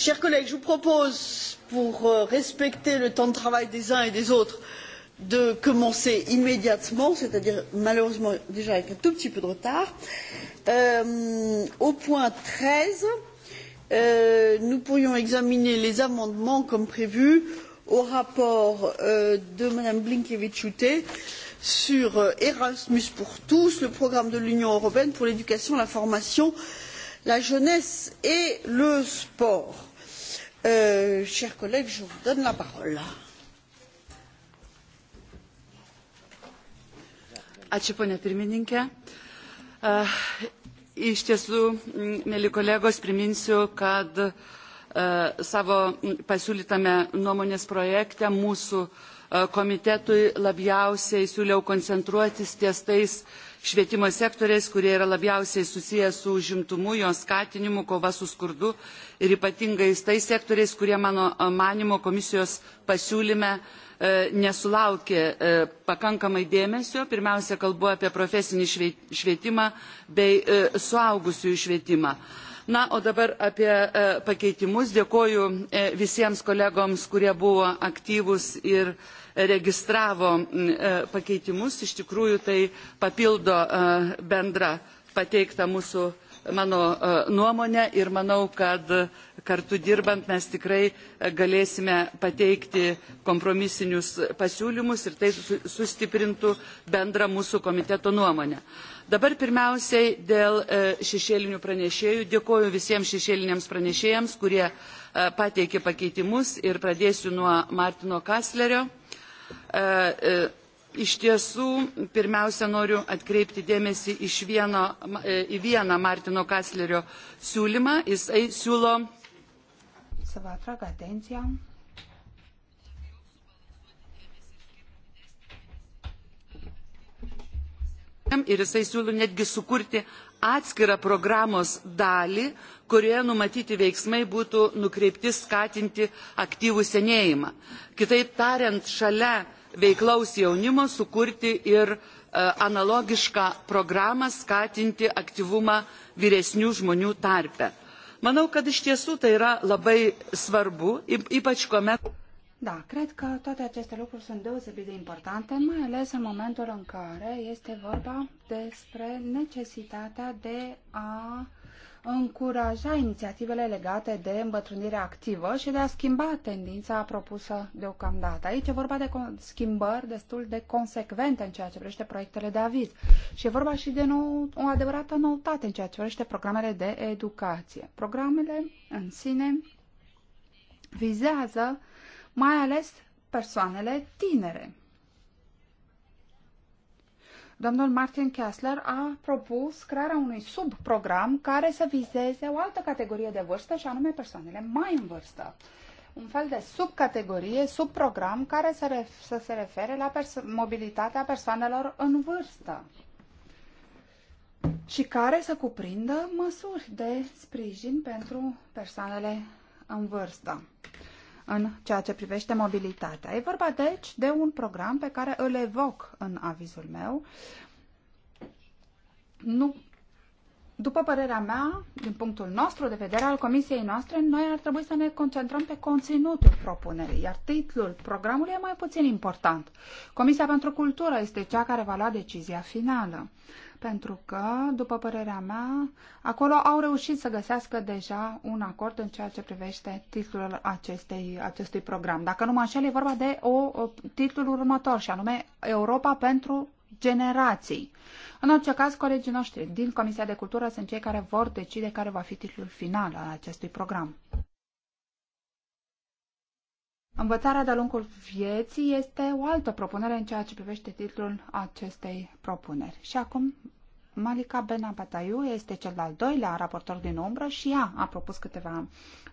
chers collègues je vous propose pour euh, respecter le temps de travail des uns et des autres de commencer immédiatement c'est à dire malheureusement déjà avec un tout petit peu de retard euh, au point treize euh, nous pourrions examiner les amendements comme prévu au rapport de mme blinkeviit ute sur erasmus pour tous le programme de l'union européenne pour l'éducation la formation la jeunesse et le sport Euh, chers collègues, je vous donne la parole. Ačiū, ponia pirmininkė. Uh, iš tiesų, mėly kolegos, priminsiu, kad uh, savo pasiūlytame nuomonės projekte mūsų uh, komitetui labiausiai siūliau koncentruotis ties tais švietimo sektoriais, kurie yra labiausiai susiję su užimtumu, jo skatinimu, kova su skurdu ir ypatingai tais sektoriais, kurie mano manimo komisijos pasiūlyme nesulaukė pakankamai dėmesio. Pirmiausia, kalbu apie profesinį švietimą bei suaugusiųjų švietimą. Na, o dabar apie pakeitimus. Dėkoju visiems kolegoms, kurie buvo aktyvūs ir registravo pakeitimus iš tikrųjų tai papildo bendrą pateiktą mūsų mano nuomonę ir manau kad kartu dirbant mes tikrai galėsime pateikti kompromisinius pasiūlymus ir tai sustiprintų bendrą mūsų komiteto nuomonę. Dabar pirmiausiai dėl šešėlinių pranešėjų. Dėkoju visiems šešėliniams pranešėjams, kurie pateikė pakeitimus ir pradėsiu nuo Martino Kaslerio Iš tiesų, pirmiausia, noriu atkreipti dėmesį iš vieno, į vieną Martino Kaslerio siūlymą. Jisai siūlo. ir jisai siūlo netgi sukurti atskirą programos dalį kurioje numatyti veiksmai būtų nukreipti skatinti aktyvų senėjimą kitaip tariant šalia veiklaus jaunimo sukurti ir analogišką programą skatinti aktyvumą vyresnių žmonių tarpe. manau kad iš tiesų tai yra labai svarbu ypač kuomet da, cred că toate aceste lucruri sunt deosebit de importante, mai ales în momentul în care este vorba despre necesitatea de a încuraja inițiativele legate de îmbătrânire activă și de a schimba tendința propusă deocamdată. Aici e vorba de schimbări destul de consecvente în ceea ce privește proiectele de aviz și e vorba și de nou, o adevărată noutate în ceea ce privește programele de educație. Programele în sine vizează mai ales persoanele tinere. Domnul Martin Kessler a propus crearea unui subprogram care să vizeze o altă categorie de vârstă și anume persoanele mai în vârstă. Un fel de subcategorie, subprogram care să, ref- să se refere la perso- mobilitatea persoanelor în vârstă și care să cuprindă măsuri de sprijin pentru persoanele în vârstă în ceea ce privește mobilitatea. E vorba, deci, de un program pe care îl evoc în avizul meu. Nu, după părerea mea, din punctul nostru de vedere al comisiei noastre, noi ar trebui să ne concentrăm pe conținutul propunerii, iar titlul programului e mai puțin important. Comisia pentru Cultură este cea care va lua decizia finală pentru că, după părerea mea, acolo au reușit să găsească deja un acord în ceea ce privește titlul acestei, acestui program. Dacă nu mă înșel, e vorba de o, o, titlul următor, și anume Europa pentru generații. În orice caz, colegii noștri din Comisia de Cultură sunt cei care vor decide care va fi titlul final al acestui program. Învățarea de-a lungul vieții este o altă propunere în ceea ce privește titlul acestei propuneri. Și acum Malika Benabatayu este cel de-al doilea raportor din umbră și ea a propus câteva,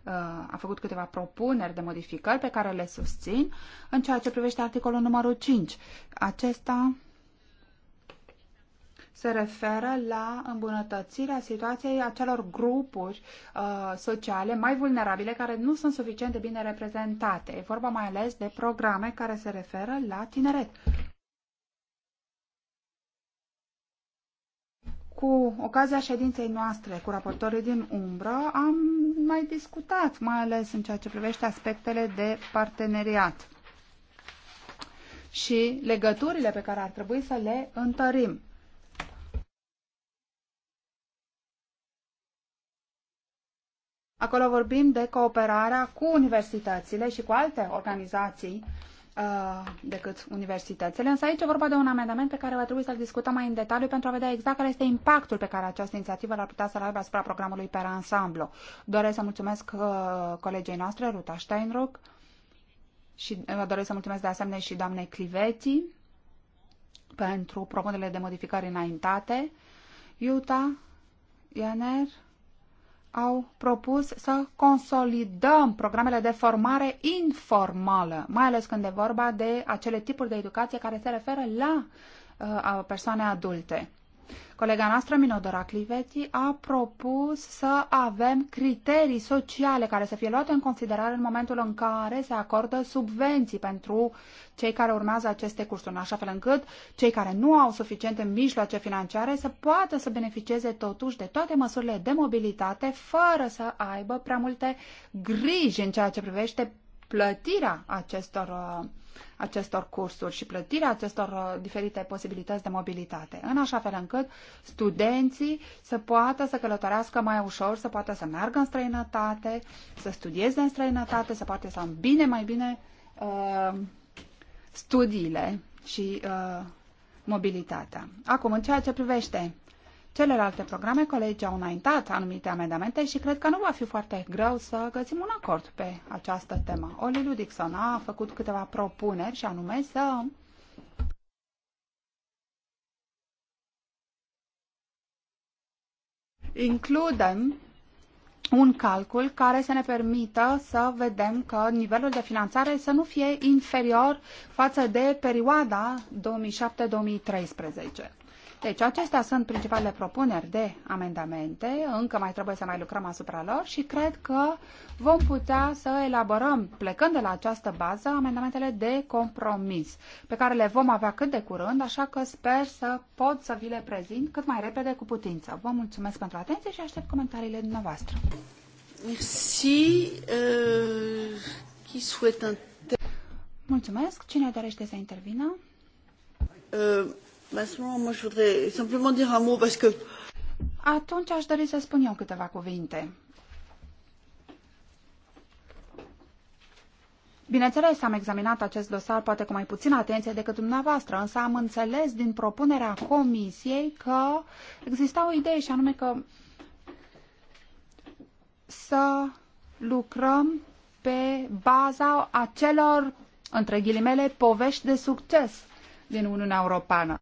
uh, a făcut câteva propuneri de modificări pe care le susțin în ceea ce privește articolul numărul 5. Acesta se referă la îmbunătățirea situației acelor grupuri uh, sociale mai vulnerabile care nu sunt suficient de bine reprezentate. E vorba mai ales de programe care se referă la tineret. Cu ocazia ședinței noastre cu raportorii din umbră am mai discutat, mai ales în ceea ce privește aspectele de parteneriat și legăturile pe care ar trebui să le întărim. Acolo vorbim de cooperarea cu universitățile și cu alte organizații uh, decât universitățile. Însă aici e vorba de un amendament pe care va trebui să-l discutăm mai în detaliu pentru a vedea exact care este impactul pe care această inițiativă l-ar putea să-l aibă asupra programului pe ansamblu. Doresc să mulțumesc uh, colegii colegei noastre, Ruta Steinruck, și uh, doresc să mulțumesc de asemenea și doamnei Cliveti pentru propunerile de modificări înaintate. Iuta, Ianer, au propus să consolidăm programele de formare informală, mai ales când e vorba de acele tipuri de educație care se referă la uh, persoane adulte. Colega noastră, Minodora Cliveti, a propus să avem criterii sociale care să fie luate în considerare în momentul în care se acordă subvenții pentru cei care urmează aceste cursuri, în așa fel încât cei care nu au suficiente mijloace financiare să poată să beneficieze totuși de toate măsurile de mobilitate fără să aibă prea multe griji în ceea ce privește plătirea acestor uh, acestor cursuri și plătirea acestor uh, diferite posibilități de mobilitate, în așa fel încât studenții să poată să călătorească mai ușor, să poată să meargă în străinătate, să studieze în străinătate, să poată să îmbine mai bine uh, studiile și uh, mobilitatea. Acum, în ceea ce privește celelalte programe, colegii au înaintat anumite amendamente și cred că nu va fi foarte greu să găsim un acord pe această temă. Oli Ludixon a făcut câteva propuneri și anume să includem un calcul care să ne permită să vedem că nivelul de finanțare să nu fie inferior față de perioada 2007-2013. Deci acestea sunt principalele propuneri de amendamente, încă mai trebuie să mai lucrăm asupra lor și cred că vom putea să elaborăm, plecând de la această bază, amendamentele de compromis, pe care le vom avea cât de curând, așa că sper să pot să vi le prezint cât mai repede cu putință. Vă mulțumesc pentru atenție și aștept comentariile dumneavoastră. Merci. Euh, qui souhaite Mulțumesc. Cine dorește să intervină? Uh, atunci aș dori să spun eu câteva cuvinte. Bineînțeles, am examinat acest dosar poate cu mai puțină atenție decât dumneavoastră, însă am înțeles din propunerea comisiei că exista o idee și anume că să lucrăm pe baza acelor, între ghilimele, povești de succes din Uniunea Europeană.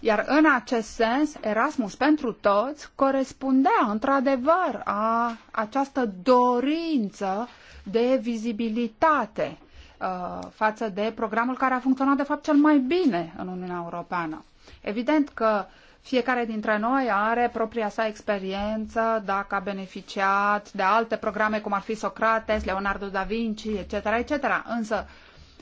Iar în acest sens, Erasmus pentru toți corespundea într-adevăr a această dorință de vizibilitate uh, față de programul care a funcționat de fapt cel mai bine în Uniunea Europeană. Evident că fiecare dintre noi are propria sa experiență, dacă a beneficiat de alte programe cum ar fi Socrates, Leonardo da Vinci, etc., etc. Însă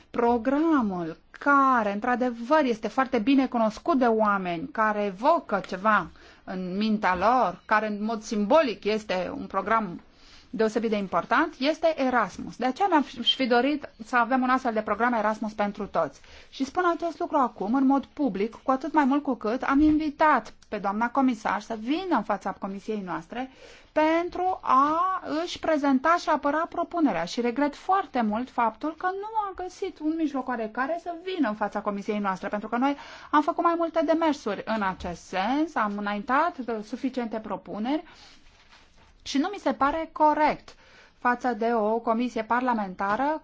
programul care, într-adevăr, este foarte bine cunoscut de oameni, care evocă ceva în mintea lor, care în mod simbolic este un program deosebit de important este Erasmus. De aceea mi-am fi dorit să avem un astfel de program Erasmus pentru toți. Și spun acest lucru acum în mod public, cu atât mai mult cu cât am invitat pe doamna comisar să vină în fața comisiei noastre pentru a își prezenta și apăra propunerea. Și regret foarte mult faptul că nu am găsit un mijloc care să vină în fața comisiei noastre, pentru că noi am făcut mai multe demersuri în acest sens, am înaintat suficiente propuneri și nu mi se pare corect față de o comisie parlamentară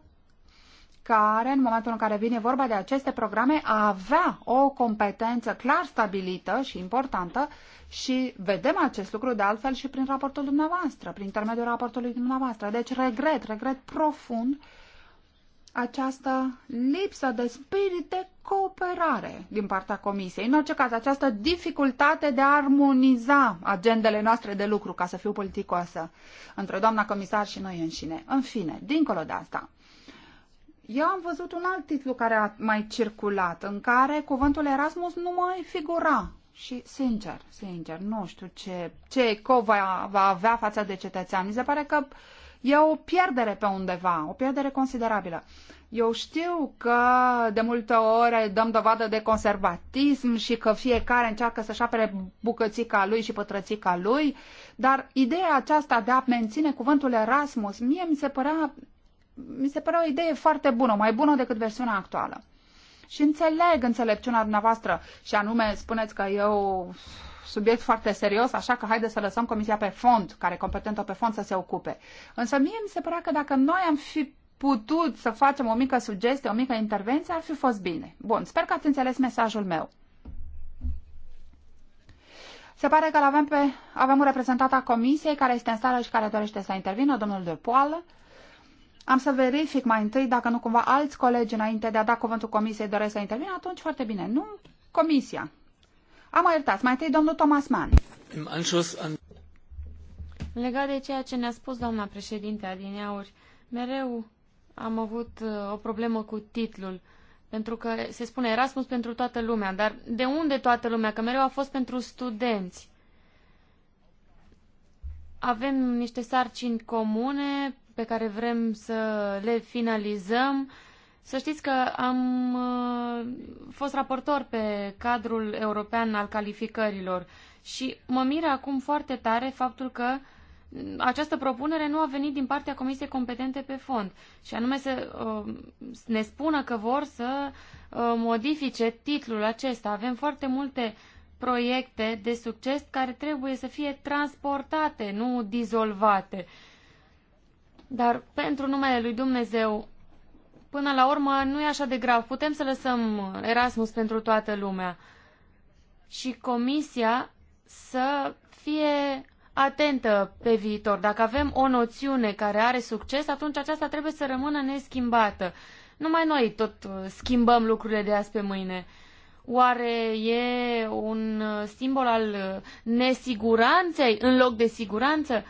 care, în momentul în care vine vorba de aceste programe, a avea o competență clar stabilită și importantă și vedem acest lucru de altfel și prin raportul dumneavoastră, prin intermediul raportului dumneavoastră. Deci regret, regret profund uh, această lipsă de spirit de cooperare din partea Comisiei. În orice caz, această dificultate de a armoniza agendele noastre de lucru, ca să fiu politicoasă, între doamna comisar și noi înșine. În fine, dincolo de asta, eu am văzut un alt titlu care a mai circulat, în care cuvântul Erasmus nu mai figura. Și, sincer, sincer, nu știu ce, ce eco va, va avea față de cetățean. Mi se pare că uh, E o pierdere pe undeva, o pierdere considerabilă. Eu știu că de multe ori dăm dovadă de conservatism și că fiecare încearcă să-și apere bucățica lui și pătrățica lui, dar ideea aceasta de a menține cuvântul Erasmus, mie mi se părea, mi se părea o idee foarte bună, mai bună decât versiunea actuală. Și înțeleg înțelepciunea dumneavoastră și anume spuneți că eu subiect foarte serios, așa că haideți să lăsăm comisia pe fond, care e competentă pe fond să se ocupe. Însă mie mi se părea că dacă noi am fi putut să facem o mică sugestie, o mică intervenție, ar fi fost bine. Bun, sper că ați înțeles mesajul meu. Se pare că avem, pe, avem un reprezentant a comisiei care este în stare și care dorește să intervină, domnul de Poală. Am să verific mai întâi dacă nu cumva alți colegi înainte de a da cuvântul comisiei doresc să intervină, atunci foarte bine. Nu, comisia. Am iertat, mai întâi domnul Thomas Mann. Legat de ceea ce ne-a spus doamna președinte Adineauri, mereu am avut uh, o problemă cu titlul, pentru că se spune Erasmus pentru toată lumea, dar de unde toată lumea? Că mereu a fost pentru studenți. Avem niște sarcini comune pe care vrem să le finalizăm, să știți că am uh, fost raportor pe cadrul european al calificărilor și mă miră acum foarte tare faptul că această propunere nu a venit din partea Comisiei competente pe fond, și anume să uh, ne spună că vor să uh, modifice titlul acesta. Avem foarte multe proiecte de succes care trebuie să fie transportate, nu dizolvate. Dar pentru numele lui Dumnezeu Până la urmă, nu e așa de grav. Putem să lăsăm Erasmus pentru toată lumea. Și comisia să fie atentă pe viitor. Dacă avem o noțiune care are succes, atunci aceasta trebuie să rămână neschimbată. Numai noi tot schimbăm lucrurile de azi pe mâine. Oare e un simbol al nesiguranței în loc de siguranță?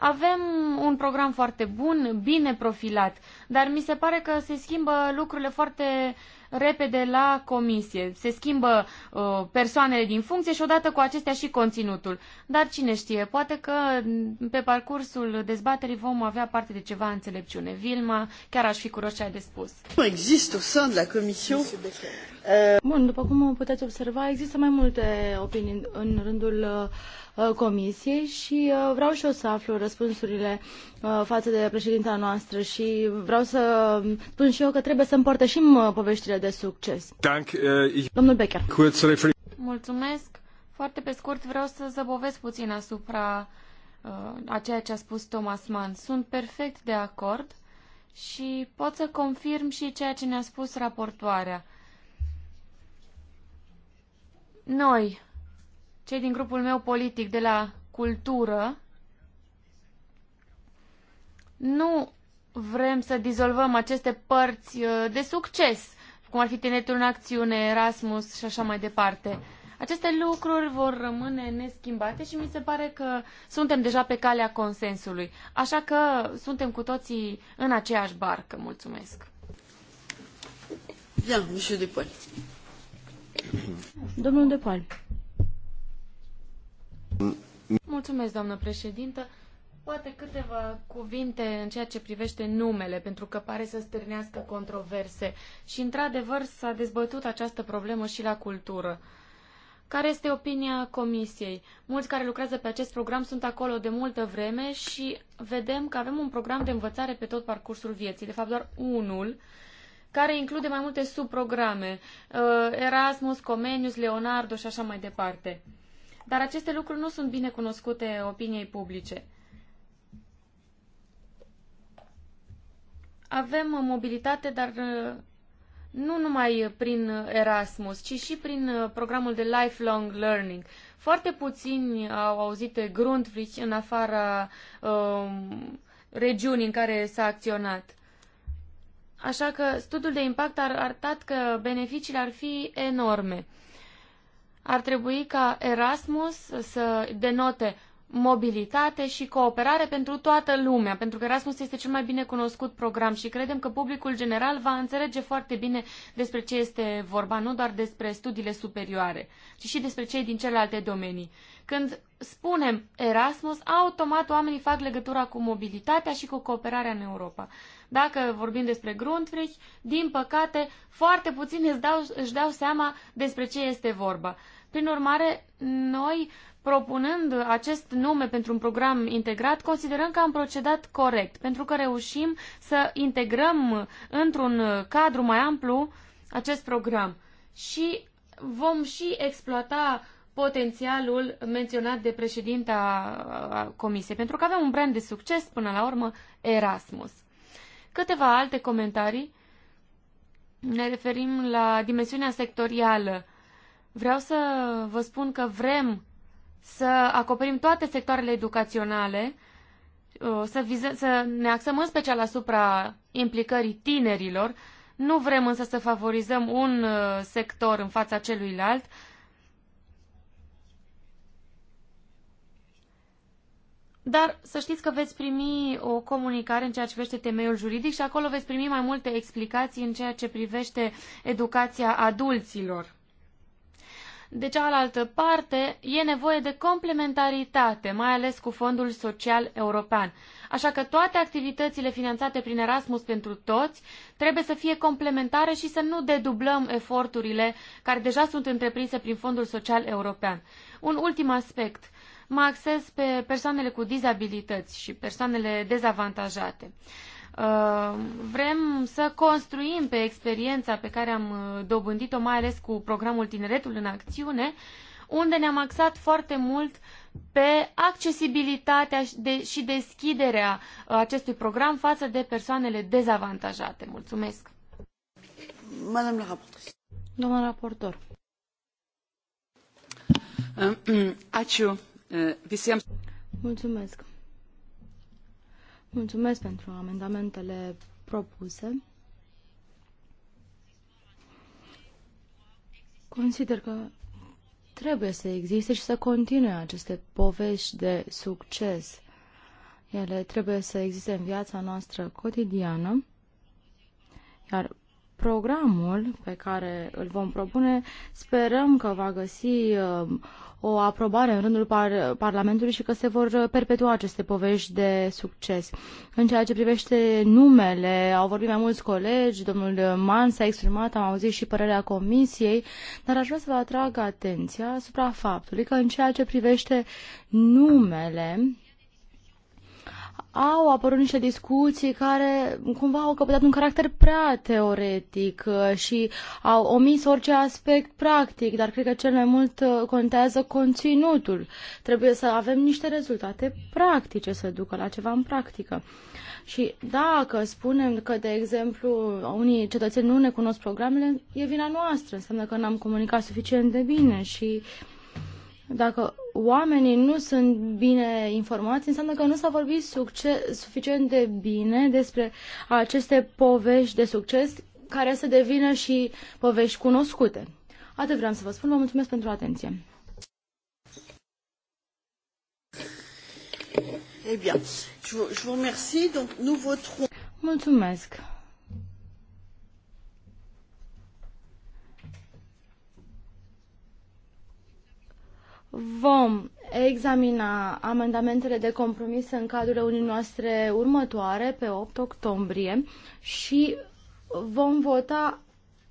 Avem un program foarte bun, bine profilat, dar mi se pare că se schimbă lucrurile foarte repede la comisie. Se schimbă uh, persoanele din funcție și odată cu acestea și conținutul. Dar cine știe, poate că pe parcursul dezbaterii vom avea parte de ceva înțelepciune. Vilma, chiar aș fi curios ce ai de spus. Nu există o sein de la comisie. Euh, bun, după cum puteți observa, există mai multe opinii în rândul uh, Uh, comisiei și uh, vreau și eu să aflu răspunsurile uh, față de președinta noastră și vreau să spun și eu că trebuie să împărtășim poveștile de succes. Domnul Becker. Mulțumesc. Foarte pe scurt vreau să zăbovesc puțin asupra a ceea ce a spus Thomas Mann. Sunt perfect de acord și pot să confirm și ceea ce ne-a spus raportoarea. Noi, cei din grupul meu politic de la cultură, nu vrem să dizolvăm aceste părți uh, de succes, cum ar fi Tinetul în Acțiune, Erasmus și așa mai departe. Aceste lucruri vor rămâne neschimbate și mi se pare că suntem deja pe calea consensului. Așa că suntem cu toții în aceeași barcă. Mulțumesc. Bien, monsieur Depoil. Domnul Depoil. Mulțumesc, președintă. Poate câteva cuvinte în ceea ce privește numele, pentru că pare să stârnească controverse. Și, într-adevăr, s-a dezbătut această problemă și la cultură. Care este opinia Comisiei? Mulți care lucrează pe acest program sunt acolo de multă vreme și vedem că avem un program de învățare pe tot parcursul vieții, de fapt doar unul, care include mai multe subprograme, uh, Erasmus, Comenius, Leonardo și așa mai departe. Dar aceste lucruri nu sunt bine cunoscute opiniei publice. Avem mobilitate, dar uh, nu numai prin Erasmus, ci și prin uh, programul de lifelong learning. Foarte puțini au auzit de Grundtvig în afara um, regiunii în care s-a acționat. Așa că studiul de impact a arătat că beneficiile ar fi enorme ar trebui ca Erasmus să denote mobilitate și cooperare pentru toată lumea, pentru că Erasmus este cel mai bine cunoscut program și credem că publicul general va înțelege foarte bine despre ce este vorba, nu doar despre studiile superioare, ci și despre cei din celelalte domenii. Când spunem Erasmus, automat oamenii fac legătura cu mobilitatea și cu cooperarea în Europa. Dacă vorbim despre Grundtvig, din păcate, foarte puțini își dau, își dau seama despre ce este vorba. Prin urmare, noi, propunând acest nume pentru un program integrat, considerăm că am procedat corect, pentru că reușim să integrăm într-un cadru mai amplu acest program și vom și exploata potențialul menționat de președinta Comisiei, pentru că avem un brand de succes, până la urmă, Erasmus. Câteva alte comentarii. Ne referim la dimensiunea sectorială. Vreau să vă spun că vrem să acoperim toate sectoarele educaționale, să, vize, să ne axăm în special asupra implicării tinerilor. Nu vrem însă să favorizăm un uh, sector în fața celuilalt, Dar să știți că veți primi o comunicare în ceea ce privește temeiul juridic și acolo veți primi mai multe explicații în ceea ce privește educația adulților. De cealaltă parte, e nevoie de complementaritate, mai ales cu Fondul Social European. Așa că toate activitățile finanțate prin Erasmus pentru toți trebuie să fie complementare și să nu dedublăm eforturile care deja sunt întreprinse prin Fondul Social European. Un ultim aspect – mă axez pe persoanele cu dizabilități și persoanele dezavantajate. Uh, vrem să construim pe experiența pe care am uh, dobândit-o, mai ales cu programul Tineretul în Acțiune, unde ne-am axat foarte mult pe accesibilitatea și deschiderea uh, acestui program față de persoanele dezavantajate. Mulțumesc! Domnul raportor. Doamna raportor. Aciu Mulțumesc. pentru amendamentele propuse. Consider că trebuie să existe și să continue aceste povești de succes. Ele trebuie să existe în viața noastră cotidiană, iar Programul pe care îl vom propune sperăm că va găsi uh, o aprobare în rândul par- Parlamentului și că se vor perpetua aceste povești de succes. În ceea ce privește numele, au vorbit mai mulți colegi, domnul Man s-a exprimat, am auzit și părerea Comisiei, dar aș vrea să vă atrag atenția asupra faptului că în ceea ce privește numele, au apărut niște discuții care cumva au căpătat un caracter prea teoretic uh, și au omis orice aspect practic, dar cred că cel mai mult uh, contează conținutul. Trebuie să avem niște rezultate practice să ducă la ceva în practică. Și dacă spunem că, de exemplu, unii cetățeni nu ne cunosc programele, e vina noastră, înseamnă că n-am comunicat suficient de bine și uh, dacă oamenii nu sunt bine informați, înseamnă că nu s-a vorbit succes, suficient de bine despre aceste povești de succes care să devină și povești cunoscute. Atât vreau să vă spun. Vă mulțumesc pentru atenție. Eh bien, je vous remercie. Donc, nous voterons. Mulțumesc. Vom examina amendamentele de compromis în cadrul reuniunii noastre următoare, pe 8 octombrie, și vom vota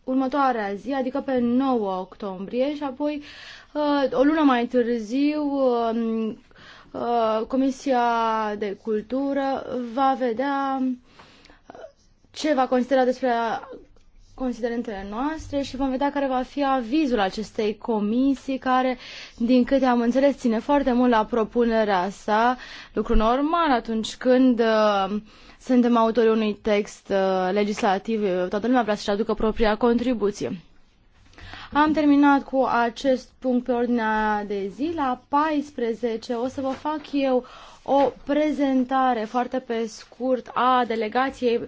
următoarea zi, adică pe 9 octombrie, și apoi, uh, o lună mai târziu, um, uh, Comisia de Cultură va vedea ce va considera despre considerentele noastre și vom vedea care va fi avizul acestei comisii care, din câte am înțeles, ține foarte mult la propunerea sa, lucru normal atunci când uh, suntem autorii unui text uh, legislativ, uh, toată lumea vrea să-și aducă propria contribuție. Am terminat cu acest punct pe ordinea de zi. La 14 o să vă fac eu o prezentare foarte pe scurt a delegației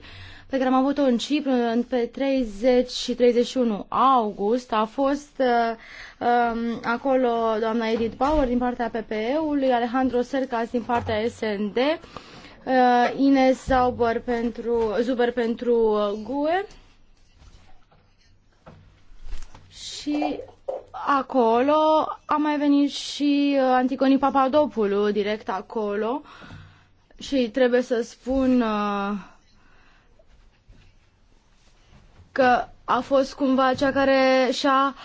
pe care am avut-o în Cipru pe 30 și 31 august a fost uh, um, acolo doamna Edith Bauer din partea PPE-ului, Alejandro Sercas din partea SND, uh, Ines Zauber pentru, Zuber pentru uh, GUE și acolo a mai venit și uh, Anticoni Papadopoulou direct acolo și trebuie să spun uh, că a fost cumva cea care și-a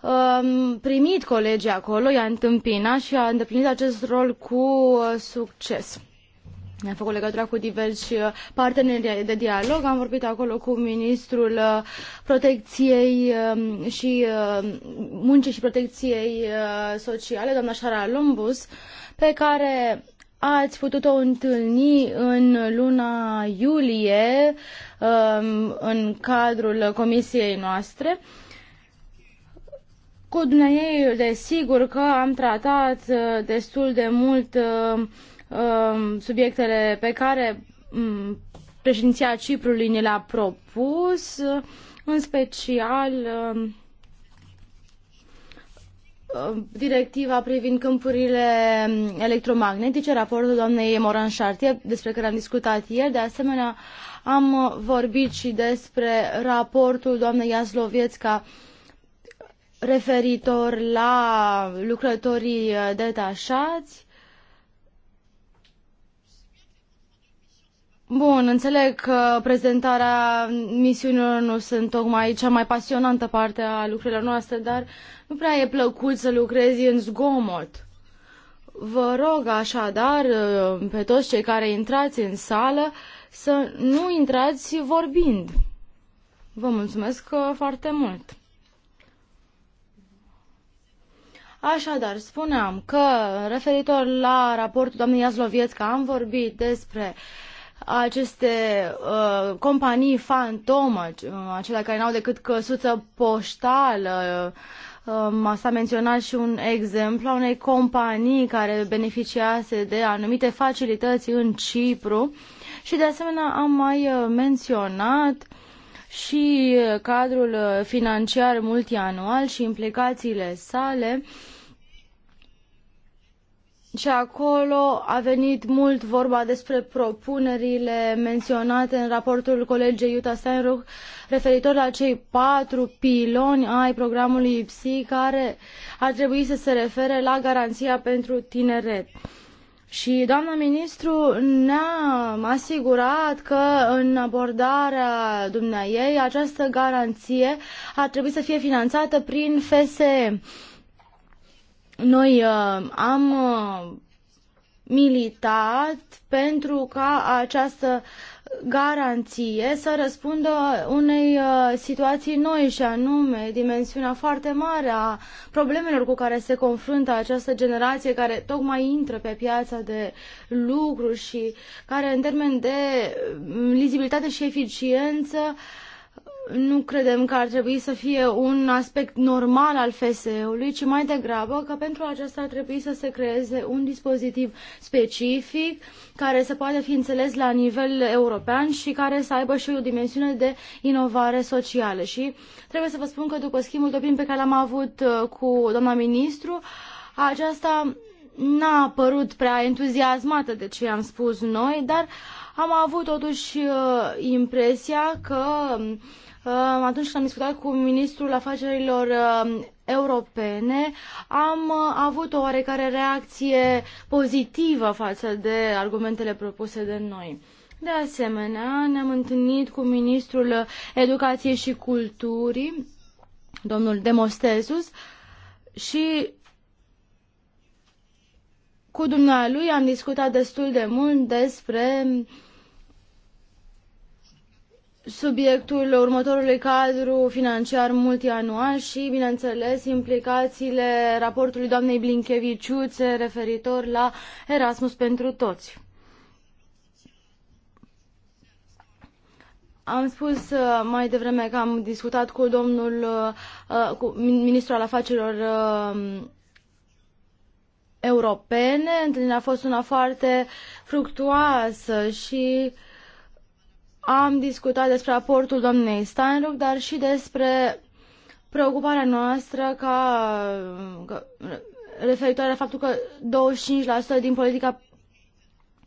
um, primit colegii acolo, i-a întâmpinat și a îndeplinit acest rol cu uh, succes. Am făcut legătura cu diversi uh, parteneri de dialog, am vorbit acolo cu ministrul uh, protecției um, și muncii și protecției sociale, doamna Șara Lombus, pe care Ați putut-o întâlni în luna iulie um, în cadrul comisiei noastre. Cu dumneavoastră, desigur că am tratat uh, destul de mult uh, um, subiectele pe care um, președinția Ciprului ne le-a propus, în special Uh, directiva privind câmpurile um, electromagnetice, raportul doamnei Moran Chartier, despre care am discutat ieri. De asemenea, am uh, vorbit și despre raportul doamnei Iasloviețca referitor la lucrătorii uh, detașați Bun, înțeleg că prezentarea misiunilor nu sunt tocmai cea mai pasionantă parte a lucrurilor noastre, dar nu prea e plăcut să lucrezi în zgomot. Vă rog așadar pe toți cei care intrați în sală să nu intrați vorbind. Vă mulțumesc uh, foarte mult. Așadar, spuneam că referitor la raportul doamnei că am vorbit despre uh, aceste uh, companii fantomă, uh, acelea care n-au decât căsuță poștală. Uh, s a menționat și un exemplu a unei companii care beneficiase de anumite facilități în Cipru și de asemenea am mai uh, menționat și cadrul uh, financiar multianual și implicațiile sale uh, și acolo a venit mult vorba despre propunerile menționate în raportul colegei Iuta Steinruch referitor la cei patru piloni ai programului IPSI care ar trebui să se refere la garanția pentru tineret. Și doamna ministru ne-a asigurat că în abordarea dumneaei această garanție ar trebui să fie finanțată prin FSE. Noi uh, am uh, militat pentru ca această garanție să răspundă unei uh, situații noi și anume dimensiunea foarte mare a problemelor cu care se confruntă această generație care tocmai intră pe piața de lucru și care în termen de mm, lizibilitate și eficiență uh, nu credem că ar trebui să fie un aspect normal al FSE-ului, ci mai degrabă că pentru aceasta ar trebui să se creeze un dispozitiv specific care să poată fi înțeles la nivel european și care să aibă și o dimensiune de inovare socială. Și trebuie să vă spun că după schimbul de opinii pe care l-am avut uh, cu doamna ministru, aceasta n-a părut prea entuziasmată de ce am spus noi, dar am avut totuși uh, impresia că um, atunci când am discutat cu ministrul afacerilor um, europene, am uh, avut o oarecare reacție pozitivă față de argumentele propuse de noi. De asemenea, ne-am întâlnit cu ministrul Educației și Culturii, domnul Demostesus, și cu dumnealui am discutat destul de mult despre uh, subiectul următorului cadru financiar multianual și, bineînțeles, implicațiile raportului doamnei Blincheviciuțe referitor la Erasmus pentru toți. Am spus uh, mai devreme că am discutat cu domnul, uh, cu ministrul al afacerilor um, europene. Întâlnirea a fost una foarte fructuoasă și uh, am discutat despre aportul doamnei Steinruck, dar și despre preocuparea noastră ca, ca referitoare la faptul că 25% din politica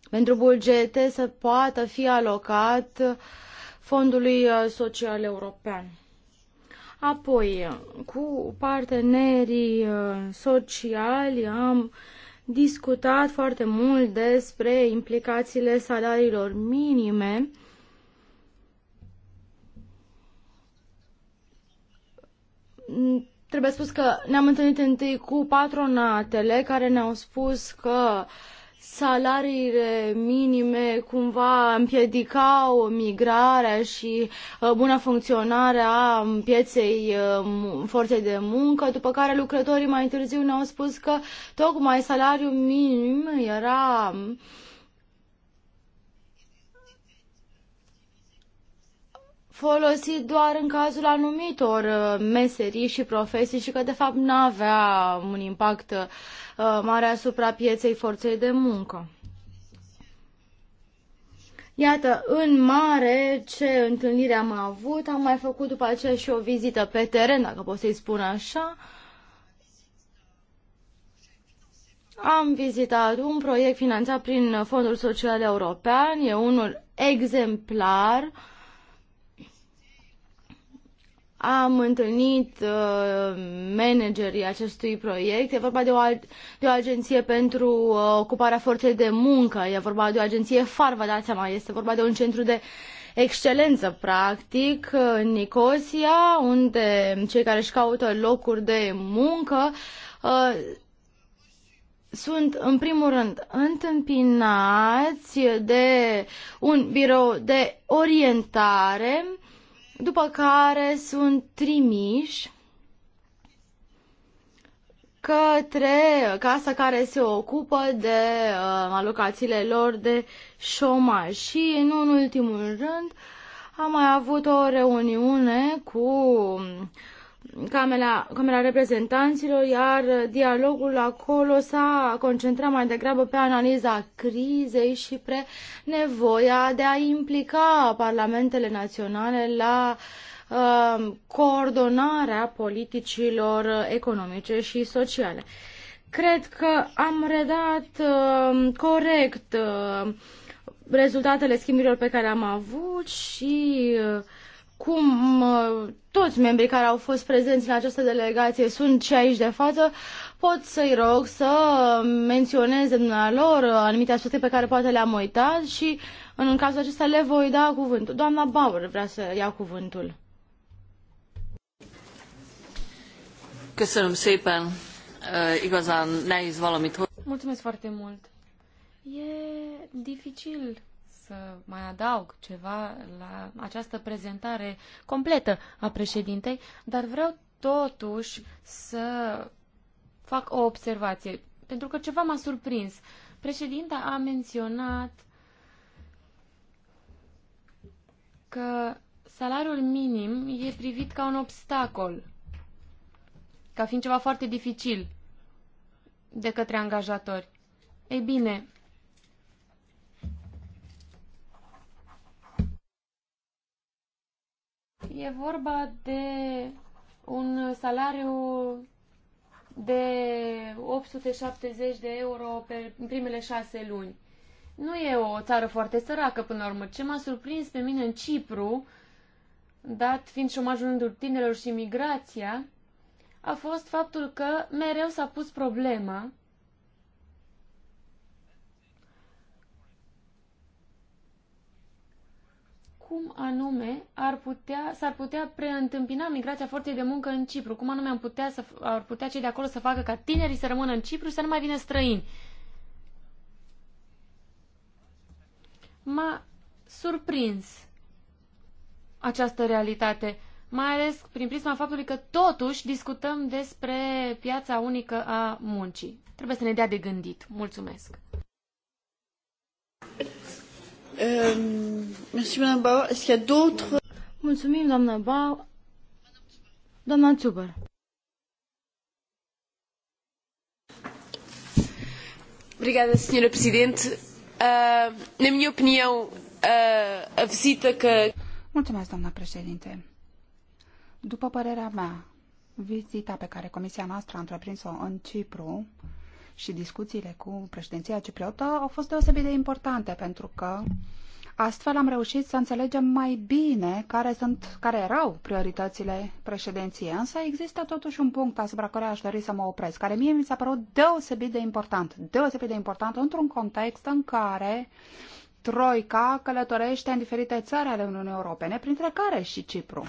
pentru bugete să poată fi alocat Fondului uh, Social European. Apoi, cu partenerii uh, sociali am discutat foarte mult despre implicațiile salariilor minime Mm, trebuie spus că ne-am întâlnit întâi cu patronatele care ne-au spus că salariile minime cumva împiedicau migrarea și uh, buna funcționare a pieței uh, forței de muncă, după care lucrătorii mai târziu ne-au spus că tocmai salariul minim era uh, folosit doar în cazul anumitor uh, meserii și profesii și că de fapt nu avea un impact uh, mare asupra pieței forței de muncă. Iată, în mare, ce întâlnire am avut, am mai făcut după aceea și o vizită pe teren, dacă pot să-i spun așa. Am vizitat un proiect finanțat prin Fondul Social European, e unul exemplar uh, am întâlnit uh, managerii acestui proiect. E vorba de o, de o agenție pentru uh, ocuparea forței de muncă. E vorba de o agenție far, vă dați seama. Este vorba de un centru de excelență, practic, în Nicosia, unde cei care își caută locuri de muncă uh, sunt, în primul rând, întâmpinați de un birou de orientare după care sunt trimiși către casa care se ocupă de uh, alocațiile lor de șomaj. Și, nu în ultimul rând, am mai avut o reuniune cu uh, Camera, Camera Reprezentanților, iar dialogul acolo s-a concentrat mai degrabă pe analiza crizei și pre nevoia de a implica parlamentele naționale la uh, coordonarea politicilor economice și sociale. Cred că am redat uh, corect uh, rezultatele schimburilor pe care am avut și uh, cum toți membrii care au fost prezenți în această delegație sunt și aici de față, pot să-i rog să menționeze dumnealor anumite aspecte pe care poate le-am uitat și în cazul acesta le voi da cuvântul. Doamna Bauer vrea să ia cuvântul. Köszönöm szépen. Igazán nehéz valamit. Mulțumesc foarte mult. E dificil să mai adaug ceva la această prezentare completă a președintei, dar vreau totuși să fac o observație, pentru că ceva m-a surprins. Președinta a menționat că salariul minim e privit ca un obstacol, ca fiind ceva foarte dificil de către angajatori. Ei bine, E vorba de un salariu de 870 de euro pe primele șase luni. Nu e o țară foarte săracă până la urmă. Ce m-a surprins pe mine în Cipru, dat fiind șomajul rândul tinerilor și migrația, a fost faptul că mereu s-a pus problema cum anume ar putea, s-ar putea preîntâmpina migrația forței de muncă în Cipru? Cum anume am putea să, ar putea cei de acolo să facă ca tinerii să rămână în Cipru și să nu mai vină străini? M-a surprins această realitate, mai ales prin prisma faptului că totuși discutăm despre piața unică a muncii. Trebuie să ne dea de gândit. Mulțumesc! Euh, Mulțumim, doamna Bau. Doamna Zuber. Obrigada, senhora Presidente. Uh, na minha opinião, uh, a visita que. Mulțumesc, doamna președinte. După părerea mea, vizita pe care comisia noastră a întreprins-o în Cipru și discuțiile cu președinția cipriotă au fost deosebit de importante pentru că astfel am reușit să înțelegem mai bine care, sunt, care erau prioritățile președinției. Însă există totuși un punct asupra care aș dori să mă opresc, care mie mi s-a părut deosebit de important, deosebit de important într-un context în care Troica călătorește în diferite țări ale Uniunii Europene, printre care și Cipru.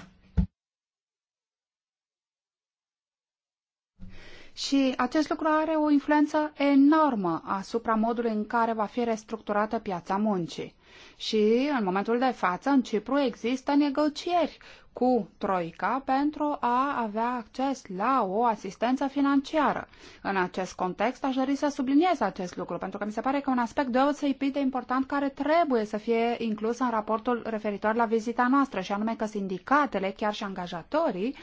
Și acest lucru are o influență enormă asupra modului în care va fi restructurată piața muncii. Și în momentul de față, în Cipru există negocieri cu Troica pentru a avea acces la o asistență financiară. În acest context, aș dori să subliniez acest lucru, pentru că mi se pare că un aspect deosebit de important care trebuie să fie inclus în raportul referitor la vizita noastră, și anume că sindicatele, chiar și angajatorii,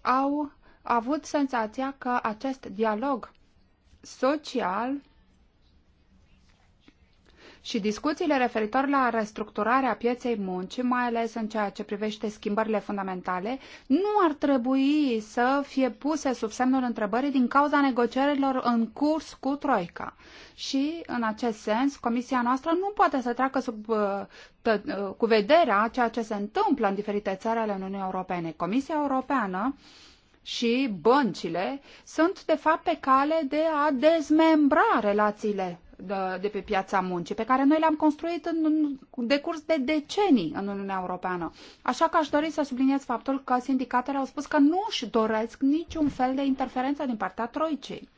au a avut senzația că acest dialog social și discuțiile referitor la restructurarea pieței muncii, mai ales în ceea ce privește schimbările fundamentale, nu ar trebui să fie puse sub semnul întrebării din cauza negocierilor în curs cu Troica. Și, în acest sens, Comisia noastră nu poate să treacă sub, uh, tă, uh, cu vederea ceea ce se întâmplă în diferite țări ale Uniunii Europene. Comisia Europeană uh, și băncile sunt, de fapt, pe cale de a dezmembra relațiile de, de pe piața muncii, pe care noi le-am construit în decurs de decenii în Uniunea Europeană. Așa că aș dori să subliniez faptul că sindicatele au spus că nu își doresc niciun fel de interferență din partea Troicii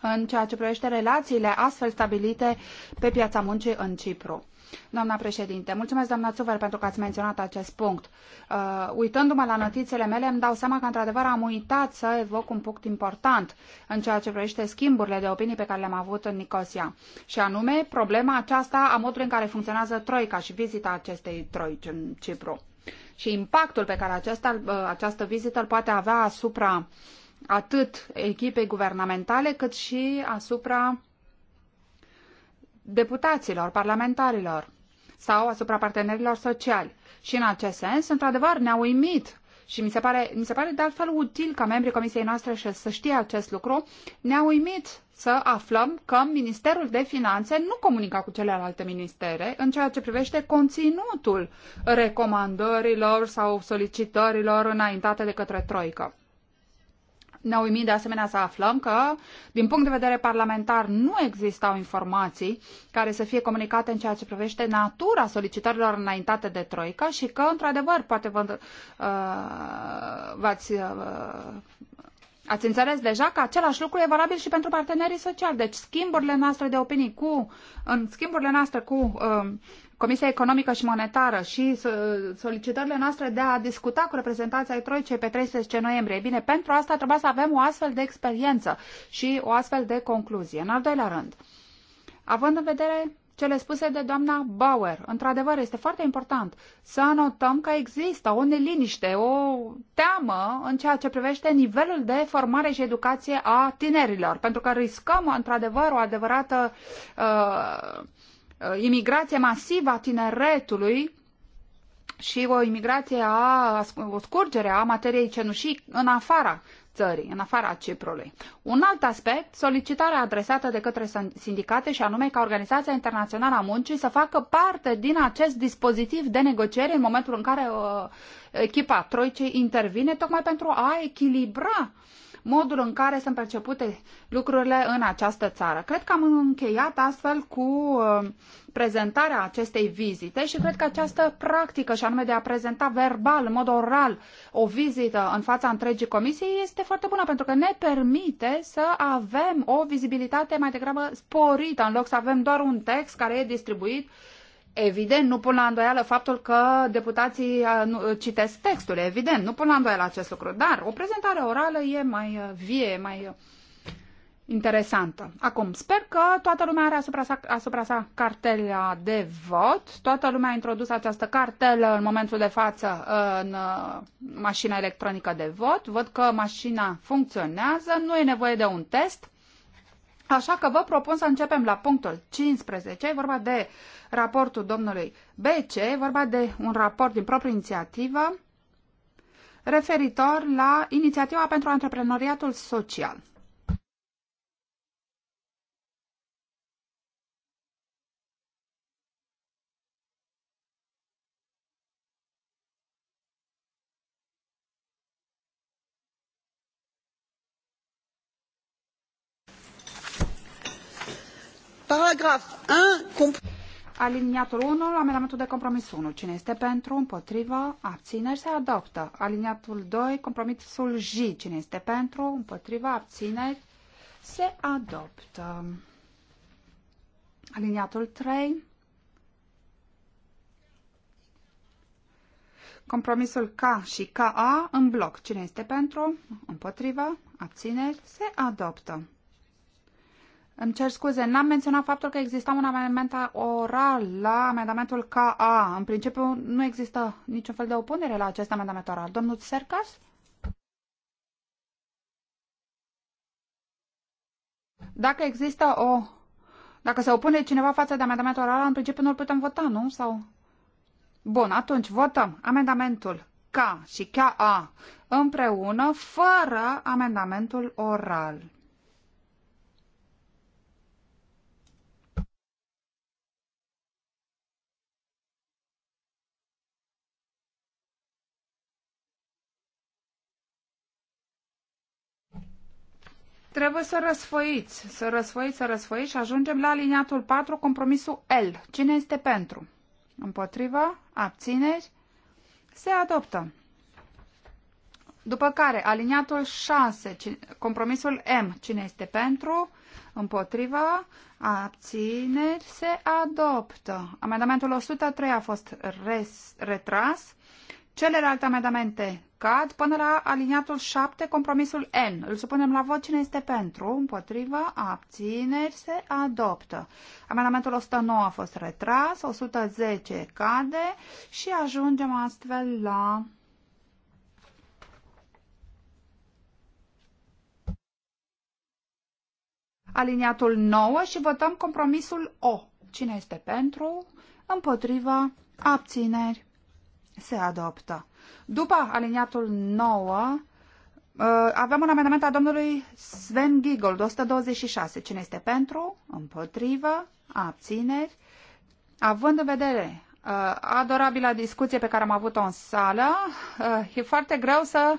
în ceea ce privește relațiile astfel stabilite pe piața muncii în Cipru. Doamna președinte, mulțumesc doamna Țuver pentru că ați menționat acest punct. Uh, uitându-mă la notițele mele, îmi dau seama că într-adevăr am uitat să evoc un punct important în ceea ce privește schimburile de opinii pe care le-am avut în Nicosia. Și anume, problema aceasta a modului în care funcționează Troica și vizita acestei Troici în Cipru. Și impactul pe care acesta, uh, această vizită îl poate avea asupra atât echipei guvernamentale cât și asupra deputaților, parlamentarilor sau asupra partenerilor sociali. Și în acest sens, într-adevăr, ne-a uimit și mi se, pare, mi se pare de altfel util ca membrii comisiei noastre să știe acest lucru, ne-a uimit să aflăm că Ministerul de Finanțe nu comunica cu celelalte ministere în ceea ce privește conținutul recomandărilor sau solicitărilor înaintate de către Troică. Ne-a uimit de asemenea să aflăm că, din punct de vedere parlamentar, nu existau informații care să fie comunicate în ceea ce privește natura solicitărilor înaintate de Troică și că, într-adevăr, poate vă, uh, v-ați uh, Ați înțeles deja că același lucru e valabil și pentru partenerii sociali. Deci schimburile noastre de opinii cu, în schimburile noastre cu uh, Comisia Economică și Monetară și uh, solicitările noastre de a discuta cu reprezentanța ai Troicei pe 13 noiembrie. bine, pentru asta trebuie să avem o astfel de experiență și o astfel de concluzie. În al doilea rând, având în vedere cele spuse de doamna Bauer. Într-adevăr, este foarte important să anotăm că există o neliniște, o teamă în ceea ce privește nivelul de formare și educație a tinerilor, pentru că riscăm, într-adevăr, o adevărată uh, Uh, imigrație masivă a tineretului și o imigrație, a, o scurgere a materiei cenușii în afara țării, în afara Ciprului. Un alt aspect, solicitarea adresată de către sindicate și anume ca Organizația Internațională a Muncii să facă parte din acest dispozitiv de negociere în momentul în care uh, echipa Troicei intervine, tocmai pentru a echilibra uh, modul în care sunt percepute lucrurile în această țară. Cred că am încheiat astfel cu uh, prezentarea acestei vizite și cred că această practică, și anume de a prezenta verbal, în mod oral, o vizită în fața întregii comisii, este foarte bună pentru că ne permite să avem o vizibilitate mai degrabă sporită, în loc să avem doar un text care e distribuit Evident, nu pun la îndoială faptul că deputații uh, uh, citesc textul, evident, nu pun la îndoială acest lucru, dar o prezentare orală e mai uh, vie, mai interesantă. Acum, sper că toată lumea are asupra sa, asupra sa cartela de vot, toată lumea a introdus această cartelă în momentul de față în mașina electronică de vot, văd că mașina funcționează, nu e nevoie de un test, Așa că vă propun să începem la punctul 15, e vorba de raportul domnului BC, e vorba de un raport din proprie inițiativă referitor la inițiativa pentru antreprenoriatul social. Paragraf 1, Aliniatul 1, amendamentul de compromis 1. Cine este pentru, împotrivă, abțineri, se adoptă. Aliniatul 2, compromisul J. Cine este pentru, împotrivă, abțineri, se adoptă. Aliniatul 3, compromisul K și KA în bloc. Cine este pentru, împotrivă, abțineri, se adoptă. Îmi cer scuze, n-am menționat faptul că exista un amendament oral la amendamentul KA. În principiu nu există niciun fel de opunere la acest amendament oral. Domnul Sercas? Dacă există o... Dacă se opune cineva față de amendamentul oral, în principiu nu-l putem vota, nu? Sau... Bun, atunci votăm amendamentul K și KA împreună, fără amendamentul oral. Trebuie să răsfoiți, să răsfoiți, să răsfoiți și ajungem la aliniatul 4, compromisul L. Cine este pentru? Împotrivă? Abțineri? Se adoptă. După care, aliniatul 6, compromisul M. Cine este pentru? Împotrivă? Abțineri? Se adoptă. Amendamentul 103 a fost res, retras. Celelalte amendamente blocat până la aliniatul 7, compromisul N. Îl supunem la vot cine este pentru, împotrivă, abțineri, se adoptă. Amendamentul 109 a fost retras, 110 cade și ajungem astfel la... Aliniatul 9 și votăm compromisul O. Cine este pentru, Împotriva? abțineri, se adoptă. După aliniatul 9, uh, avem un amendament a domnului Sven Giegold, 126. Cine este pentru? Împotrivă? Abțineri? Având în vedere uh, adorabila discuție pe care am avut-o în sală, uh, e foarte greu să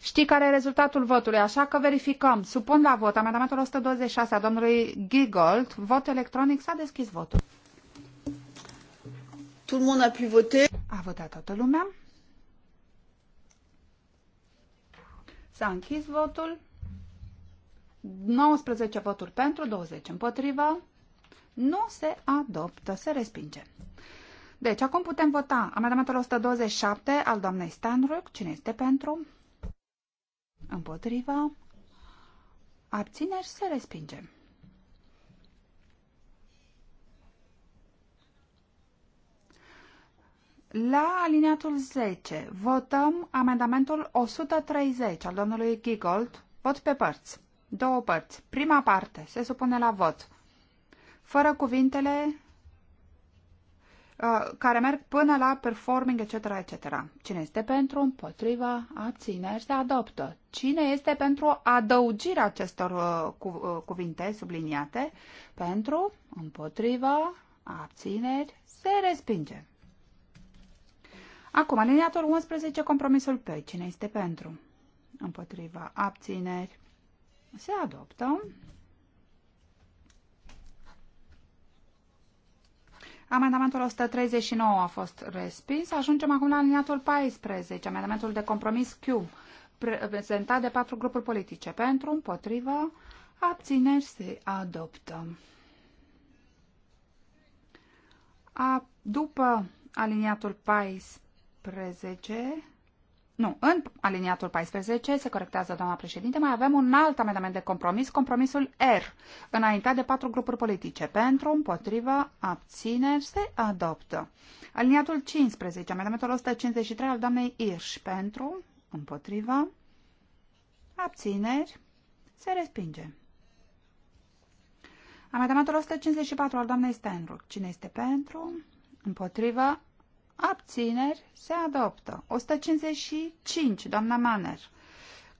știi care e rezultatul votului, așa că verificăm. Supun la vot amendamentul 126 a domnului Giegold. Vot electronic. S-a deschis votul. Tout le monde a pu voter. A votat toată lumea. S-a închis votul. 19 voturi pentru, 20 împotriva. Nu se adoptă, se respinge. Deci, acum putem vota amendamentul 127 al doamnei Stanruc. Cine este pentru? Împotriva. Abțineri se respinge. La aliniatul 10 votăm amendamentul 130 al domnului Gigold, vot pe părți. Două părți. Prima parte se supune la vot. Fără cuvintele uh, care merg până la performing, etc., etc. Cine este pentru, împotriva, abțineri, se adoptă. Cine este pentru adăugirea acestor uh, cu, uh, cuvinte subliniate? Pentru, împotriva, abțineri, se respinge. Acum, aliniatul 11, compromisul pe cine este pentru? Împotriva abțineri. Se adoptă. Amendamentul 139 a fost respins. Ajungem acum la aliniatul 14, amendamentul de compromis Q, prezentat de patru grupuri politice. Pentru, împotrivă, abțineri se adoptă. A, după aliniatul 14, 14. Nu, în aliniatul 14 se corectează, doamna președinte, mai avem un alt amendament de compromis, compromisul R, înaintea de patru grupuri politice. Pentru, împotrivă, abțineri, se adoptă. Aliniatul 15, amendamentul 153 al doamnei Irș. Pentru, împotrivă, abțineri, se respinge. Amendamentul 154 al doamnei Stenruc. Cine este pentru? Împotrivă, Abțineri se adoptă. 155, doamna Maner.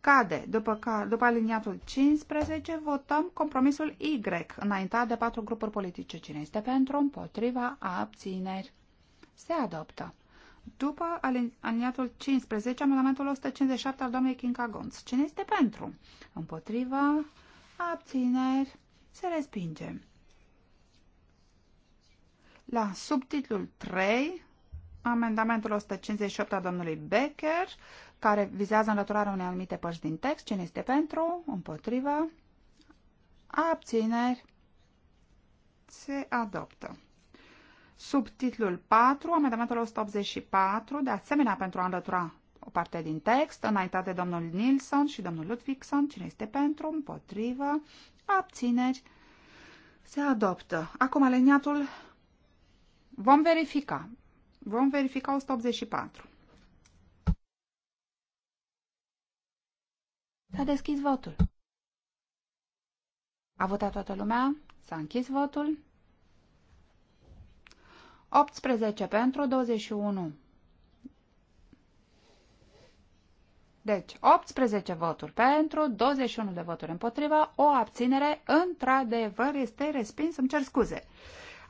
Cade. După, ca, după aliniatul 15, votăm compromisul Y, înaintat de patru grupuri politice. Cine este pentru, împotriva, abțineri. Se adoptă. După aliniatul 15, amendamentul 157 al domnului Kinga Gonț. Cine este pentru? Împotriva, abțineri, se respinge. La subtitlul 3, Amendamentul 158 a domnului Becker, care vizează înlăturarea unei anumite părți din text. Cine este pentru? Împotrivă? Abțineri? Se adoptă. Subtitlul 4, amendamentul 184, de asemenea pentru a înlătura o parte din text, înaintat de domnul Nilsson și domnul Ludvigson, cine este pentru, împotrivă, abțineri, se adoptă. Acum aleniatul. vom verifica. Vom verifica 184. S-a deschis votul. A votat toată lumea? S-a închis votul? 18 pentru, 21. Deci, 18 voturi pentru, 21 de voturi împotriva, o abținere, într-adevăr, este respins, îmi cer scuze.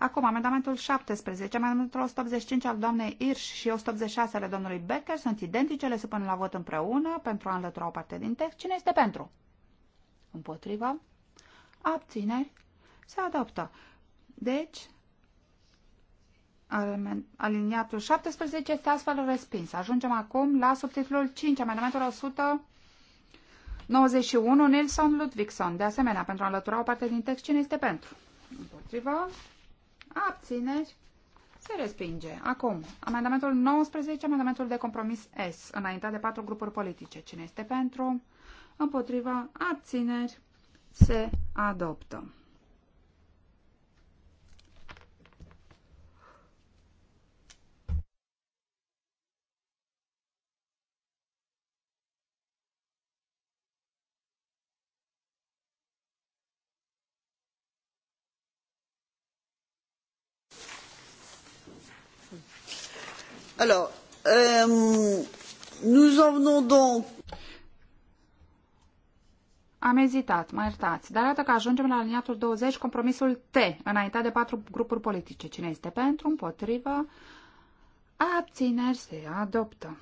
Acum, amendamentul 17, amendamentul 185 al doamnei Irș și 186 ale domnului Becker sunt identice, le supun la vot împreună pentru a înlătura o parte din text. Cine este pentru? Împotriva? Abțineri? Se adoptă. Deci, aliniatul 17 este astfel respins. Ajungem acum la subtitlul 5, amendamentul 100. 91, Nilsson Ludvigson. De asemenea, pentru a înlătura o parte din text, cine este pentru? Împotriva, Abțineri. Se respinge. Acum, amendamentul 19, amendamentul de compromis S, înaintea de patru grupuri politice. Cine este pentru? Împotriva? Abțineri. Se adoptă. Euh, nous en venons donc am ezitat, mă iertați, dar iată că ajungem la aliniatul 20, compromisul T, înaintea de patru grupuri politice. Cine este pentru, împotrivă, abțineri se adoptă.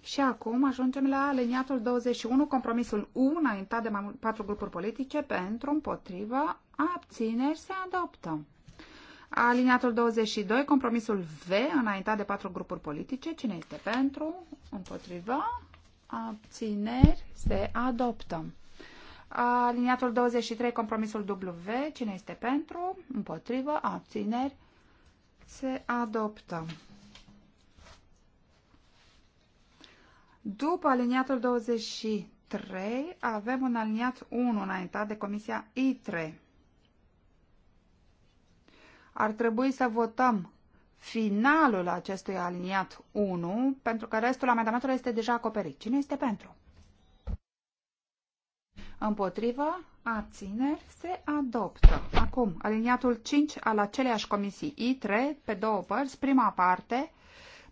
Și acum ajungem la aliniatul 21, compromisul U, înaintea de patru grupuri politice, pentru, împotrivă, abțineri se adoptă. Aliniatul 22, compromisul V, înaintat de patru grupuri politice. Cine este pentru? Împotriva? Abțineri? Se adoptă. Aliniatul 23, compromisul W. Cine este pentru? Împotrivă? Abțineri? Se adoptă. După aliniatul 23, avem un aliniat 1 înaintat de Comisia I I3 ar trebui să votăm finalul acestui aliniat 1, pentru că restul amendamentului este deja acoperit. Cine este pentru? Împotrivă, abțineri, se adoptă. Acum, aliniatul 5 al aceleiași comisii I3, pe două părți, prima parte,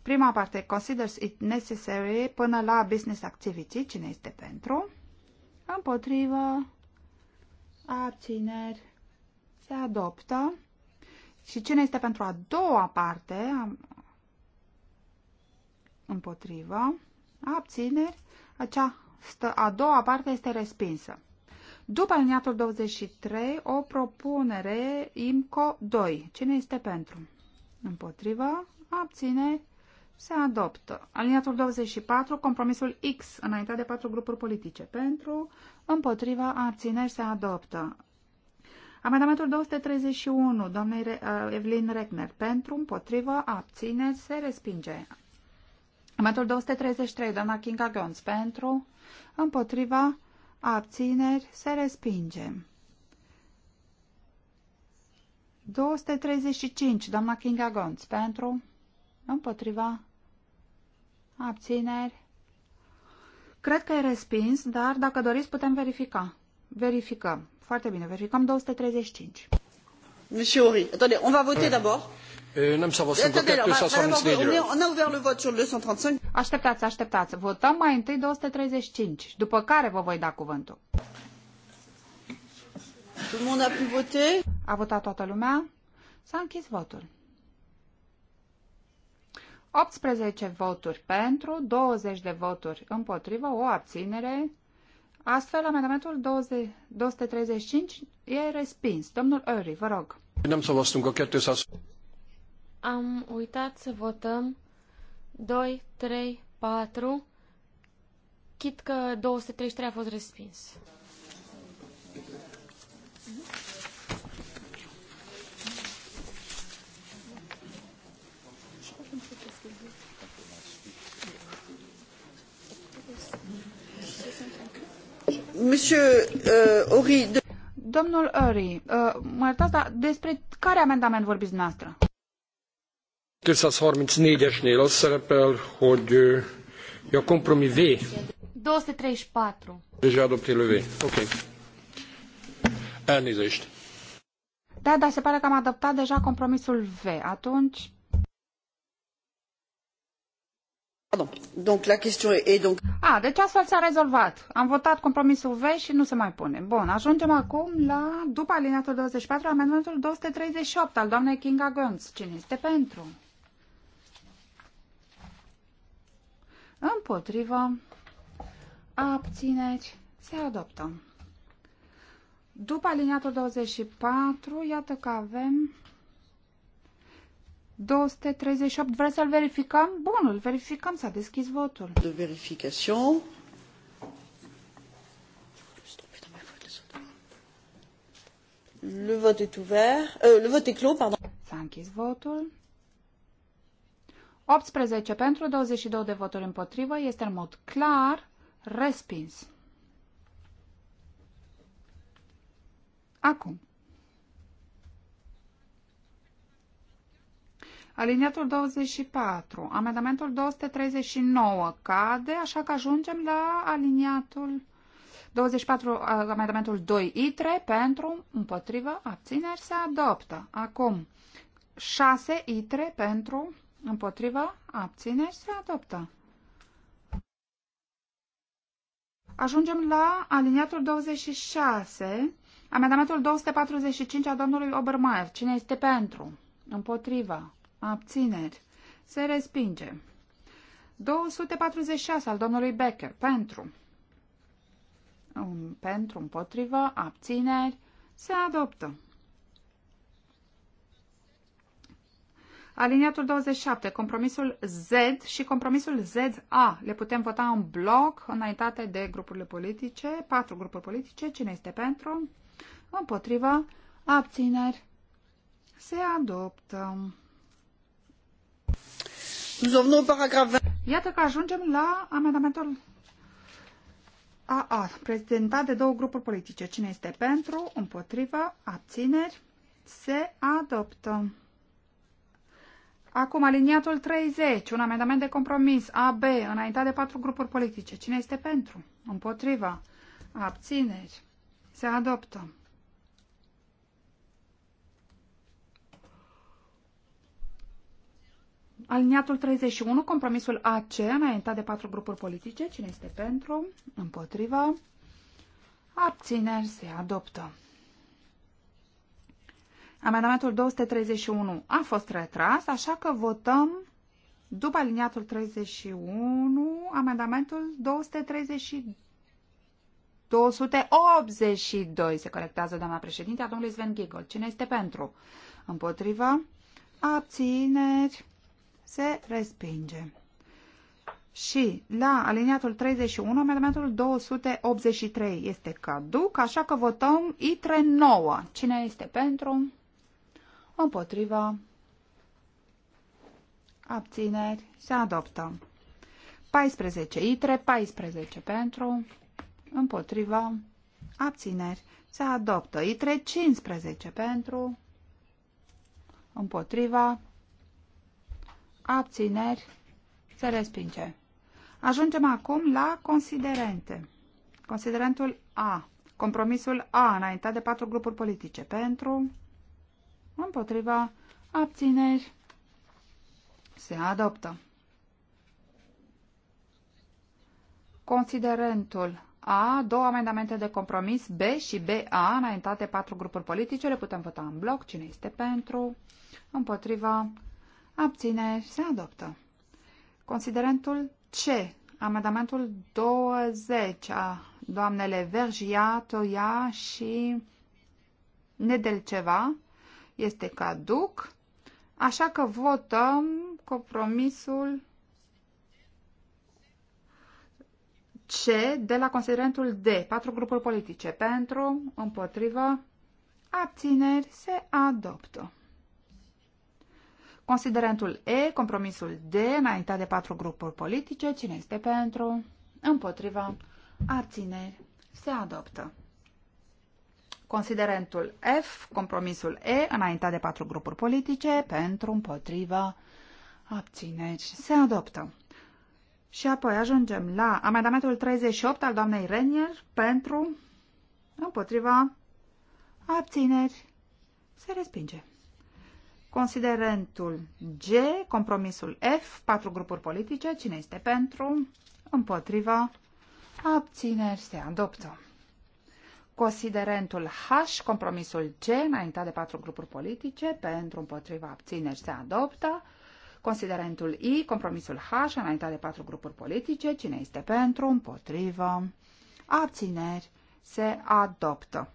prima parte, considers it necessary până la business activity, cine este pentru? Împotrivă, abțineri, se adoptă. Și cine este pentru a doua parte? Împotrivă. Abțineri. Acea a doua parte este respinsă. După aliniatul 23, o propunere IMCO 2. Cine este pentru? Împotrivă. Abține. Se adoptă. Aliniatul 24, compromisul X, înaintea de patru grupuri politice. Pentru, împotriva, abțineri, se adoptă. Amendamentul 231, doamnei Re uh, Evelyn Reckner, pentru, împotrivă, abține, se respinge. Amendamentul 233, doamna Kinga Gons, pentru, împotriva, abțineri, se respinge. 235, doamna Kinga Gons, pentru, împotriva, abțineri. Cred că e respins, dar dacă doriți putem verifica. Verificăm. Foarte bine, verificăm 235. Monsieur Horry, attendez, on va voter d'abord. N-am să vă sunt 235. On a Așteptați, așteptați. Votăm mai întâi 235, după care vă voi da cuvântul. Tout le monde a pu voter? A votat toată lumea? S-a închis votul. 18 voturi pentru, 20 de voturi împotrivă, o abținere. Astfel, amendamentul 235 e respins. Domnul Öri, vă rog. Am uitat să votăm 2, 3, 4. Chit că 233 a fost respins. Monsieur, uh, Ori, de... Domnul Ori, uh, mă iertați, dar despre care amendament vorbiți dumneavoastră? 234-esnél az szerepel, hogy a uh, kompromis V. 234. Deja adopté le V. Ok. Elnézést. Da, dar se pare că am adoptat deja compromisul V. Atunci Pardon. Donc la question est donc... A, deci astfel s-a rezolvat. Am votat compromisul V și nu se mai pune. Bun, ajungem acum la, după alineatul 24, amendamentul 238 al doamnei Kinga Gönz. Cine este pentru? Împotrivă. Abțineți. Se adoptă. După aliniatul 24, iată că avem 238. Vreți să-l verificăm? Bun, îl verificăm. S-a deschis votul. De verificare. Le vote est ouvert. Euh, le vote est clos, pardon. S-a închis votul. 18 pentru, 22 de voturi împotrivă. Este în mod clar respins. Acum, Aliniatul 24. Amendamentul 239 cade, așa că ajungem la aliniatul 24, amendamentul 2 i 3 pentru, împotrivă, abțineri se adoptă. Acum, 6 i 3 pentru, împotrivă, abțineri se adoptă. Ajungem la aliniatul 26, amendamentul 245 a domnului Obermeier. Cine este pentru? Împotriva abțineri, se respinge. 246 al domnului Becker, pentru, un, um, pentru, împotrivă, abțineri, se adoptă. Aliniatul 27, compromisul Z și compromisul ZA le putem vota în bloc înaintate de grupurile politice, patru grupuri politice, cine este pentru, Împotrivă. abțineri, se adoptă. Iată că ajungem la amendamentul AA, prezentat de două grupuri politice. Cine este pentru, împotrivă, abțineri, se adoptă. Acum, aliniatul 30, un amendament de compromis AB, înaintat de patru grupuri politice. Cine este pentru? împotrivă, Abțineri. Se adoptă. Aliniatul 31, compromisul AC, înaintat de patru grupuri politice. Cine este pentru? Împotriva? Abțineri se adoptă. Amendamentul 231 a fost retras, așa că votăm după aliniatul 31, amendamentul 232. 282 se corectează doamna președinte a domnului Sven Gigol. Cine este pentru? Împotrivă? Abțineri se respinge. Și la aliniatul 31, amendamentul 283 este caduc, așa că votăm ITRE 9. Cine este pentru? Împotriva. Abțineri. Se adoptă. 14. ITRE 14 pentru. Împotriva. Abțineri. Se adoptă. ITRE 15 pentru. Împotriva abțineri, se respinge. Ajungem acum la considerente. Considerentul A. Compromisul A, înaintat de patru grupuri politice. Pentru, împotriva, abțineri, se adoptă. Considerentul A, două amendamente de compromis B și BA, înaintate patru grupuri politice, le putem vota în bloc. Cine este pentru? Împotriva, abține, Se adoptă. Considerentul C. Amendamentul 20 a doamnele Vergia, Toia și Nedelceva este caduc. Așa că votăm compromisul C de la considerentul D. Patru grupuri politice pentru, împotrivă, abțineri se adoptă. Considerentul E, compromisul D, înaintat de patru grupuri politice, cine este pentru, împotriva, abțineri, se adoptă. Considerentul F, compromisul E, înaintat de patru grupuri politice, pentru, împotriva, abțineri, se adoptă. Și apoi ajungem la amendamentul 38 al doamnei Renier, pentru, împotriva, abțineri, se respinge. Considerentul G, compromisul F, patru grupuri politice, cine este pentru, împotriva, abțineri, se adoptă. Considerentul H, compromisul G, înaintea de patru grupuri politice, pentru, împotriva, abțineri, se adoptă. Considerentul I, compromisul H, înaintea de patru grupuri politice, cine este pentru, împotriva, abțineri, se adoptă.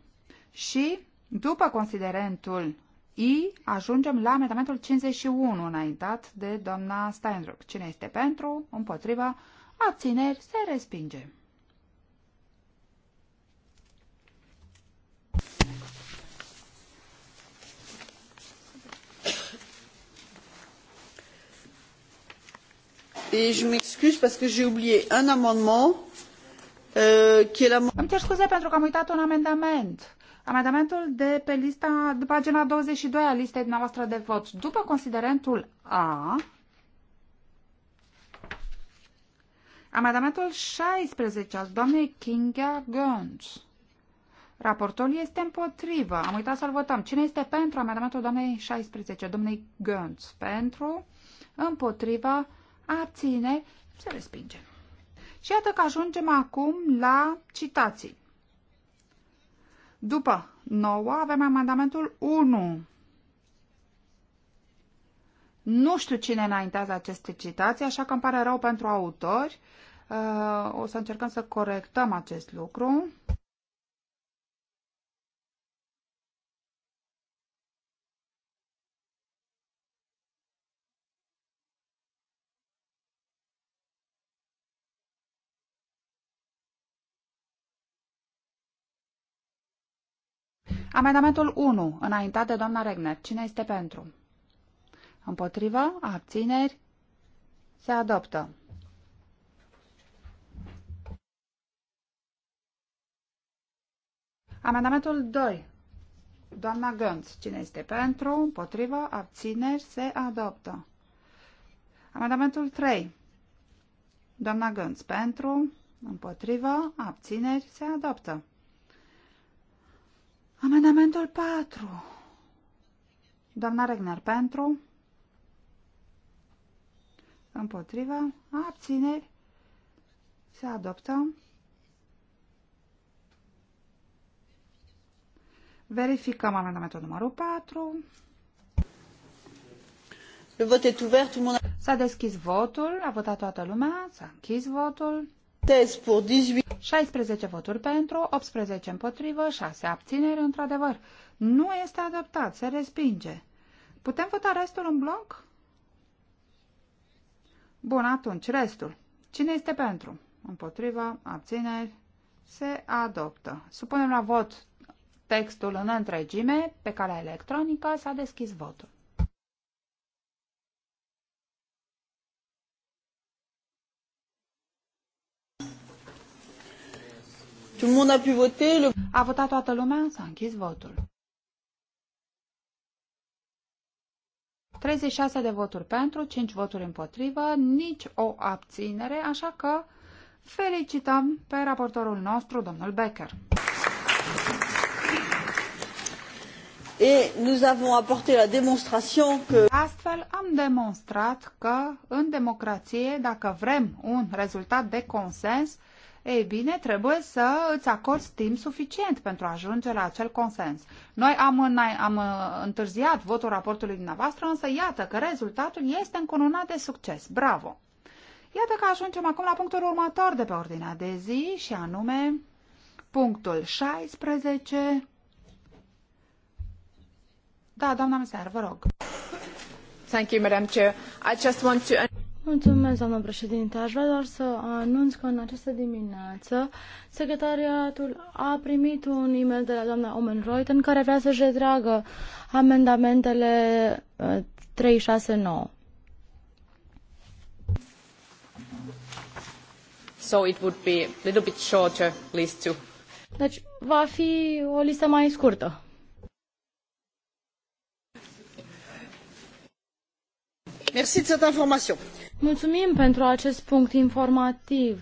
Și după considerentul I ajungem la amendamentul 51 înaintat de doamna Steinruck. Cine este pentru, împotriva, abțineri, se respinge. Et je m'excuse parce que j'ai oublié un amendement euh, qui est l'amendement... Je m'excuse parce que j'ai oublié uitat un amendament Amendamentul de pe lista, de pagina 22 a listei noastre de vot, după considerentul A, amendamentul 16 al doamnei Kinga Gönz. Raportul este împotrivă. Am uitat să-l votăm. Cine este pentru amendamentul doamnei 16, domnei Gönz? Pentru, împotriva, abține, se respinge. Și iată că ajungem acum la citații. După 9 avem amendamentul 1. Nu știu cine înaintează aceste citații, așa că îmi pare rău pentru autori. Uh, o să încercăm să corectăm acest lucru. Amendamentul 1, înaintat de doamna Regner. Cine este pentru? Împotrivă? Abțineri? Se adoptă. Amendamentul 2. Doamna Gânț. Cine este pentru? Împotrivă? Abțineri? Se adoptă. Amendamentul 3. Doamna Gânț. Pentru? Împotrivă? Abțineri? Se adoptă. Amendamentul 4. Doamna Regner, pentru. Împotriva. Abțineri. Se adoptă. Verificăm amendamentul numărul 4. Le vot est ouvert, tout le monde... S-a deschis votul, a votat toată lumea, s-a închis votul. 16 voturi pentru, 18 împotrivă, 6 abțineri, într-adevăr. Nu este adoptat, se respinge. Putem vota restul în bloc? Bun, atunci, restul. Cine este pentru? Împotrivă, abțineri, se adoptă. Supunem la vot textul în întregime, pe calea electronică s-a deschis votul. a A votat toată lumea? S-a închis votul. 36 de voturi pentru, 5 voturi împotrivă, nici o abținere, așa că felicităm pe raportorul nostru, domnul Becker. Et nous avons apporté la démonstration que... Astfel am demonstrat că în democrație, dacă vrem un rezultat de consens, ei bine, trebuie să îți acorzi timp suficient pentru a ajunge la acel consens. Noi am, am uh, întârziat votul raportului dumneavoastră, însă iată că rezultatul este încununat de succes. Bravo! Iată că ajungem acum la punctul următor de pe ordinea de zi și anume punctul 16. Da, doamna Mister, vă rog. Thank you, Madam Chair. I just want to... Mulțumesc, doamnă președinte. Aș vrea doar să anunț că în această dimineață secretariatul a primit un e-mail de la doamna Omen în care vrea să-și retragă amendamentele 369. Uh, so it would be a little bit shorter list too. Deci va fi o listă mai scurtă. Merci de cette information. Mulțumim pentru acest punct informativ.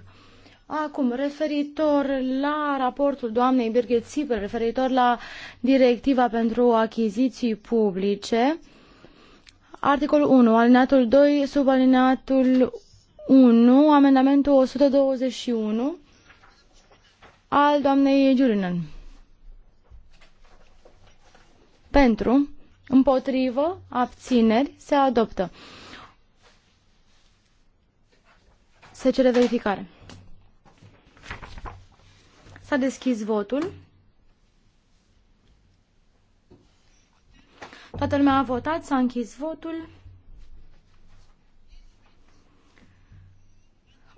Acum, referitor la raportul doamnei Birgit Sipel, referitor la directiva pentru achiziții publice, articolul 1, alineatul 2, sub alineatul 1, amendamentul 121 al doamnei Giurinen. Pentru, împotrivă, abțineri, se adoptă. Se cere verificare. S-a deschis votul. Toată lumea a votat, s-a închis votul.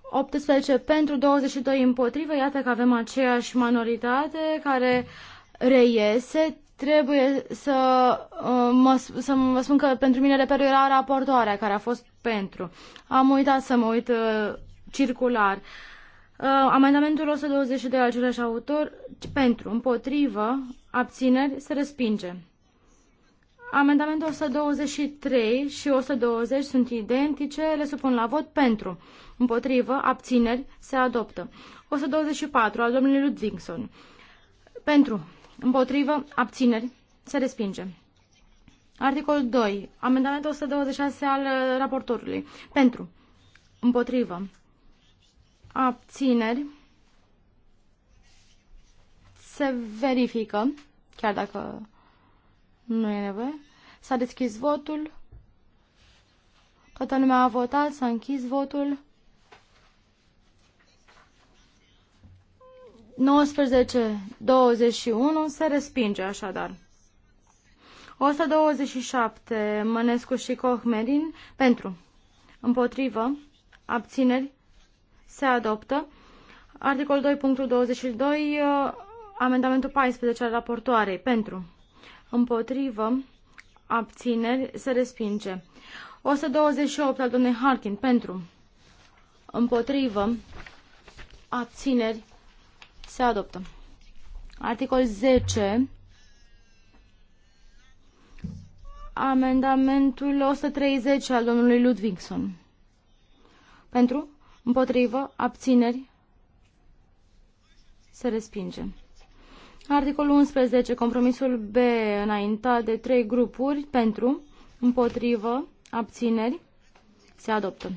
18 pentru, 22 împotrivă, iată că avem aceeași minoritate care reiese. Trebuie să, uh, mă, să vă spun că pentru mine reperul era raportoarea care a fost pentru. Am uitat să mă uit uh, circular. Uh, amendamentul 122 al același autor, pentru, împotrivă, abțineri, se respinge. Amendamentul 123 și 120 sunt identice, le supun la vot pentru. Împotrivă, abțineri, se adoptă. 124 al domnului Ludvigson. Pentru, împotrivă, abțineri, se respinge. Articol 2. Amendamentul 126 al raportorului. Pentru, împotrivă, abțineri se verifică, chiar dacă nu e nevoie. S-a deschis votul. Toată lumea a votat, s-a închis votul. 19, 21 se respinge așadar. 127, Mănescu și Cohmerin pentru, împotrivă, abțineri, se adoptă. Articol 2.22, uh, amendamentul 14 al raportoarei, pentru, împotrivă, abțineri, se respinge. 128 al domnului Harkin, pentru, împotrivă, abțineri, se adoptă. Articol 10, amendamentul 130 al domnului Ludvigson. Pentru? Împotrivă, abțineri, se respinge. Articolul 11, compromisul B, înaintat de trei grupuri, pentru, împotrivă, abțineri, se adoptă.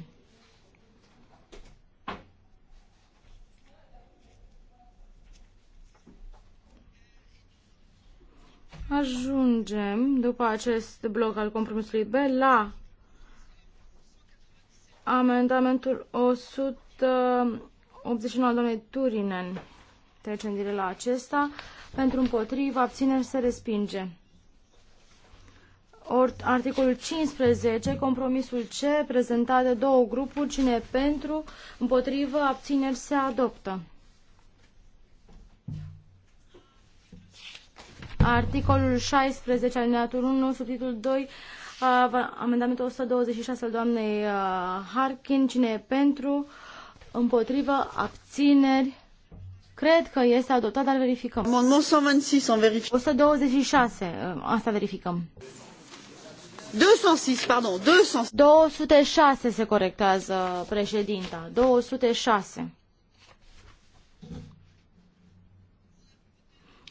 Ajungem, după acest bloc al compromisului B, la Amendamentul 189 al domnului Turinen. trece în la acesta. Pentru împotriva, abțineri se respinge. Or, articolul 15, compromisul C, prezentat de două grupuri, cine pentru, împotrivă, abțineri se adoptă. Articolul 16, alineatul 1, subtitul 2, Amendamentul 126 al doamnei Harkin. Cine e pentru? Împotrivă? Abțineri? Cred că este adoptat, dar verificăm. Mă, nu s-o am verificat. 126, asta verificăm. 206, pardon, 206. 206 se corectează președinta, 206.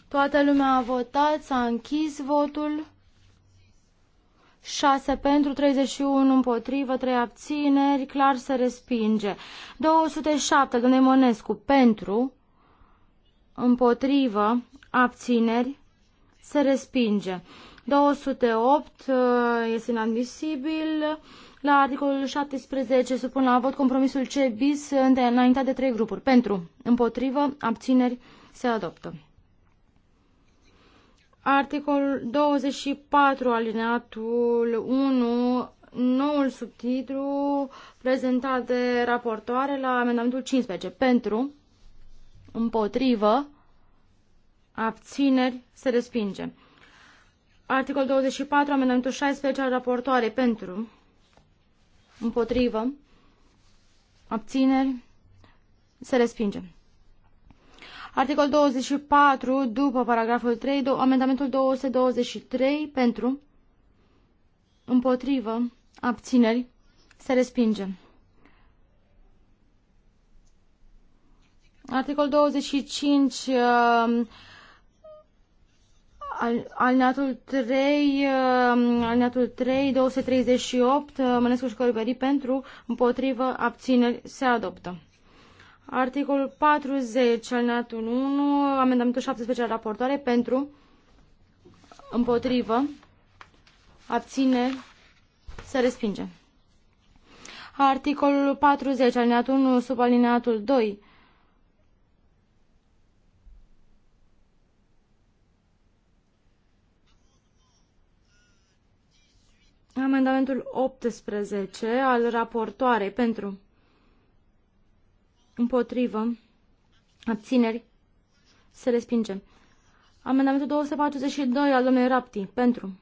Toată lumea a votat, s-a închis votul. 6 pentru, 31 împotrivă, 3 abțineri, clar se respinge. 207, domnule Monescu, pentru, împotrivă, abțineri, se respinge. 208 uh, este inadmisibil. La articolul 17 supun la vot compromisul CBIS înaintea de trei grupuri. Pentru, împotrivă, abțineri, se adoptă. Articolul 24, alineatul 1, noul subtitlu prezentat de raportoare la amendamentul 15. Pentru, împotrivă, abțineri, se respinge. Articolul 24, amendamentul 16 al raportoare pentru, împotrivă, abțineri, se respinge. Articol 24, după paragraful 3, do- amendamentul 223 pentru, împotrivă, abțineri, se respinge. Articol 25, uh, uh, alineatul 3, alineatul 3, 238, Mănescu și Coriberi pentru, împotrivă, abțineri, se adoptă. Articolul 40 al natul 1, amendamentul 17 al raportoare pentru, împotrivă, abține, se respinge. Articolul 40 al natul 1, subalineatul 2, Amendamentul 18 al raportoare pentru împotrivă, abțineri, se respinge. Amendamentul 242 al domnului Rapti, pentru,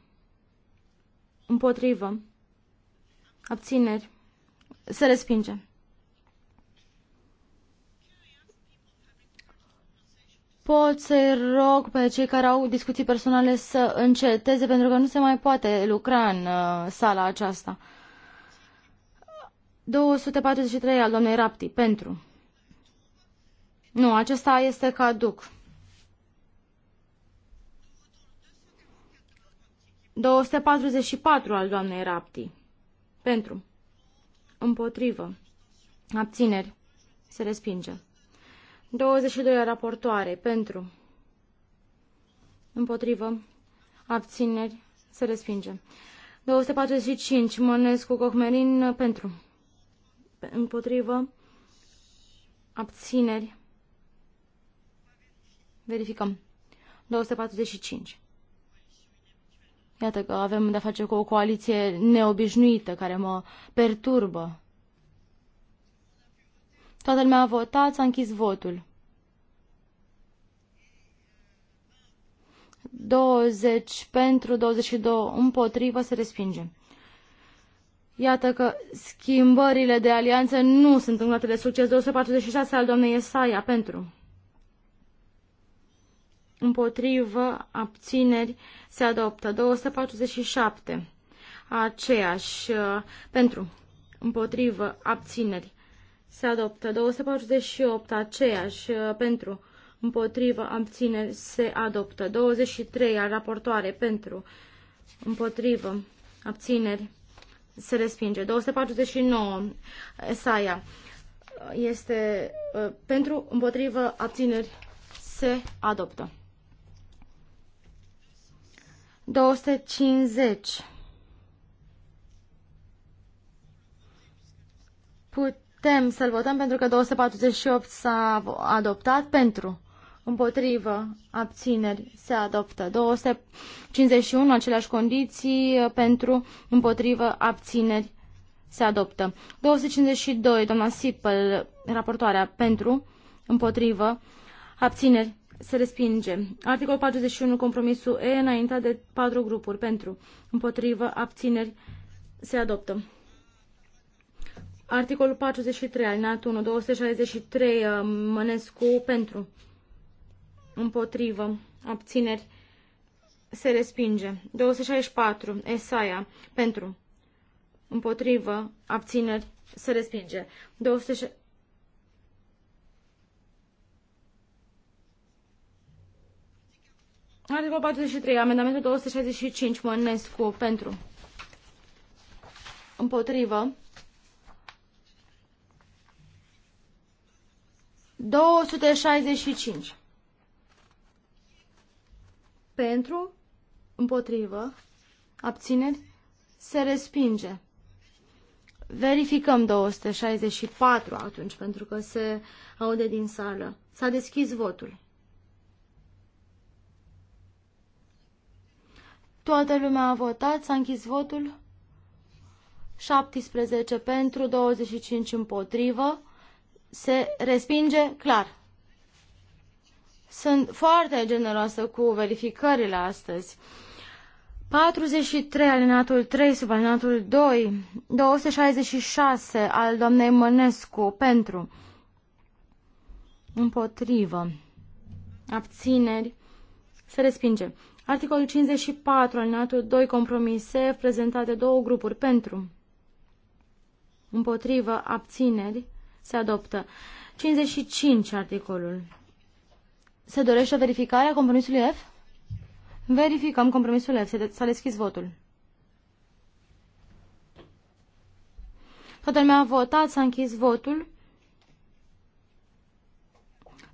împotrivă, abțineri, se respinge. Pot să rog pe cei care au discuții personale să înceteze, pentru că nu se mai poate lucra în uh, sala aceasta. 243 al domnului Rapti, pentru. Nu, acesta este caduc. 244 al doamnei Rapti. Pentru. Împotrivă. Abțineri. Se respinge. 22 raportoare. Pentru. Împotrivă. Abțineri. Se respinge. 245. Mănescu Cohmerin. Pentru. Împotrivă. Abțineri. Verificăm. 245. Iată că avem de-a face cu o coaliție neobișnuită care mă perturbă. Toată lumea a votat, s-a închis votul. 20 pentru, 22 împotrivă, se respinge. Iată că schimbările de alianță nu sunt înglate de succes. 246 al domnei Esaia pentru împotrivă, abțineri, se adoptă. 247, aceeași, uh, pentru, împotrivă, abțineri, se adoptă. 248, aceeași, uh, pentru, împotrivă, abțineri, se adoptă. 23, al raportoare, pentru, împotrivă, abțineri, se respinge. 249, saia este uh, pentru, împotrivă, abțineri, se adoptă. 250. Putem să-l votăm pentru că 248 s-a adoptat pentru. Împotrivă, abțineri, se adoptă. 251, aceleași condiții, pentru, împotrivă, abțineri, se adoptă. 252, doamna Sipel, raportoarea, pentru, împotrivă, abțineri, se respinge. Articol 41, compromisul E, înaintea de patru grupuri. Pentru, împotrivă, abțineri, se adoptă. Articolul 43, alineat 1, 263, Mănescu, pentru, împotrivă, abțineri, se respinge. 264, Esaia, pentru, împotrivă, abțineri, se respinge. 264, Articolul 43, amendamentul 265, Mănescu, pentru. Împotrivă. 265. Pentru, împotrivă, abțineri, se respinge. Verificăm 264 atunci, pentru că se aude din sală. S-a deschis votul. Toată lumea a votat, s-a închis votul. 17 pentru, 25 împotrivă. Se respinge clar. Sunt foarte generoasă cu verificările astăzi. 43, alinatul 3, sub alinatul 2, 266 al doamnei Mănescu, pentru, împotrivă, abțineri, se respinge. Articolul 54, alineatul 2, compromise, prezentat de două grupuri pentru, împotrivă, abțineri, se adoptă. 55, articolul. Se dorește verificarea compromisului F? Verificăm compromisul F. S-a deschis votul. Toată lumea a votat, s-a închis votul.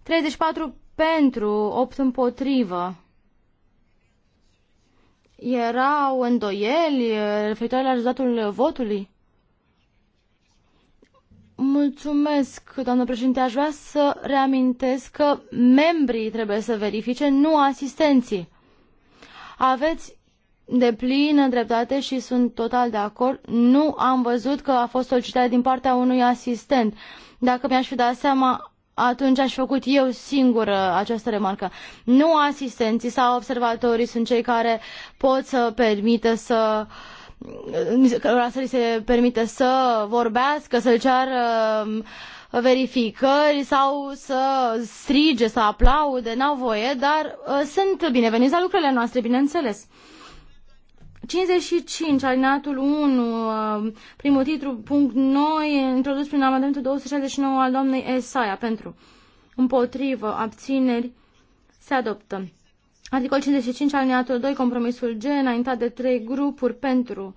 34 pentru, 8 împotrivă. Erau îndoieli referitoare la rezultatul votului? Mulțumesc, doamnă președinte. Aș vrea să reamintesc că membrii trebuie să verifice, nu asistenții. Aveți de plină dreptate și sunt total de acord. Nu am văzut că a fost solicitat din partea unui asistent. Dacă mi-aș fi dat seama, atunci aș făcut eu singură această remarcă. Nu asistenții sau observatorii sunt cei care pot să permită să cărora să li se permite să vorbească, să-l ceară um, verificări sau să strige, să aplaude, n-au voie, dar uh, sunt bineveniți la lucrurile noastre, bineînțeles. 55, alineatul 1, primul titlu, punct 9, introdus prin amendamentul 269 al doamnei Esaia pentru împotrivă, abțineri, se adoptă. Articol 55, alineatul 2, compromisul G, înaintat de trei grupuri pentru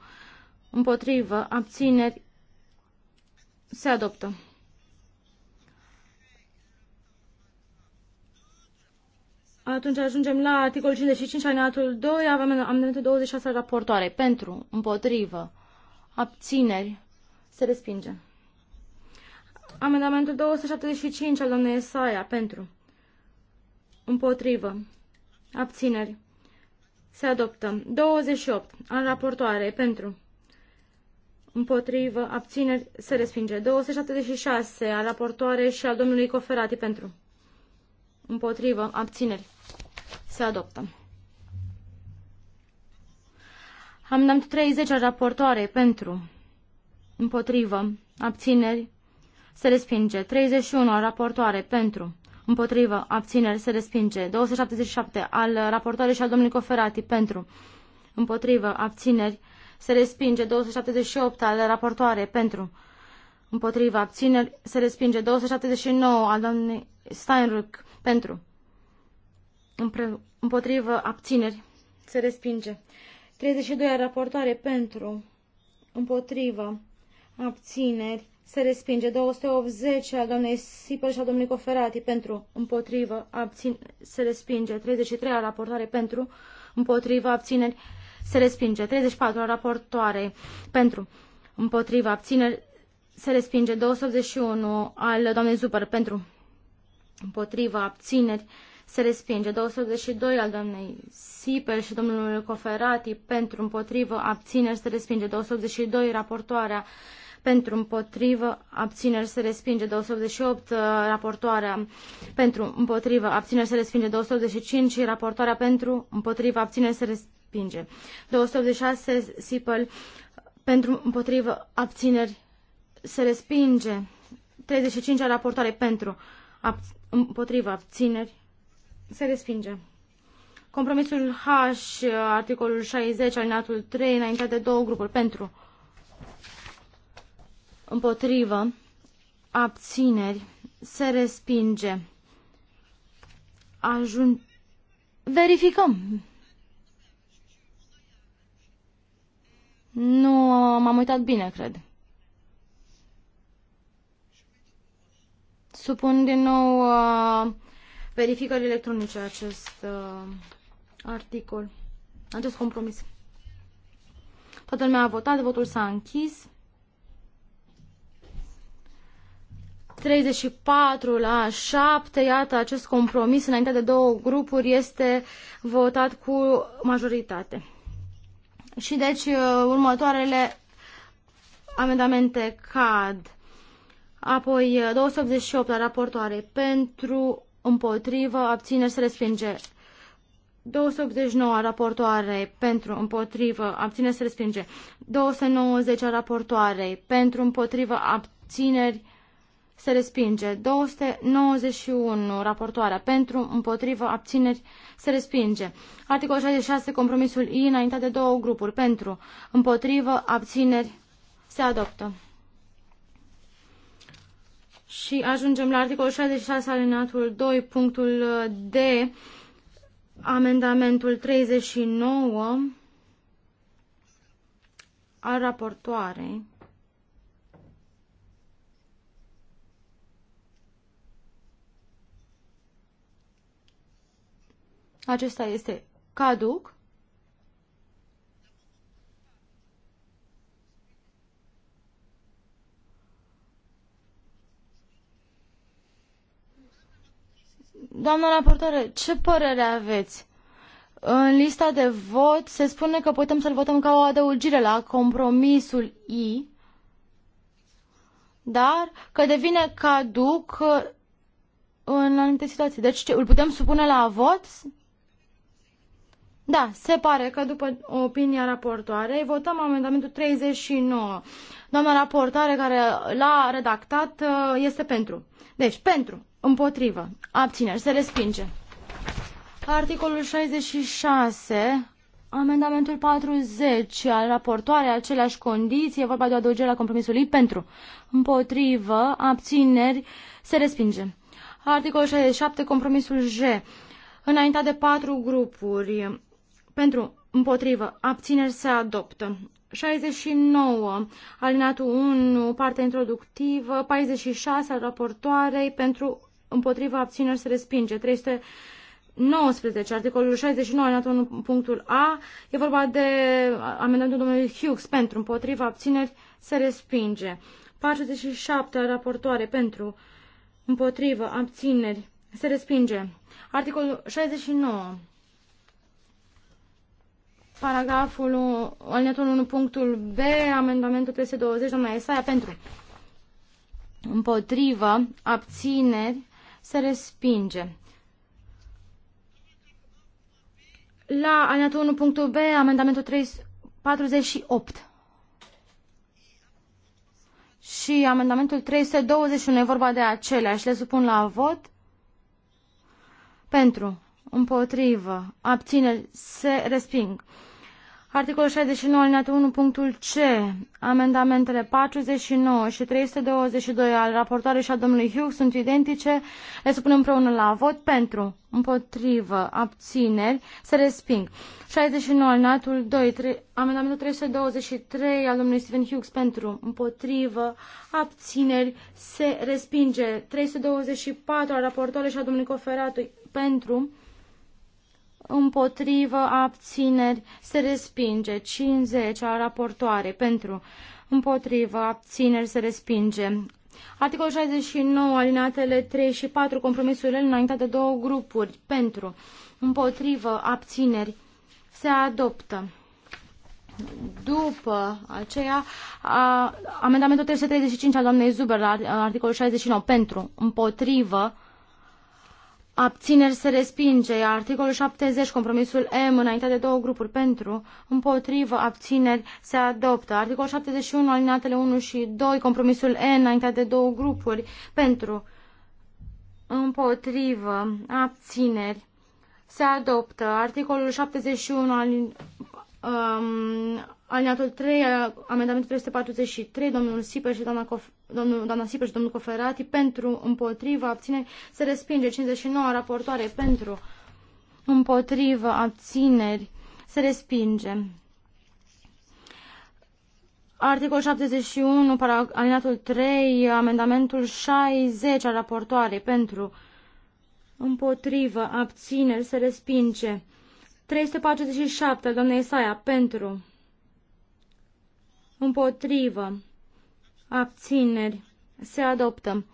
împotrivă, abțineri, se adoptă. Atunci ajungem la articolul 55, alineatul 2, avem amendamentul 26 al raportoarei. Pentru, împotrivă, abțineri, se respinge. Amendamentul 275 al doamnei Esaia, pentru, împotrivă, abțineri, se adoptă. 28 al raportoarei, pentru, împotrivă, abțineri, se respinge. 276 al raportoarei și al domnului Coferati, pentru, împotrivă, abțineri, se adoptă. Am 30 raportoare pentru, împotrivă, abțineri, se respinge. 31 raportoare pentru, împotrivă, abțineri, se respinge. 277 al raportoarei și al domnului Coferati pentru, împotrivă, abțineri, se respinge. 278 al raportoare pentru, împotrivă, abțineri, se respinge. 279 al domnului Steinruck pentru. Împotrivă abțineri. Se respinge. 32 a raportoare pentru. Împotrivă. Abțineri. Se respinge. 280 al doamnei Sipăr și al domnului Coferati pentru. Împotrivă. Abțineri. Se respinge. 33 a raportoare pentru. Împotrivă. Abțineri. Se respinge. 34 a raportoare pentru. Împotrivă. Abțineri. Se respinge. 281 al doamnei Zupăr pentru împotriva, abțineri, se respinge. 282 al doamnei Sipel și domnului Coferati pentru, împotrivă, abțineri, se respinge. 282 raportoarea pentru împotrivă, abțineri se respinge 288, uh, raportoarea pentru împotrivă, abțineri se respinge 285 și raportoarea pentru împotrivă, abțineri se respinge 286, Sipel pentru împotrivă, abțineri se respinge 35 raportoare pentru ab, împotrivă, abțineri, se respinge. Compromisul H, articolul 60, alinatul 3, înaintea de două grupuri, pentru, împotrivă, abțineri, se respinge. Ajun... Verificăm. Nu m-am uitat bine, cred. Supun din nou uh, verificări electronice acest uh, articol, acest compromis. Toată lumea a votat, votul s-a închis. 34 la 7, iată acest compromis înainte de două grupuri este votat cu majoritate. Și deci uh, următoarele amendamente cad. Apoi 288 eh, la raportoare pentru, împotrivă, abține se respinge. 289 raportoare pentru împotrivă, abține se respinge. 290 raportoare pentru împotrivă, abțineri se respinge. 291 raportoarea pentru împotrivă, abțineri se respinge. Articol 66, compromisul I, înaintea de două grupuri, pentru împotrivă, abțineri se adoptă. Și ajungem la articolul 66 alineatul 2, punctul uh, D, amendamentul 39 al raportoarei. Acesta este caduc. Doamnă raportoare, ce părere aveți? În lista de vot se spune că putem să-l votăm ca o adăugire la compromisul I, dar că devine caduc uh, în anumite situații. Deci ce, îl putem supune la vot? Da, se pare că după opinia raportoarei votăm amendamentul 39. Doamna raportoare care l-a redactat uh, este pentru. Deci, pentru. Împotrivă. Abțineri. Se respinge. Articolul 66, amendamentul 40 al raportoarei, aceleași condiții, e vorba de o adăugere la compromisului pentru. Împotrivă. Abțineri. Se respinge. Articolul 67, compromisul J, înaintat de patru grupuri. Pentru. Împotrivă. Abțineri. Se adoptă. 69, alinatul 1, partea introductivă, 46 al raportoarei pentru împotriva abțineri se respinge. 19. articolul 69, alineatul punctul A, e vorba de amendamentul domnului Hughes pentru împotriva abțineri se respinge. 47, raportoare pentru împotriva abțineri se respinge. Articolul 69, paragraful alineatul 1, punctul B, amendamentul 320, doamna Esaia, pentru împotriva abțineri, se respinge. La aliniatul 1 B, amendamentul 348 și amendamentul 321 e vorba de aceleași. Le supun la vot. Pentru, împotrivă, abțineri, se resping. Articolul 69, alineat 1, punctul C, amendamentele 49 și 322 al raportoarei și a domnului Hughes sunt identice, le supunem împreună la vot pentru, împotrivă, abțineri, se resping. 69, alineatul 2, 3, amendamentul 323 al domnului Stephen Hughes pentru, împotrivă, abțineri, se respinge. 324 al raportoarei și a domnului Coferatului pentru, împotrivă, abțineri, se respinge. 50 a raportoare pentru, împotrivă, abțineri, se respinge. Articolul 69, alineatele 3 și 4, compromisurile înaintate de două grupuri, pentru, împotrivă, abțineri, se adoptă. După aceea, a, amendamentul 335 al doamnei Zuber la articolul 69, pentru, împotrivă, Abțineri se respinge. Articolul 70, compromisul M, înainte de două grupuri pentru, împotrivă, abțineri se adoptă. Articolul 71, alineatele 1 și 2, compromisul N, înainte de două grupuri pentru, împotrivă, abțineri se adoptă. Articolul 71, alin, um, Alineatul 3, amendamentul 343, domnul Siper și doamna, Cof, domnul, doamna Siper și domnul Coferati pentru, împotrivă, abține se respinge. 59, raportoare pentru, împotrivă, abțineri, se respinge. Articol 71, alineatul 3, amendamentul 60 al raportoarei pentru, împotrivă, abțineri, se respinge. 347, doamna Isaia, pentru, împotrivă, abțineri, se adoptă.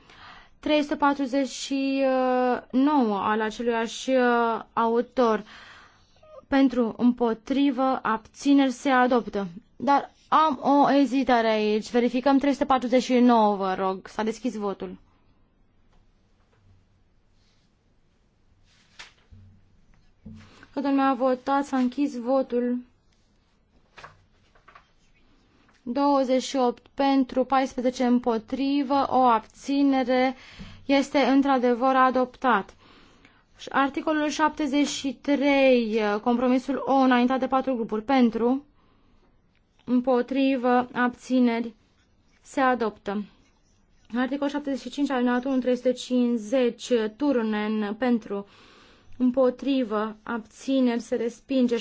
349 uh, al aceluiași uh, autor pentru împotrivă, abțineri se adoptă. Dar am o ezitare aici. Verificăm 349, vă rog. S-a deschis votul. Toată lumea a votat, s-a închis votul. 28 pentru, 14 împotrivă, o abținere este într-adevăr adoptat. Articolul 73, compromisul O, înaintat de patru grupuri, pentru, împotrivă, abțineri, se adoptă. Articolul 75, alineatul 350, turnen pentru, împotrivă, abțineri, se respinge,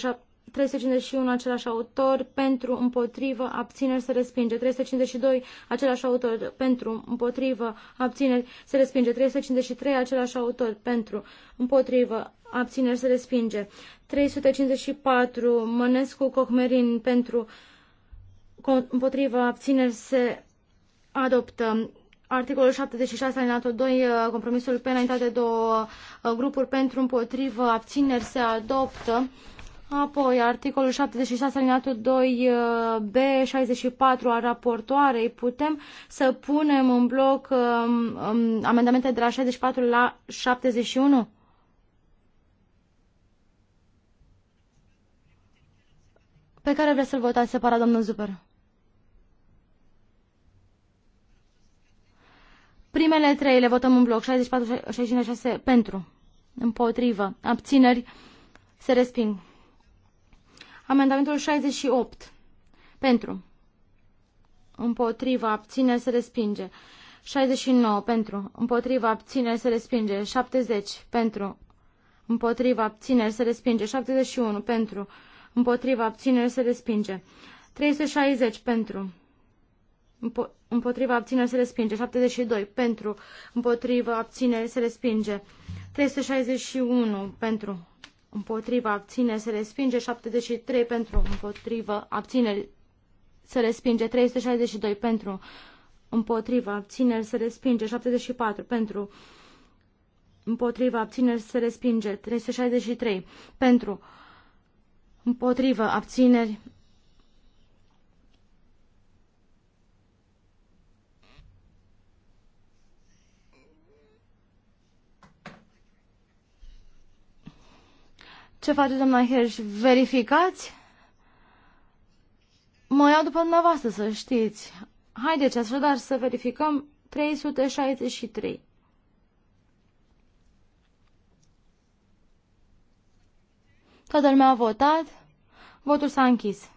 351, același autor, pentru, împotrivă, abțineri, se respinge. 352, același autor, pentru, împotrivă, abțineri, se respinge. 353, același autor, pentru, împotrivă, abțineri, se respinge. 354, Mănescu Cocmerin, pentru, împotrivă, abțineri, se adoptă. Articolul 76, alinatul 2, uh, compromisul penalitate de două uh, grupuri pentru împotrivă, abțineri se adoptă. Apoi, articolul 76 alineatul 2b64 a raportoarei, putem să punem în bloc um, um, amendamente de la 64 la 71? Pe care vreți să-l votați separat, domnul Zuper? Primele trei le votăm în bloc, 64, 66 pentru, împotrivă, abțineri, se resping. Amendamentul 68. Pentru. Împotriva, abține, se respinge. 69 pentru, împotriva, abține, se respinge. 70 pentru, împotriva, abține, se respinge. 71 pentru, împotriva, abține, se respinge. 360 pentru, împotriva, abține, se respinge. 72 pentru, împotriva, abține, se respinge. 361 pentru, împotriva abțineri se respinge, 73 pentru împotriva abțineri se respinge, 362 pentru împotriva abțineri se respinge, 74 pentru împotriva abțineri se respinge, 363 pentru împotriva abțineri Ce face doamna Hirsch? Verificați? Mă iau după dumneavoastră să știți. Haideți așadar să verificăm 363. Toată lumea a votat. Votul s-a închis.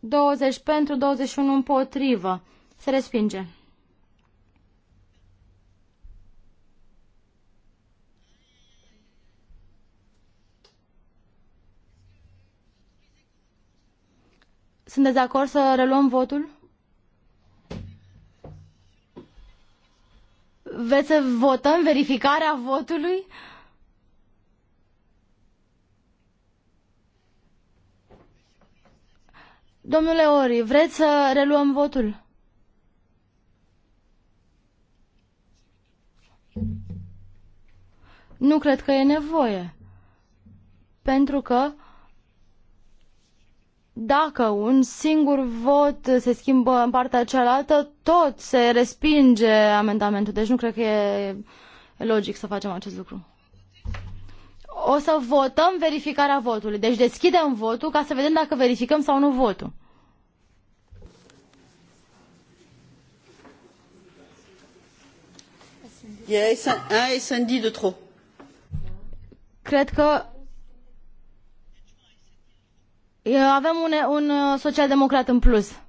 20 pentru, 21 împotrivă. Se respinge. Sunteți de acord să reluăm votul? Veți să votăm verificarea votului? Domnule Ori, vreți să reluăm votul? Nu cred că e nevoie. Pentru că dacă un singur vot se schimbă în partea cealaltă, tot se respinge amendamentul. Deci nu cred că e logic să facem acest lucru. O să votăm verificarea votului. Deci deschidem votul ca să vedem dacă verificăm sau nu votul. un de Cred că Eh, avem un, un eh, democrat în plus.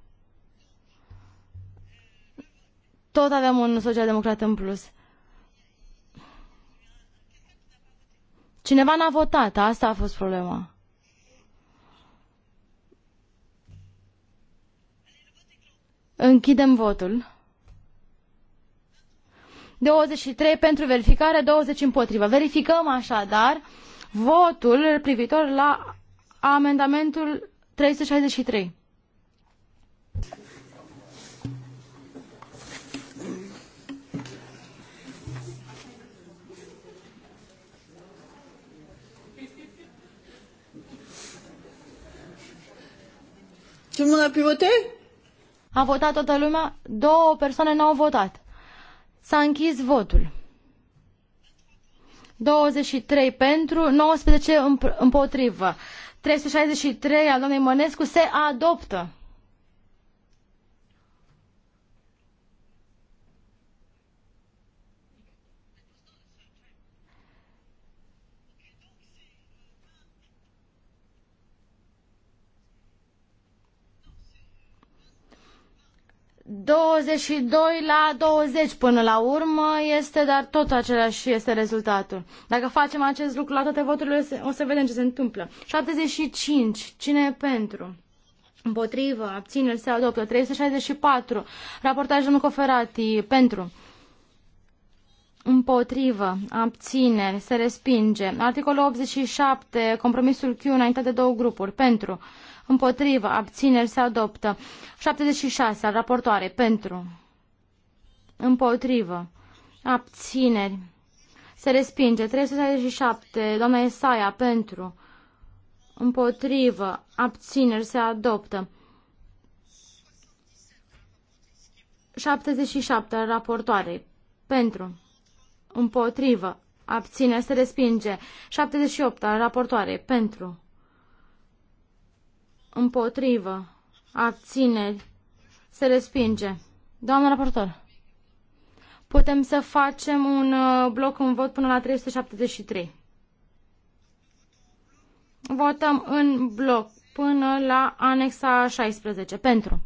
Tot avem un social democrat în plus. Cineva n-a votat, asta a fost problema. Închidem votul. 23 pentru verificare, 20 împotrivă. Verificăm așadar votul privitor la Amendamentul 363. Tout a A votat toată lumea, două persoane n-au votat. S-a închis votul. 23 pentru, 19 împotrivă. 363 al doamnei Mănescu se adoptă. 22 la 20 până la urmă este, dar tot același este rezultatul. Dacă facem acest lucru la toate voturile, o să vedem ce se întâmplă. 75. Cine e pentru? Împotrivă, abțineri, se adoptă. 364. Raportaj domnul Coferati. Pentru. Împotrivă, abțineri, se respinge. Articolul 87, compromisul Q înaintat de două grupuri. Pentru împotrivă, abțineri se adoptă. 76 al raportoare, pentru, împotrivă, abțineri, se respinge. 367, doamna Esaia, pentru, împotrivă, abțineri se adoptă. 77 al raportoarei, pentru, împotrivă, abțineri se respinge. 78 al pentru, împotrivă, abțineri, se respinge. Doamna raportor, putem să facem un uh, bloc în vot până la 373. Votăm în bloc până la anexa 16. Pentru.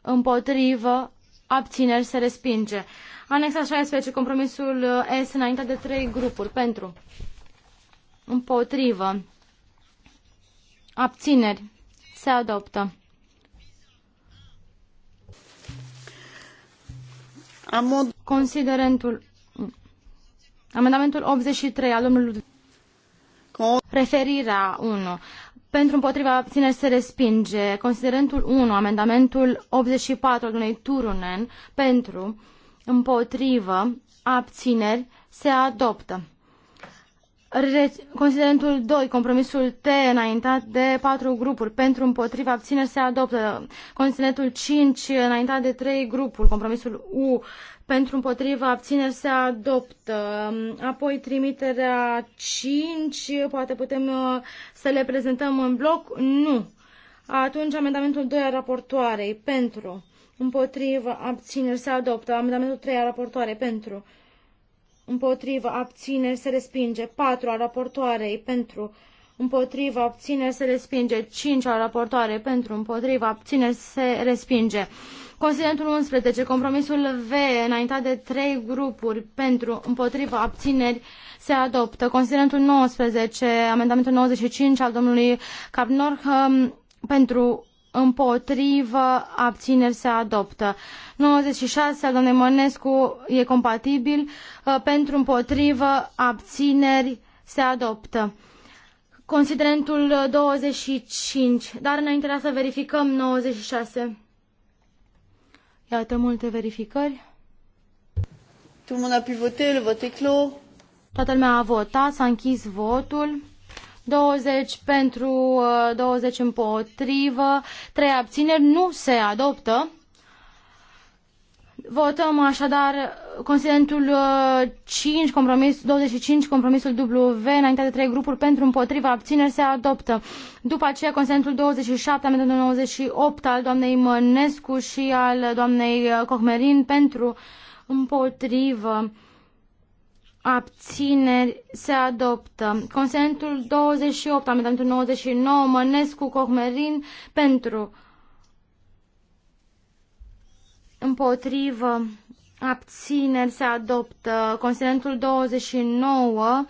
Împotrivă, abțineri, se respinge. Anexa 16, compromisul uh, S înainte de trei grupuri. Pentru. Împotrivă. Abțineri. Se adoptă. Amod... Considerentul. Amendamentul 83 al domnului. Referirea 1. Pentru împotriva abțineri se respinge. Considerentul 1, amendamentul 84 al domnului Turunen. Pentru împotrivă abțineri se adoptă. Considerentul 2, compromisul T, înaintat de 4 grupuri, pentru împotriva abțineri se adoptă. Considerentul 5, înaintat de 3 grupuri, compromisul U, pentru împotriva abțineri se adoptă. Apoi trimiterea 5, poate putem uh, să le prezentăm în bloc? Nu. Atunci amendamentul 2 a raportoarei, pentru. Împotriva abțineri se adoptă. Amendamentul 3 a raportoarei, pentru împotrivă, abțineri, se respinge. 4 al raportoarei pentru, împotrivă, abțineri, se respinge. 5 al raportoarei pentru, împotrivă, abțineri, se respinge. Considerentul 11, compromisul V, înaintat de trei grupuri pentru, împotriva, abțineri, se adoptă. Considerentul 19, amendamentul 95 al domnului Capnor, pentru, împotrivă, abțineri se adoptă. 96 al domnului Mănescu e compatibil, uh, pentru împotrivă, abțineri se adoptă. Considerentul 25, dar înainte să verificăm 96. Iată multe verificări. Tout le monde a pu voter, le vote est clos. Toată lumea a votat, s-a închis votul. 20 pentru, 20 uh, împotrivă, 3 abțineri, nu se adoptă. Votăm așadar considerentul 5, uh, compromis, 25, compromisul W, înainte de 3 grupuri, pentru împotriva abțineri se adoptă. După aceea, considerentul 27, amendamentul 98 al doamnei Mănescu și al doamnei uh, Cohmerin pentru împotrivă Abțineri se adoptă. Consentul 28, amendamentul 99, Mănescu, Cohmerin, pentru. Împotrivă. Abțineri se adoptă. Consentul 29,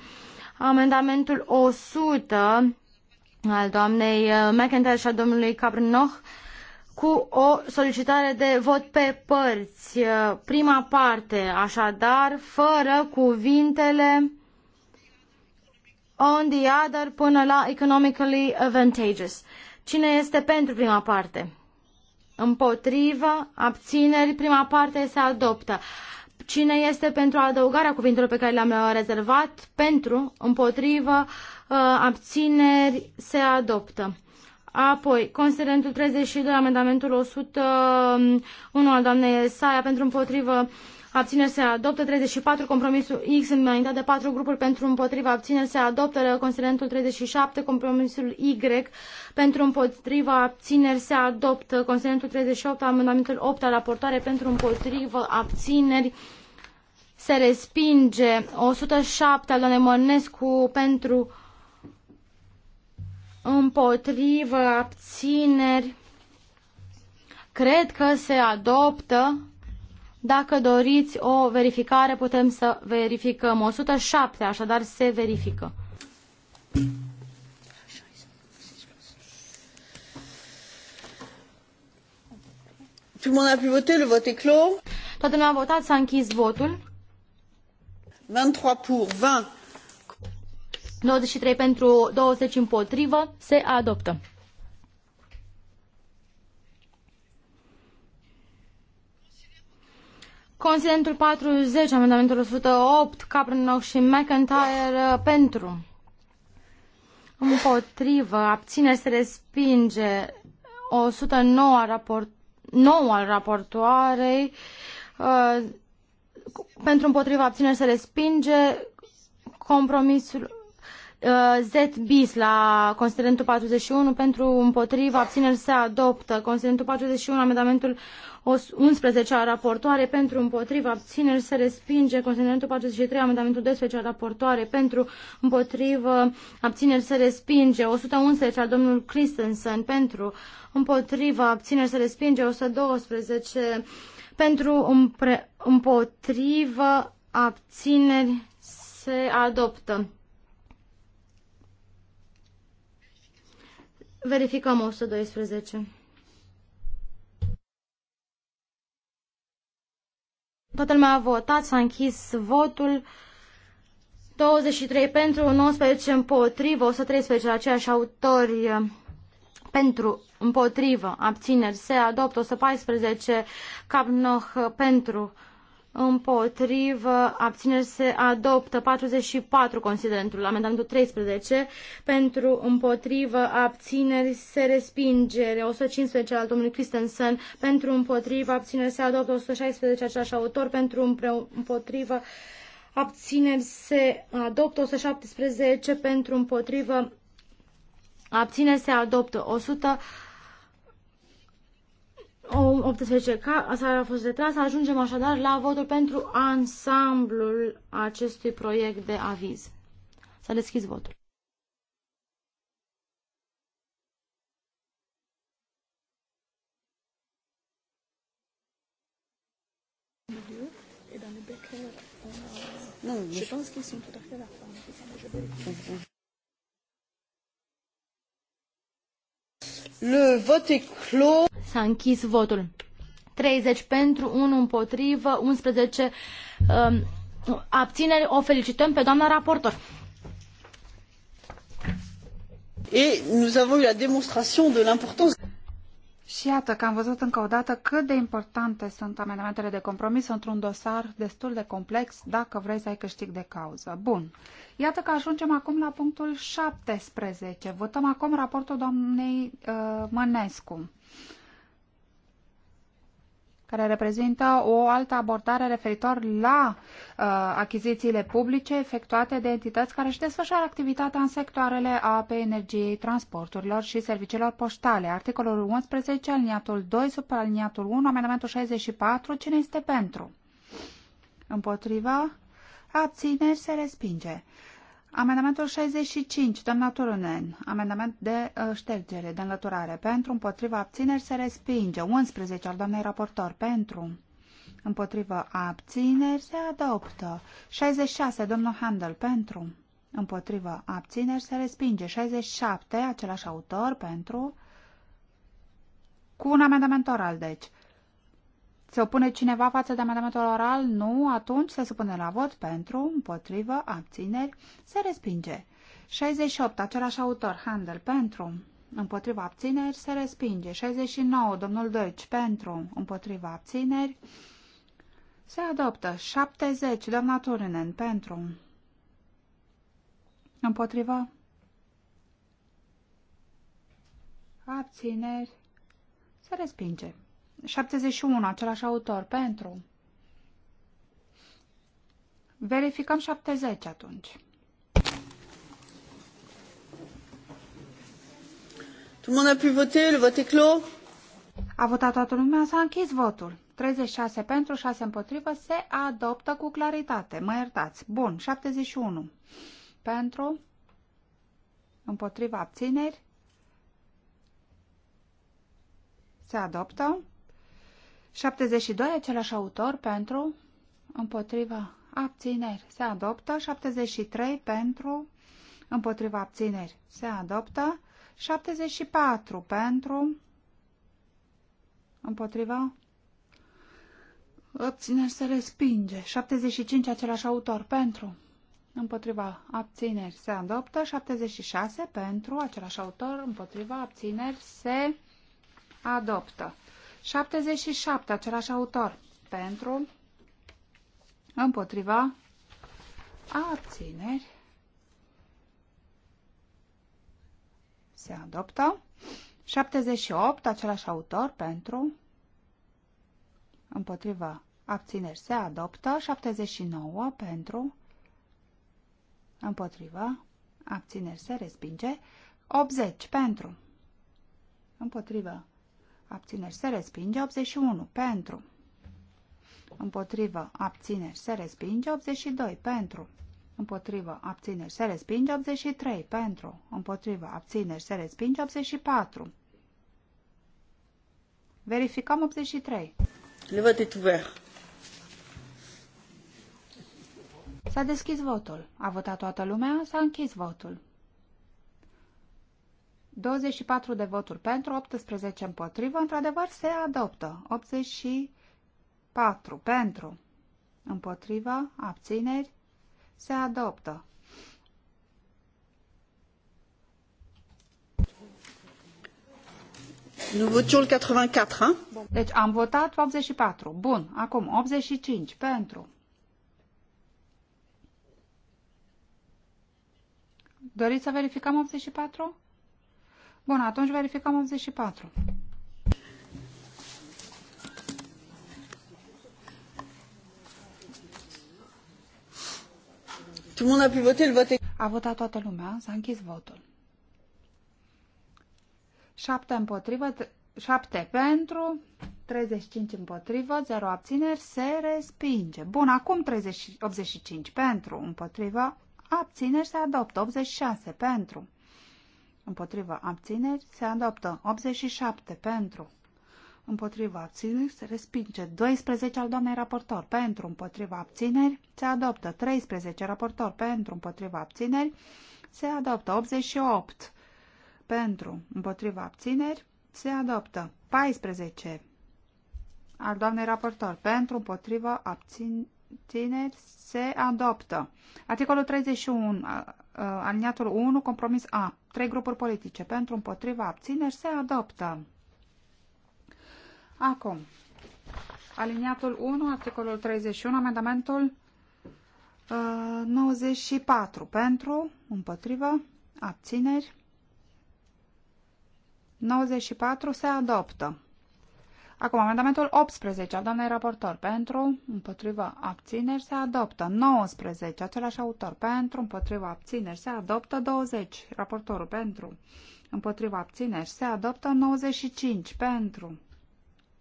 amendamentul 100 al doamnei uh, McIntyre și a domnului Cabrnoch cu o solicitare de vot pe părți. Uh, prima parte, așadar, fără cuvintele on the other până la economically advantageous. Cine este pentru prima parte? Împotrivă, abțineri, prima parte se adoptă. Cine este pentru adăugarea cuvintelor pe care le-am rezervat? Pentru, împotrivă, uh, abțineri, se adoptă. Apoi, considerentul 32, amendamentul 101 al doamnei Saia pentru împotrivă Abține se adoptă 34, compromisul X înaintat de 4 grupuri pentru împotriva. Abțineri se adoptă considerentul 37, compromisul Y pentru împotriva. Abțineri se adoptă considerentul 38, amendamentul 8 al raportoare pentru împotriva. Abțineri se respinge 107 al doamnei Mănescu pentru împotrivă, abțineri. Cred că se adoptă. Dacă doriți o verificare, putem să verificăm. 107, așadar se verifică. Tout le monde a pu voter, le vote est clos. Toată lumea a votat, s-a închis votul. 23 pour, 20 93 pentru 20 împotrivă se adoptă. Considentul 40, amendamentul 108, Caprenoc și McIntyre uh, pentru. Împotrivă, abține, se respinge 109 al raport, 9 al raportoarei. Uh, pentru împotrivă, abține se respinge compromisul Uh, Z bis la considerentul 41 pentru împotriva abțineri se adoptă. Considerentul 41, amendamentul 11 a raportoare pentru împotriva abțineri se respinge. Considerentul 43, amendamentul 12 a raportoare pentru împotriva abțineri se respinge. 111 al domnul Christensen pentru împotriva abțineri se respinge. 112 pentru împre, împotriva abțineri se adoptă. Verificăm 112. Toată lumea a votat, s-a închis votul. 23 pentru, 19 împotrivă, 113 aceiași autori eh, pentru, împotrivă, abțineri, se adoptă 114, Capnoch eh, pentru, împotrivă, abțineri se adoptă 44 considerentul, amendamentul 13, pentru împotrivă, abțineri se respinge 115 al domnului Christensen, pentru împotrivă, abțineri se adoptă 116 același autor, pentru împotrivă, abțineri se adoptă 117, pentru împotrivă, abțineri se adoptă 100 18 k asta a fost retras. Ajungem așadar la votul pentru ansamblul acestui proiect de aviz. S-a deschis votul. je pense qu'ils sont tout à fait là. Le vote est clos. S-a închis votul. 30 pentru, 1 împotrivă, 11 um, abțineri. O felicităm pe doamna raportor. Et nous avons eu la démonstration de l'importance și iată că am văzut încă o dată cât de importante sunt amendamentele de compromis într-un dosar destul de complex dacă vrei să ai câștig de cauză. Bun. Iată că ajungem acum la punctul 17. Votăm acum raportul doamnei uh, Mănescu. Uh, care reprezintă o altă abordare referitor la uh, achizițiile publice efectuate de entități care își desfășoară activitatea în sectoarele apei, energiei, transporturilor și serviciilor poștale. Articolul 11, aliniatul 2, supraliniatul 1, amendamentul 64, cine este pentru? Împotriva? Abțineri se respinge. Amendamentul 65, doamna Turunen, amendament de uh, ștergere, de înlăturare, pentru, împotriva, abțineri, se respinge. 11 al doamnei raportor, pentru, împotriva, abțineri, se adoptă. 66, domnul Handel, pentru, împotriva, abțineri, se respinge. 67, același autor, pentru, cu un amendament oral, deci. Se opune cineva față de amendamentul oral? Nu. Atunci se supune la vot pentru, împotrivă, abțineri, se respinge. 68. Același autor, Handel, pentru, împotriva abțineri, se respinge. 69. Domnul Deci, pentru, împotriva abțineri, se adoptă. 70. Doamna Turinen, pentru, împotriva abțineri, se respinge. 71, același autor, pentru. Verificăm 70 atunci. Tout le monde a pu voter, le vote est clos. A votat toată lumea, s-a închis votul. 36 pentru, 6 împotrivă, se adoptă cu claritate. Mă iertați. Bun, 71. Pentru, împotriva abțineri, se adoptă. 72, același autor, pentru, împotriva, abțineri, se adoptă. 73, pentru, împotriva, abțineri, se adoptă. 74, pentru, împotriva, abțineri, se respinge. 75, același autor, pentru, Împotriva abțineri se adoptă 76 pentru același autor, împotriva abțineri se adoptă. 77, același autor. Pentru, împotriva, abțineri. Se adoptă. 78, același autor. Pentru, împotriva, abțineri. Se adoptă. 79, pentru, împotriva, abțineri. Se respinge. 80, pentru, împotriva, abțineri se respinge, 81 pentru, împotrivă, abțineri se respinge, 82 pentru, împotrivă, abțineri se respinge, 83 pentru, împotrivă, abțineri se respinge, 84. Verificăm 83. Le vot est ouvert. S-a deschis votul. A votat toată lumea, s-a închis votul. 24 de voturi pentru, 18 împotrivă, într-adevăr se adoptă. 84 pentru, împotrivă, abțineri, se adoptă. Nous votions 84, hein? Deci am votat 84. Bun, acum 85 pentru. Doriți să verificăm 84? Bun, atunci verificăm 84. a A votat toată lumea, s-a închis votul. 7 împotrivă, 7 pentru, 35 împotrivă, 0 abțineri, se respinge. Bun, acum 30, 85 pentru, împotrivă, abțineri, se adoptă, 86 pentru, împotriva abțineri, se adoptă 87 pentru, împotriva abțineri, se respinge 12 al doamnei raportor pentru, împotriva abțineri, se adoptă 13 raportor pentru, împotriva abțineri, se adoptă 88 pentru, împotriva abțineri, se adoptă 14 al doamnei raportor pentru, împotriva abțineri, tineri se adoptă. Articolul 31, aliniatul 1, compromis A trei grupuri politice pentru împotriva abțineri se adoptă. Acum, aliniatul 1, articolul 31, amendamentul uh, 94 pentru împotriva abțineri 94 se adoptă. Acum, amendamentul 18 al doamnei raportor pentru, împotriva abțineri se adoptă. 19, același autor pentru, împotriva abțineri se adoptă. 20, raportorul pentru, împotriva abțineri se adoptă. 95 pentru,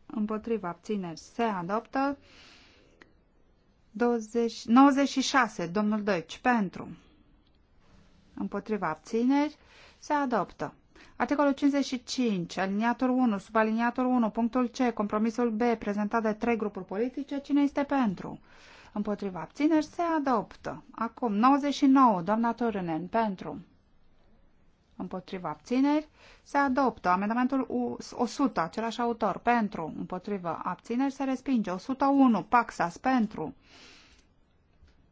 împotriva abțineri se adoptă. 20, 96, domnul Deci, pentru, împotriva abțineri se adoptă. Articolul 55, aliniatul 1, subaliniatul 1, punctul C, compromisul B, prezentat de trei grupuri politice, cine este pentru? Împotriva abțineri se adoptă. Acum, 99, doamna Torânen, pentru. Împotriva abțineri se adoptă. Amendamentul 100, același autor, pentru. Împotriva abțineri se respinge. 101, Paxas, pentru.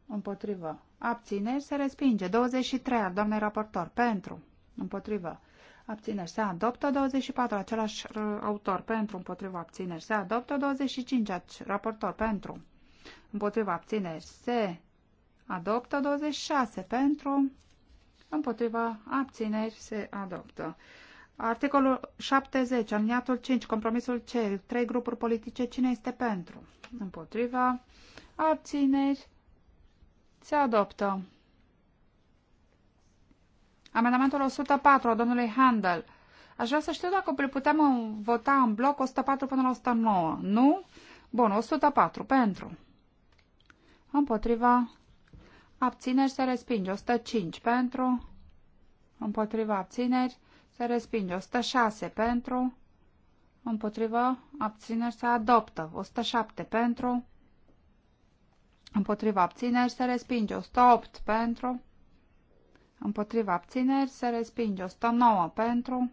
Împotriva Abțineri se respinge. 23 al doamnei raportor. Pentru. Împotriva abțineri se adoptă, 24 același uh, autor pentru, împotriva abțineri se adoptă, 25 raportor pentru, împotriva abțineri se adoptă, 26 pentru, împotriva abțineri se adoptă. Articolul 70, aliniatul 5, compromisul C, trei grupuri politice, cine este pentru? Împotriva, abțineri, se adoptă. Amendamentul 104 a domnului Handel. Aș vrea să știu dacă îl putem vota în bloc 104 până la 109. Nu? Bun, 104 pentru. Împotriva. Abțineri se respinge. 105 pentru. Împotriva abțineri se respinge. 106 pentru. Împotriva abțineri se adoptă. 107 pentru. Împotriva abțineri se respinge. 108 pentru împotriva abțineri, se respinge 109 pentru,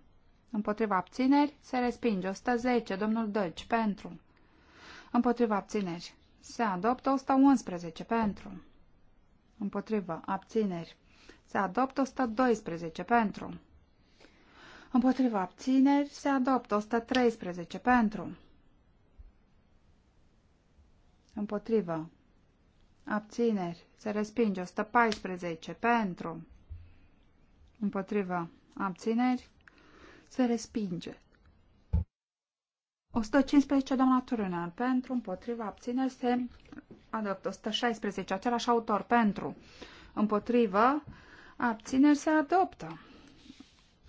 împotriva abțineri, se respinge 110, domnul Dăci, pentru, împotriva abțineri, se adoptă 111 pentru, împotriva abțineri, se adoptă 112 pentru, împotriva abțineri, se adoptă 113 pentru, împotriva abțineri, se respinge 114 pentru, împotriva abțineri, se respinge. 115, doamna Turunea, pentru, împotriva, abțineri, se adoptă. 116, același autor, pentru, împotriva, abțineri, se adoptă.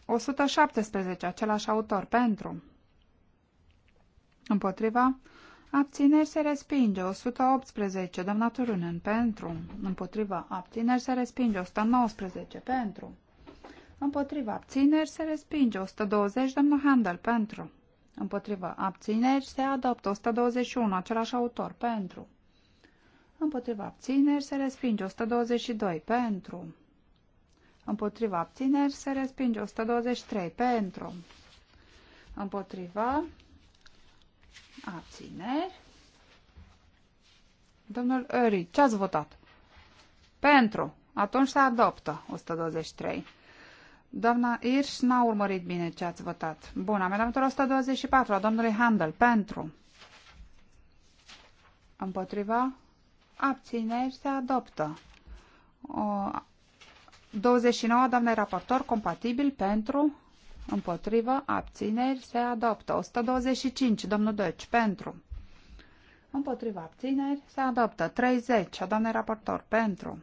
117, același autor, pentru, împotriva, abțineri, se respinge. 118, doamna Turunen, pentru, împotriva, abțineri, se respinge. 119, pentru, Împotriva abțineri se respinge. 120, domnul Handel, pentru. Împotriva abțineri se adoptă. 121, același autor, pentru. Împotriva abțineri se respinge. 122, pentru. Împotriva abțineri se respinge. 123, pentru. Împotriva abțineri. Domnul Eri, ce ați votat? Pentru. Atunci se adoptă 123. Doamna Irș n-a urmărit bine ce ați votat. Bun, amendamentul 124 a domnului Handel. Pentru. Împotriva. Abțineri se adoptă. O, 29, doamne raportor, compatibil pentru, împotrivă, abțineri, se adoptă. 125, domnul Deci, pentru, Împotriva, abțineri, se adoptă. 30, doamne raportor, pentru,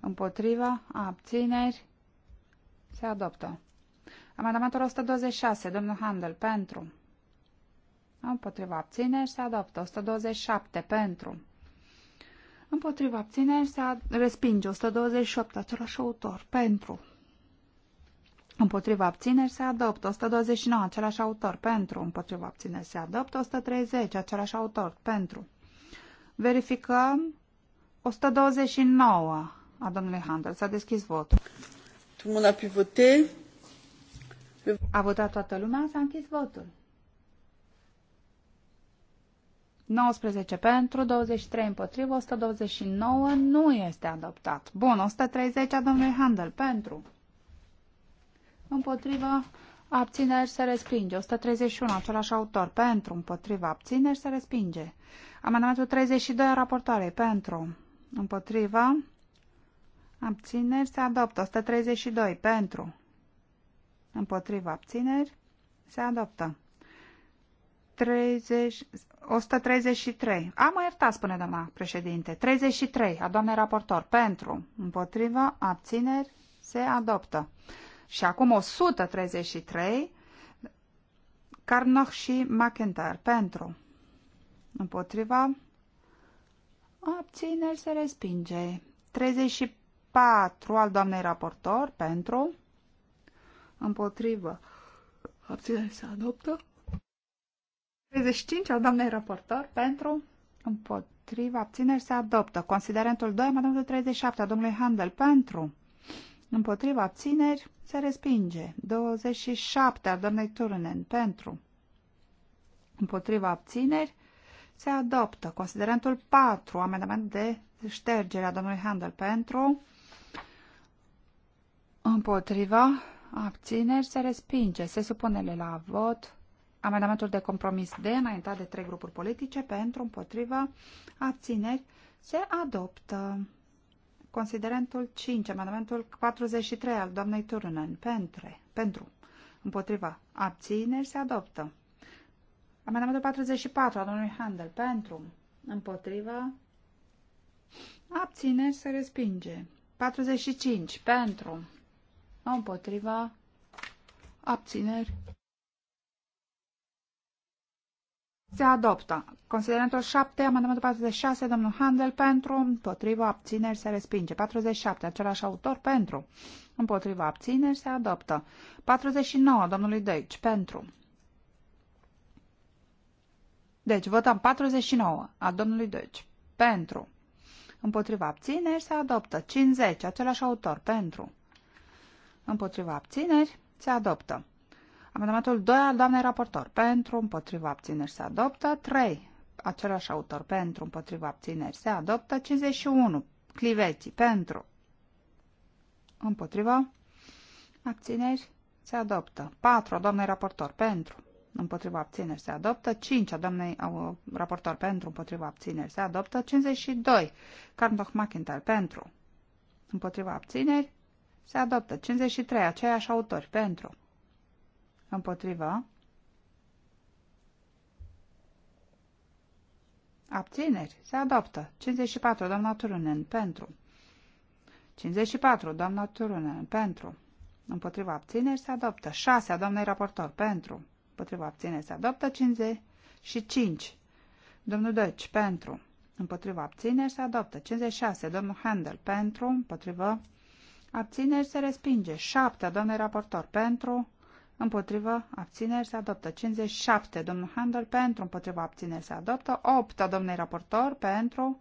Împotriva, abțineri, se adoptă. Amendamentul 126, domnul Handel, pentru. Împotriva abțineri se adoptă. 127, pentru. Împotriva abțineri se respinge. 128, același autor, pentru. Împotriva abțineri se adoptă 129, același autor, pentru. Împotriva abțineri se adoptă 130, același autor, pentru. Verificăm 129 a domnului Handel. S-a deschis votul. Tout le monde a pu voter. A votat toată lumea, s-a închis votul. 19 pentru, 23 împotrivă, 129 nu este adoptat. Bun, 130 a domnului Handel pentru. Împotrivă, abțineri se respinge. 131, același autor, pentru, împotrivă, abțineri se respinge. Amendamentul 32 a raportoarei, pentru, împotrivă, Abțineri se adoptă. 132 pentru. Împotriva abțineri se adoptă. 30, 133. Am mai iertat, spune doamna președinte. 33 a doamnei raportor. Pentru. Împotriva abțineri se adoptă. Și acum 133. Carnoch și McIntyre. Pentru. Împotriva abțineri se respinge. 34 4 al doamnei raportor pentru, împotrivă, abțineri se adoptă. 35 al doamnei raportor pentru, împotrivă, abțineri se adoptă. Considerentul 2, amendamentul 37 al domnului Handel pentru, împotrivă, abțineri se respinge. 27 al doamnei Turunen pentru, împotriva abțineri se adoptă. Considerentul 4, amendament de ștergere a domnului Handel pentru, Împotriva. Abțineri se respinge. Se supune la vot. Amendamentul de compromis de înaintat de trei grupuri politice, pentru, împotriva, abțineri, se adoptă. Considerentul 5, amendamentul 43 al doamnei Turunen, pentru, pentru, împotriva, abțineri, se adoptă. Amendamentul 44 al domnului Handel, pentru, împotriva, abțineri, se respinge. 45, pentru, împotriva, abțineri. Se adoptă. Considerentul 7, amendamentul 46, domnul Handel, pentru, împotriva, abțineri, se respinge. 47, același autor, pentru, împotriva, abțineri, se adoptă. 49, domnului Deci, pentru. Deci, votăm 49, a domnului Deci, pentru. Împotriva, abțineri, se adoptă. 50, același autor, pentru împotriva abțineri, se adoptă. Amendamentul 2 al doamnei raportor, pentru, împotriva abțineri, se adoptă. 3, același autor, pentru, împotriva abțineri, se adoptă. 51, cliveții, pentru, împotriva abțineri, se adoptă. 4, a doamnei raportor, pentru, împotriva abțineri se adoptă, 5 a doamnei au, raportor pentru împotriva abțineri se adoptă, 52 Carndoch McIntyre pentru împotriva abțineri se adoptă. 53. Aceiași autori. Pentru. Împotrivă. Abțineri. Se adoptă. 54. Doamna Turunen. Pentru. 54. Doamna Turunen. Pentru. Împotriva abțineri se adoptă. 6. A doamnei raportor. Pentru. Împotriva abțineri se adoptă. 55. Domnul Deci. Pentru. Împotriva abțineri se adoptă. 56. Domnul Handel. Pentru. Împotriva abțineri se respinge. 7, domnule raportor, pentru, împotrivă, abțineri se adoptă. 57, domnul Handel, pentru, împotrivă, abțineri se adoptă. 8, domnule raportor, pentru,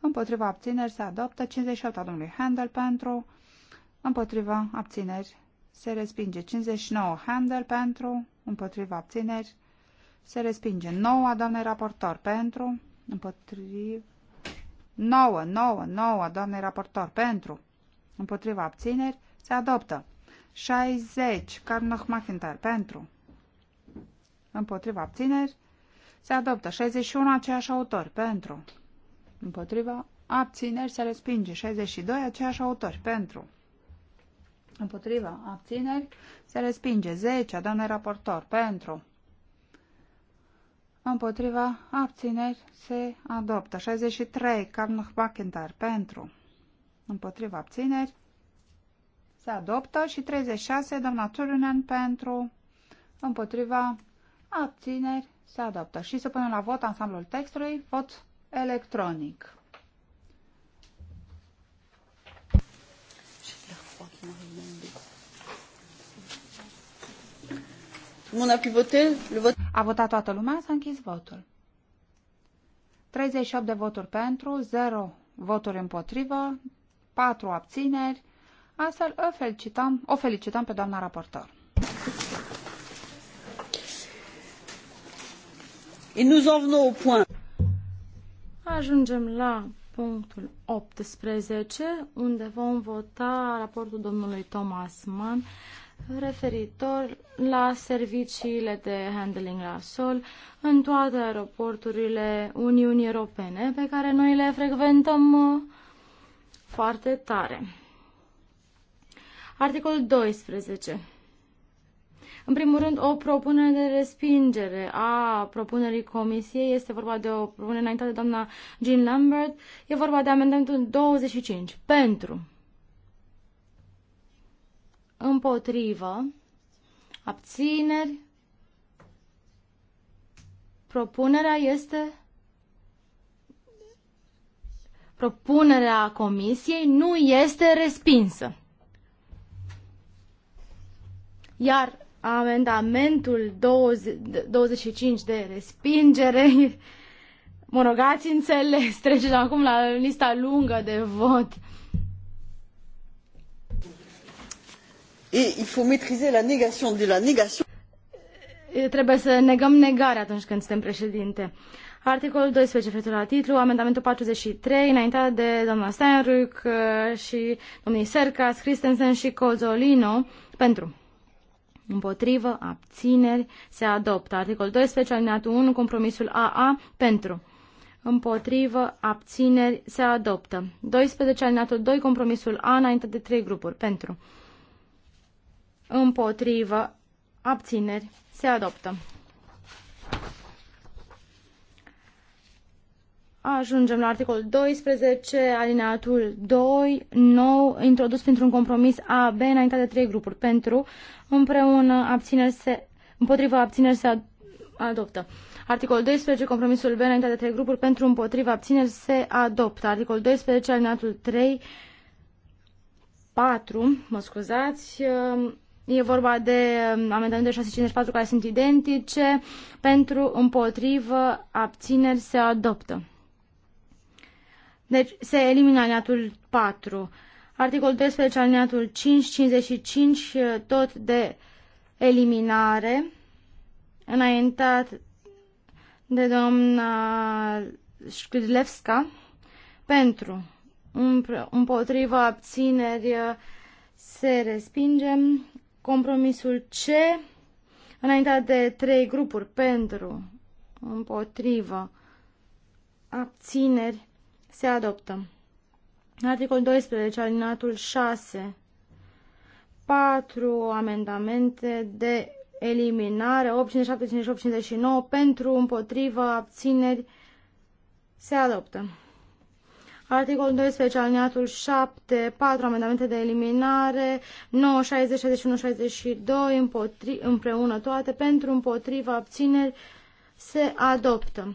împotrivă, abțineri se adoptă. 58, domnului Handel, pentru, împotrivă, abțineri se respinge. 59, Handel, pentru, împotrivă, abțineri se respinge. 9, domnule raportor, pentru, împotrivă, 9, 9, 9, domnule raportor, pentru, Împotriva abțineri se adoptă. 60. Carnoch McIntyre pentru. Împotriva abțineri se adoptă. 61. Aceiași autori pentru. Împotriva abțineri se respinge. 62. Aceiași autori pentru. Împotriva abțineri se respinge. 10. Doamne raportor pentru. Împotriva abțineri se adoptă. 63. Carnoch McIntyre pentru împotriva abțineri, se adoptă și 36, doamna Turunen pentru, împotriva abțineri, se adoptă. Și se pune la vot ansamblul textului, vot electronic. A votat toată lumea, s-a închis votul. 38 de voturi pentru, 0 voturi împotrivă, patru abțineri. Astfel o felicităm, o felicităm pe doamna raportor. Ajungem la punctul 18, unde vom vota raportul domnului Thomas Mann referitor la serviciile de handling la sol în toate aeroporturile Uniunii Europene pe care noi le frecventăm uh, foarte tare. Articolul 12. În primul rând, o propunere de respingere a propunerii comisiei. Este vorba de o propunere înaintată de doamna Jean Lambert. E vorba de amendamentul 25. Pentru. Împotrivă. Abțineri. Propunerea este propunerea comisiei nu este respinsă. Iar amendamentul 20, 25 de respingere, mă rogați înțeles, trecem acum la lista lungă de vot. Et il faut maîtriser la négation de la négation. Trebuie să negăm negarea atunci când suntem președinte. Uh, Articolul 12, fetul la titlu, amendamentul 43, înaintat de doamna Steinruc uh, și domnii Serca, Christensen și Cozolino, pentru. Împotrivă, abțineri, se adoptă. Articolul 12, alineatul 1, compromisul AA, pentru. Împotrivă, abțineri, se adoptă. 12, alineatul 2, compromisul A, înainte de 3 grupuri, pentru. Împotrivă, abțineri, se adoptă. Ajungem la articolul 12, alineatul 2, nou, introdus printr-un compromis A, B, înainte de trei grupuri. Pentru, împreună, abțineri se, împotriva abțineri se adoptă. Articolul 12, compromisul B înainte de trei grupuri, pentru, împotriva abțineri se adoptă. Articolul 12, alineatul 3, 4, mă scuzați, e vorba de um, amendamente 654 care sunt identice, pentru, împotrivă, abțineri se adoptă. Deci se elimină alineatul 4. Articolul 12, alineatul 5, 55, tot de eliminare, înaintat de doamna Șcudlevska, pentru, împotriva abțineri, se respinge. Compromisul C, înaintat de trei grupuri, pentru, împotriva, abțineri, se adoptă. Articol 12, alinatul 6. 4 amendamente de eliminare, 87, 58, 59, pentru, împotrivă, abțineri, se adoptă. Articolul 12, alineatul 7, 4 amendamente de eliminare, 9, 60, 61, 62, împotri, împreună toate, pentru, împotrivă, abțineri, se adoptă.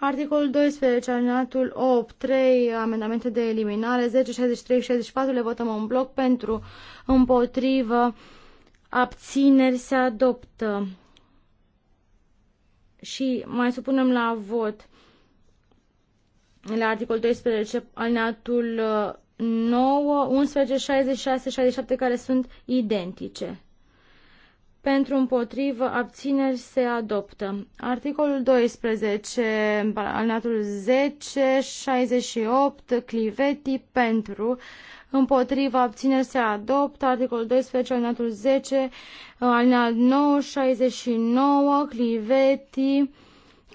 Articolul 12, alineatul 8, 3 amendamente de eliminare, 10, 63 64 le votăm în bloc pentru, împotrivă, abțineri se adoptă. Și mai supunem la vot la articolul 12, alineatul 9, 11, 66, 67 care sunt identice pentru împotrivă abțineri se adoptă. Articolul 12, alineatul 10, 68, cliveti pentru împotrivă abțineri se adoptă. Articolul 12, alineatul 10, alineat 9, 69, cliveti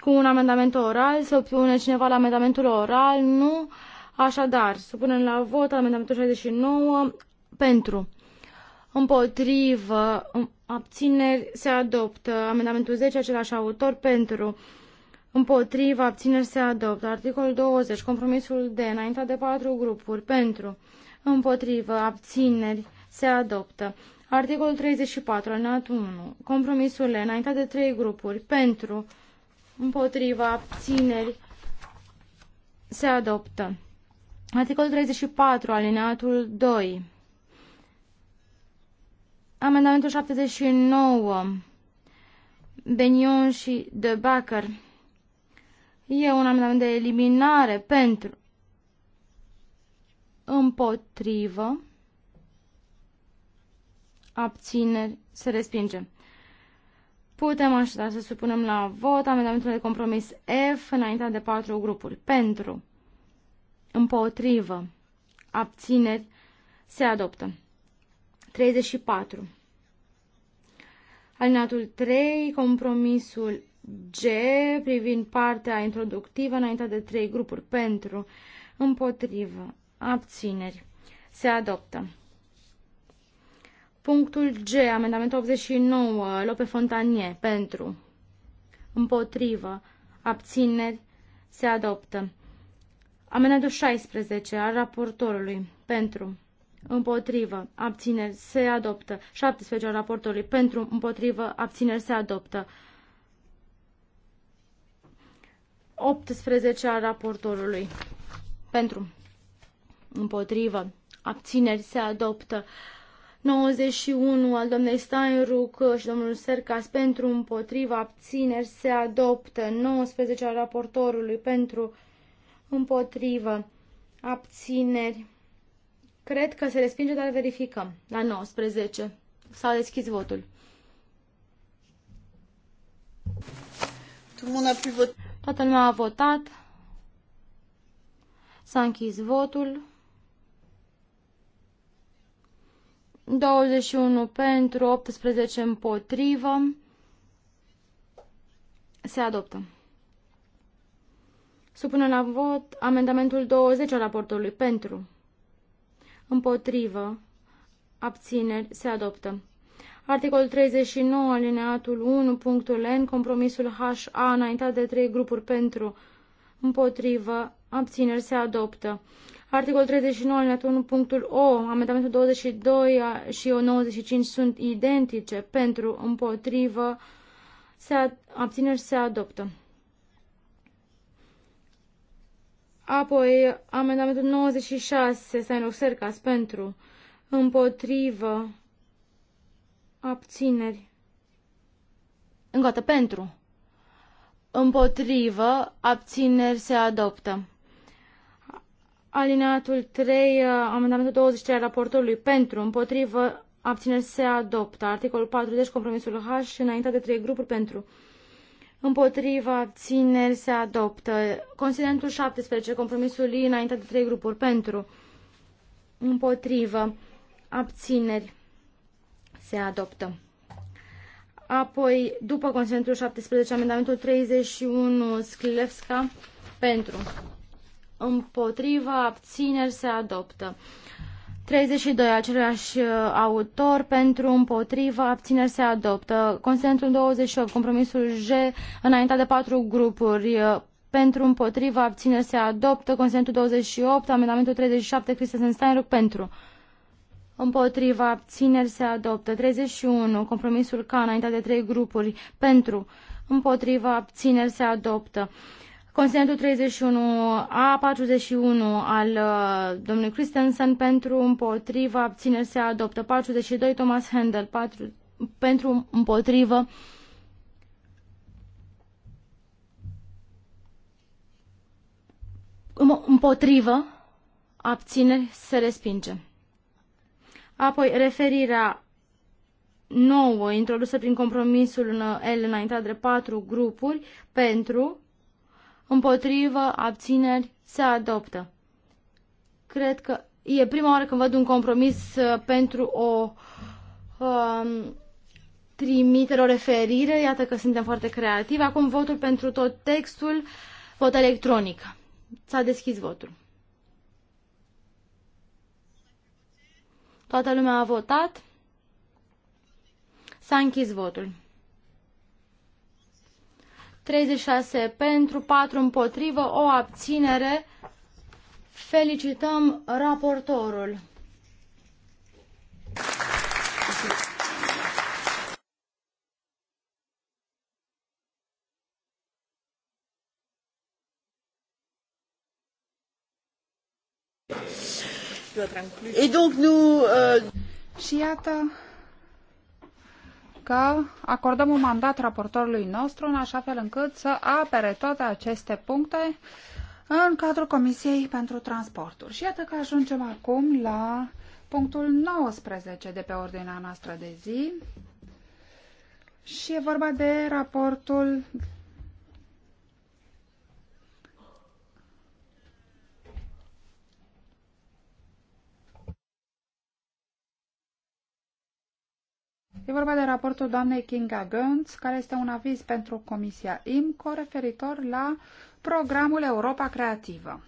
cu un amendament oral. Se opune cineva la amendamentul oral? Nu. Așadar, supunem la vot amendamentul 69 pentru împotrivă, abțineri, se adoptă. Amendamentul 10, același autor, pentru, împotrivă, abțineri, se adoptă. Articolul 20, compromisul D, înaintea de patru grupuri, pentru, împotrivă, abțineri, se adoptă. Articolul 34, alineatul 1, compromisul înaintea de trei grupuri, pentru, Împotrivă, abțineri, se adoptă. Articolul 34, alineatul 2. Amendamentul 79. Benion și De Backer. E un amendament de eliminare pentru împotrivă abțineri se respinge. Putem așadar să supunem la vot amendamentul de compromis F înaintea de patru grupuri. Pentru, împotrivă, abțineri, se adoptă. 34. Alineatul 3, compromisul G, privind partea introductivă înaintea de trei grupuri pentru, împotrivă, abțineri, se adoptă. Punctul G, amendamentul 89, Lope Fontanie, pentru, împotrivă, abțineri, se adoptă. Amendamentul 16 al raportorului, pentru, împotrivă, abțineri, se adoptă. 17 raportului pentru, împotrivă, abțineri, se adoptă. 18 a raportorului pentru, împotrivă, abțineri, se adoptă. 91 al domnului Steinruck și domnul Sercas pentru împotriva abțineri se adoptă 19 al raportorului pentru împotrivă abțineri Cred că se respinge, dar verificăm. La 19. S-a deschis votul. Toată lumea a votat. S-a închis votul. 21 pentru, 18 împotrivă. Se adoptă. Supunem la vot amendamentul 20 al raportului pentru împotrivă, abțineri, se adoptă. Articolul 39, alineatul 1, punctul N, compromisul HA, înaintat de trei grupuri pentru, împotrivă, abțineri, se adoptă. Articolul 39, alineatul 1, punctul O, amendamentul 22 și 95 sunt identice, pentru, împotrivă, se abțineri, se adoptă. Apoi, amendamentul 96, nu sercați pentru, împotrivă, abțineri. Încă o pentru, împotrivă, abțineri se adoptă. Alineatul 3, amendamentul 23 al raportului, pentru, împotrivă, abțineri se adoptă. Articolul 40, compromisul H, înaintea de trei grupuri pentru împotriva abțineri se adoptă. Considerentul 17, compromisul lui înainte de trei grupuri pentru, împotrivă, abțineri se adoptă. Apoi, după consentul 17, amendamentul 31, Sclevska, pentru. Împotriva, abțineri, se adoptă. 32 același uh, autor pentru împotrivă abțineri se adoptă. Consentul 28, compromisul J înaintea de patru grupuri uh, pentru împotrivă abțineri se adoptă. Consentul 28, amendamentul 37, Cristian Steinruck pentru. Împotriva abțineri se adoptă. 31, compromisul K înaintea de trei grupuri pentru. Împotriva abțineri se adoptă. Consentul 31 A41 al uh, domnului Christensen pentru împotriva abțineri se adoptă. 42 Thomas Handel 4, pentru împotrivă împotrivă abțineri se respinge. Apoi referirea nouă introdusă prin compromisul în L înaintea de patru grupuri pentru împotrivă, abțineri, se adoptă. Cred că e prima oară când văd un compromis uh, pentru o um, trimitere, o referire. Iată că suntem foarte creativi. Acum votul pentru tot textul, vot electronic. S-a deschis votul. Toată lumea a votat. S-a închis votul. 36 pentru, 4 împotrivă, o abținere. Felicităm raportorul. Et donc nous, euh... Și iată, că acordăm un mandat raportorului nostru în așa fel încât să apere toate aceste puncte în cadrul Comisiei pentru Transporturi. Și iată că ajungem acum la punctul 19 de pe ordinea noastră de zi și e vorba de raportul E vorba de raportul doamnei Kinga Gönz, care este un aviz pentru Comisia IMCO referitor la programul Europa Creativă.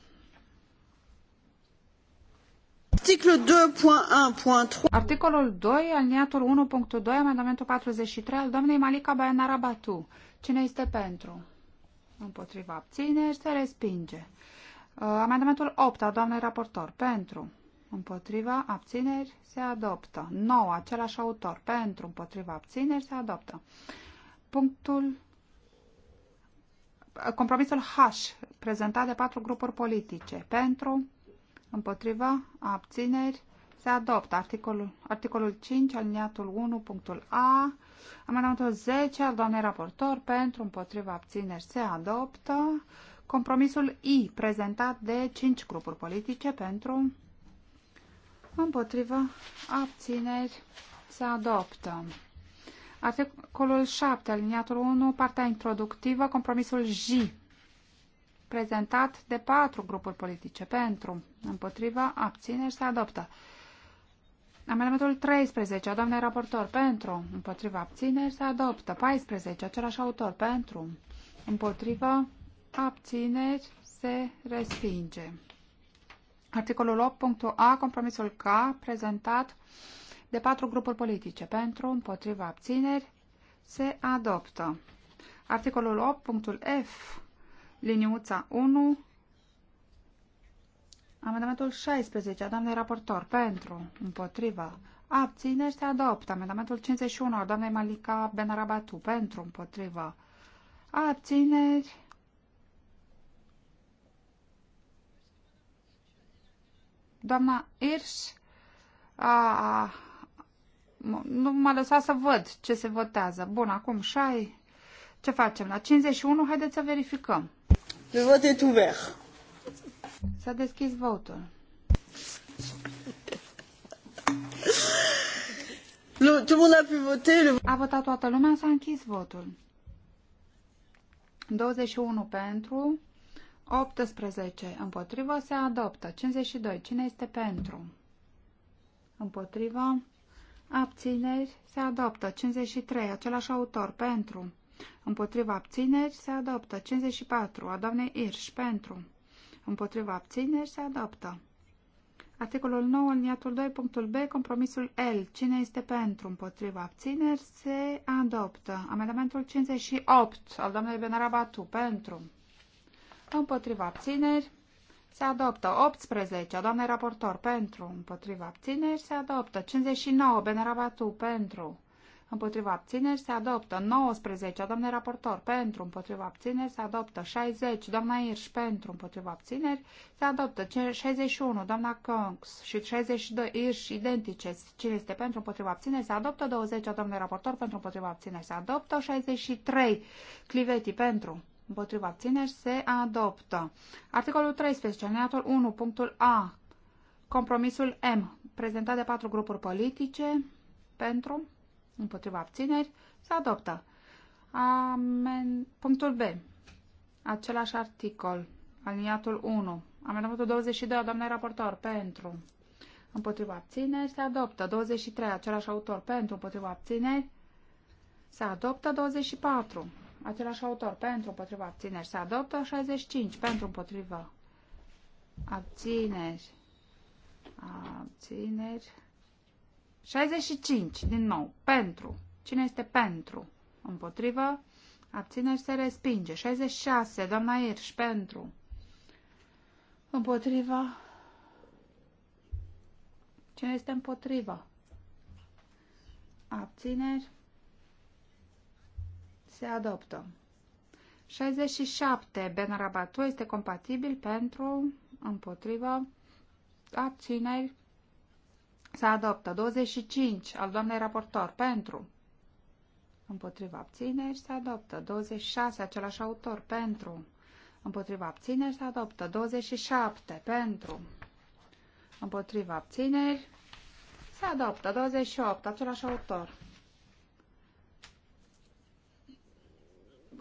Articolul 2, aliniatul 1.2, amendamentul 43 al doamnei Malika Bayanarabatu. Cine este pentru? Împotriva abține, se respinge. Uh, amendamentul 8 al doamnei raportor. Pentru împotriva, abțineri, se adoptă. 9, același autor, pentru, împotriva, abțineri, se adoptă. Punctul compromisul H, prezentat de patru grupuri politice, pentru, împotriva, abțineri, se adoptă. Articolul, articolul 5, aliniatul 1, punctul A, amendamentul 10 al doamnei raportor, pentru, împotriva, abțineri, se adoptă. Compromisul I, prezentat de 5 grupuri politice, pentru, împotriva, abțineri, se adoptă. Articolul 7, aliniatul 1, partea introductivă, compromisul J, prezentat de patru grupuri politice. Pentru, împotriva, abțineri, se adoptă. Amendamentul 13, doamne raportor, pentru, împotriva, abțineri, se adoptă. 14, același autor, pentru, împotriva, abțineri, se respinge. Articolul 8.a, compromisul K, prezentat de patru grupuri politice. Pentru, împotriva, abțineri, se adoptă. Articolul 8.f, liniuța 1, amendamentul 16 a doamnei raportor. Pentru, împotriva, abțineri, se adoptă. Amendamentul 51 a doamnei Malika Benarabatu. Pentru, împotriva, abțineri, Doamna Irș a, nu m-a lăsat să văd ce se votează. Bun, acum șai. Ce facem? La 51, haideți să verificăm. Le vot est ouvert. S-a deschis votul. Le, tout le monde a pu voter. Le... A votat toată lumea, s-a închis votul. 21 pentru, 18. Împotrivă se adoptă. 52. Cine este pentru? Împotrivă. Abțineri se adoptă. 53. Același autor. Pentru. Împotriva abțineri se adoptă. 54. A doamnei Irș. Pentru. Împotriva abțineri se adoptă. Articolul 9, liniatul 2, punctul B, compromisul L. Cine este pentru? Împotriva abțineri se adoptă. Amendamentul 58 al doamnei Benarabatu. Pentru împotriva abțineri, se adoptă 18, doamne raportor, pentru, împotriva abțineri, se adoptă 59, Benerabatu, pentru, împotriva abțineri, se adoptă 19, doamne raportor, pentru, împotriva abțineri, se adoptă 60, doamna Irș, pentru, împotriva abțineri, se adoptă 61, doamna Conks și 62, Irș, identice, cine este pentru, împotriva abțineri, se adoptă 20, doamne raportor, pentru, împotriva abțineri, se adoptă 63, Cliveti, pentru, împotriva abțineri, se adoptă. Articolul 13, alineatul 1, punctul A, compromisul M, prezentat de patru grupuri politice, pentru, împotriva abțineri, se adoptă. Amen. Punctul B, același articol, aliniatul 1, amendamentul 22, doamnei raportor, pentru, împotriva abțineri, se adoptă. 23, același autor, pentru, împotriva abțineri, se adoptă. 24, același autor, pentru împotriva abțineri se adoptă, 65 pentru împotriva abțineri, abțineri, 65 din nou, pentru, cine este pentru, împotriva, abțineri se respinge, 66, doamna Irș, pentru, împotriva, cine este împotriva, abțineri, se adoptă. 67. Benarabatu este compatibil pentru, împotriva abțineri. Se adoptă. 25. Al doamnei raportor. Pentru. Împotriva abțineri se adoptă. 26. Același autor. Pentru. Împotriva abțineri se adoptă. 27. Pentru. Împotriva abțineri se adoptă. 28. Același autor.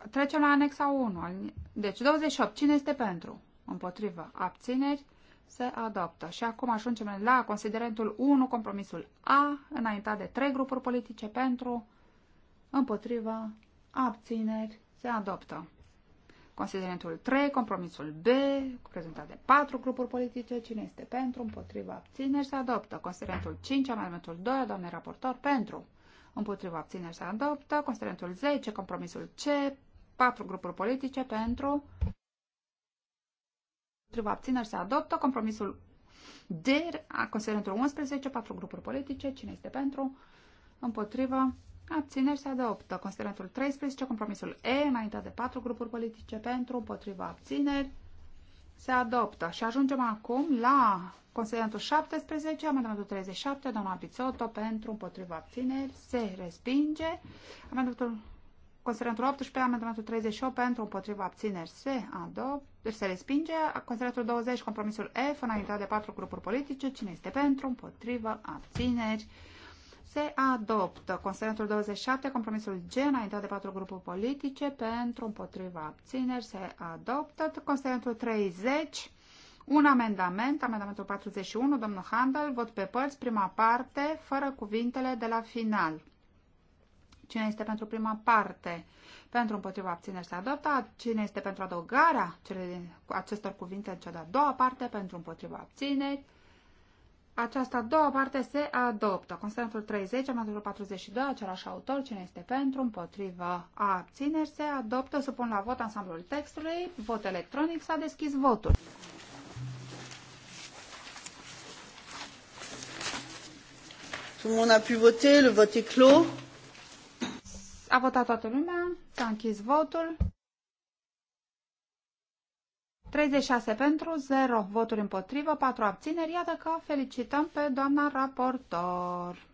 Trecem la anexa 1. Deci 28. Cine este pentru? Împotrivă. Abțineri. Se adoptă. Și acum ajungem la considerentul 1, compromisul A, înaintat de trei grupuri politice pentru, împotrivă, abțineri, se adoptă. Considerentul 3, compromisul B, prezentat de patru grupuri politice, cine este pentru, împotrivă, abțineri, se adoptă. Considerentul 5, amendamentul 2, doamne raportor, pentru, împotrivă, abțineri, se adoptă. Considerentul 10, compromisul C, patru grupuri politice pentru împotriva abțineri se adoptă. Compromisul D, considerentul 11, patru grupuri politice, cine este pentru, împotriva abțineri se adoptă. Considerentul 13, compromisul E, înaintea de patru grupuri politice, pentru, împotriva abțineri se adoptă. Și ajungem acum la considerentul 17, amendamentul 37, doamna Pizzotto, pentru, împotriva abțineri, se respinge. Amendamentul Considerentul 18, amendamentul 38 pentru împotriva abțineri se adoptă, deci se respinge. Considerentul 20, compromisul F, înaintea de patru grupuri politice. Cine este pentru, împotriva, abțineri se adoptă. Considerentul 27, compromisul G, înaintea de patru grupuri politice. Pentru, împotriva, abțineri se adoptă. Considerentul 30, un amendament, amendamentul 41, domnul Handel, vot pe părți, prima parte, fără cuvintele de la final. Cine este pentru prima parte? Pentru împotriva abțineri se adoptă. Cine este pentru adăugarea cele, acestor cuvinte în cea de-a doua parte? Pentru împotriva abțineri. aceasta a doua parte se adoptă. Constantul 30, amendamentul 42, același autor, cine este pentru, împotriva, abțineri, se adoptă. Supun la vot ansamblul textului. Vot electronic. S-a deschis votul. Tout le monde a pu voter, le vote est clos. A votat toată lumea, s-a închis votul. 36 pentru, 0 voturi împotrivă, 4 abțineri. Iată că felicităm pe doamna raportor.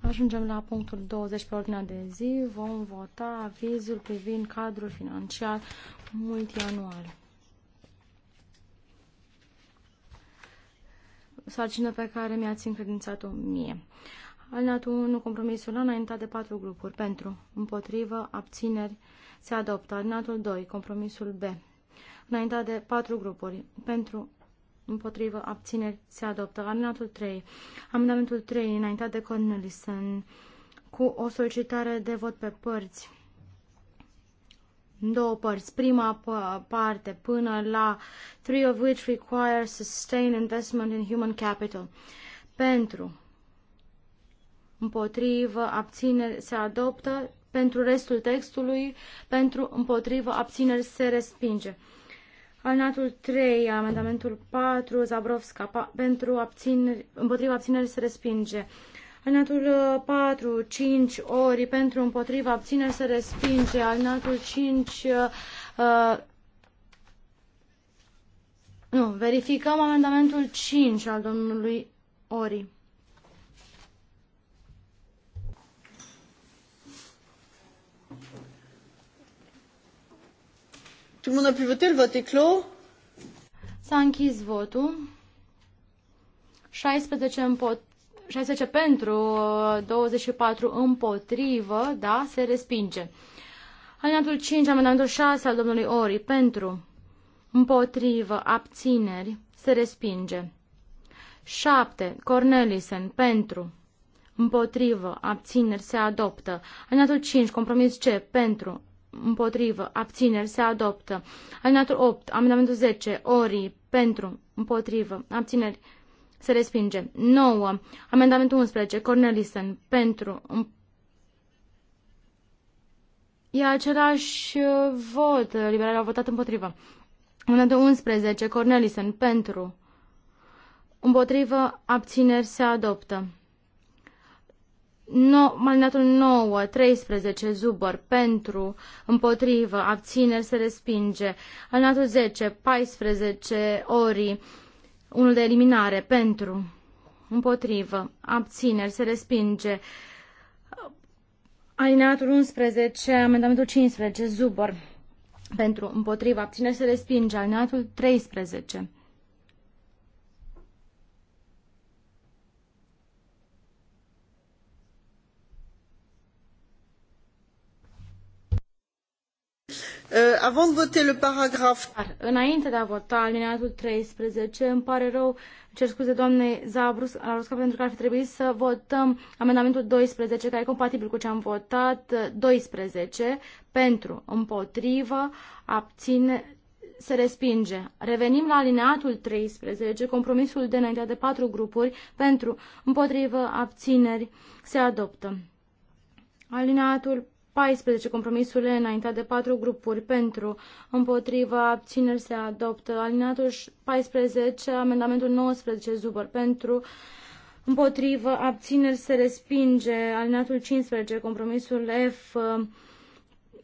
Ajungem la punctul 20 pe ordinea de zi. Vom vota avizul privind cadrul financiar multianual. sarcină pe care mi-ați încredințat-o mie. Alinatul 1, compromisul înaintat de patru grupuri. Pentru, împotrivă, abțineri, se adoptă. Alinatul 2, compromisul B, înaintat de patru grupuri. Pentru, împotrivă, abțineri, se adoptă. Alinatul 3, amendamentul 3, înaintat de Cornelison, cu o solicitare de vot pe părți în două părți. Prima parte până la three of which require sustained investment in human capital. Pentru, împotrivă, abțineri, se adoptă. Pentru restul textului, pentru, împotrivă, abțineri, se respinge. Alinatul 3, amendamentul 4, Zabrovska, pa, pentru abțineri, împotriva abțineri se respinge. Alinatul 4, uh, 5 ori pentru împotriva abține se respinge. Alinatul 5, uh, uh, nu, verificăm amendamentul 5 al domnului Ori. Tout le monde a pu voter, le vote est clos. S-a închis votul. 16 împotriva 16 pentru, 24 împotrivă, da, se respinge. Alineatul 5, amendamentul 6 al domnului Ori, pentru, împotrivă, abțineri, se respinge. 7. Cornelisen, pentru, împotrivă, abțineri, se adoptă. Alineatul 5, compromis C, pentru, împotrivă, abțineri, se adoptă. Alineatul 8, amendamentul 10, Ori, pentru, împotrivă, abțineri, se se respinge. 9. Amendamentul 11. Cornelisen. Pentru. E același uh, vot. Liberalii au votat împotrivă. Amendamentul 11. Cornelisen. Pentru. Împotrivă. Abțineri se adoptă. No, malinatul 9, 13, Zubăr, pentru, împotrivă, abțineri se respinge. Alinatul 10, 14, Ori, unul de eliminare pentru, împotrivă, abțineri, se respinge. Alineatul 11, amendamentul 15, Zubor. Pentru, împotrivă, abțineri, se respinge. Alineatul 13 Uh, avant de voter le paragraph... Înainte de a vota alineatul 13, îmi pare rău, cer scuze doamnei Zabrus, Arusca, pentru că ar fi trebuit să votăm amendamentul 12, care e compatibil cu ce am votat, 12, pentru, împotrivă, abține, se respinge. Revenim la alineatul 13, compromisul de înaintea de patru grupuri, pentru, împotrivă, abțineri, se adoptă. Alineatul 14. Compromisurile înaintate de patru grupuri pentru, împotriva, abțineri se adoptă. Alineatul 14, amendamentul 19, zubăr pentru, împotrivă, abțineri se respinge. Alineatul 15, compromisul F,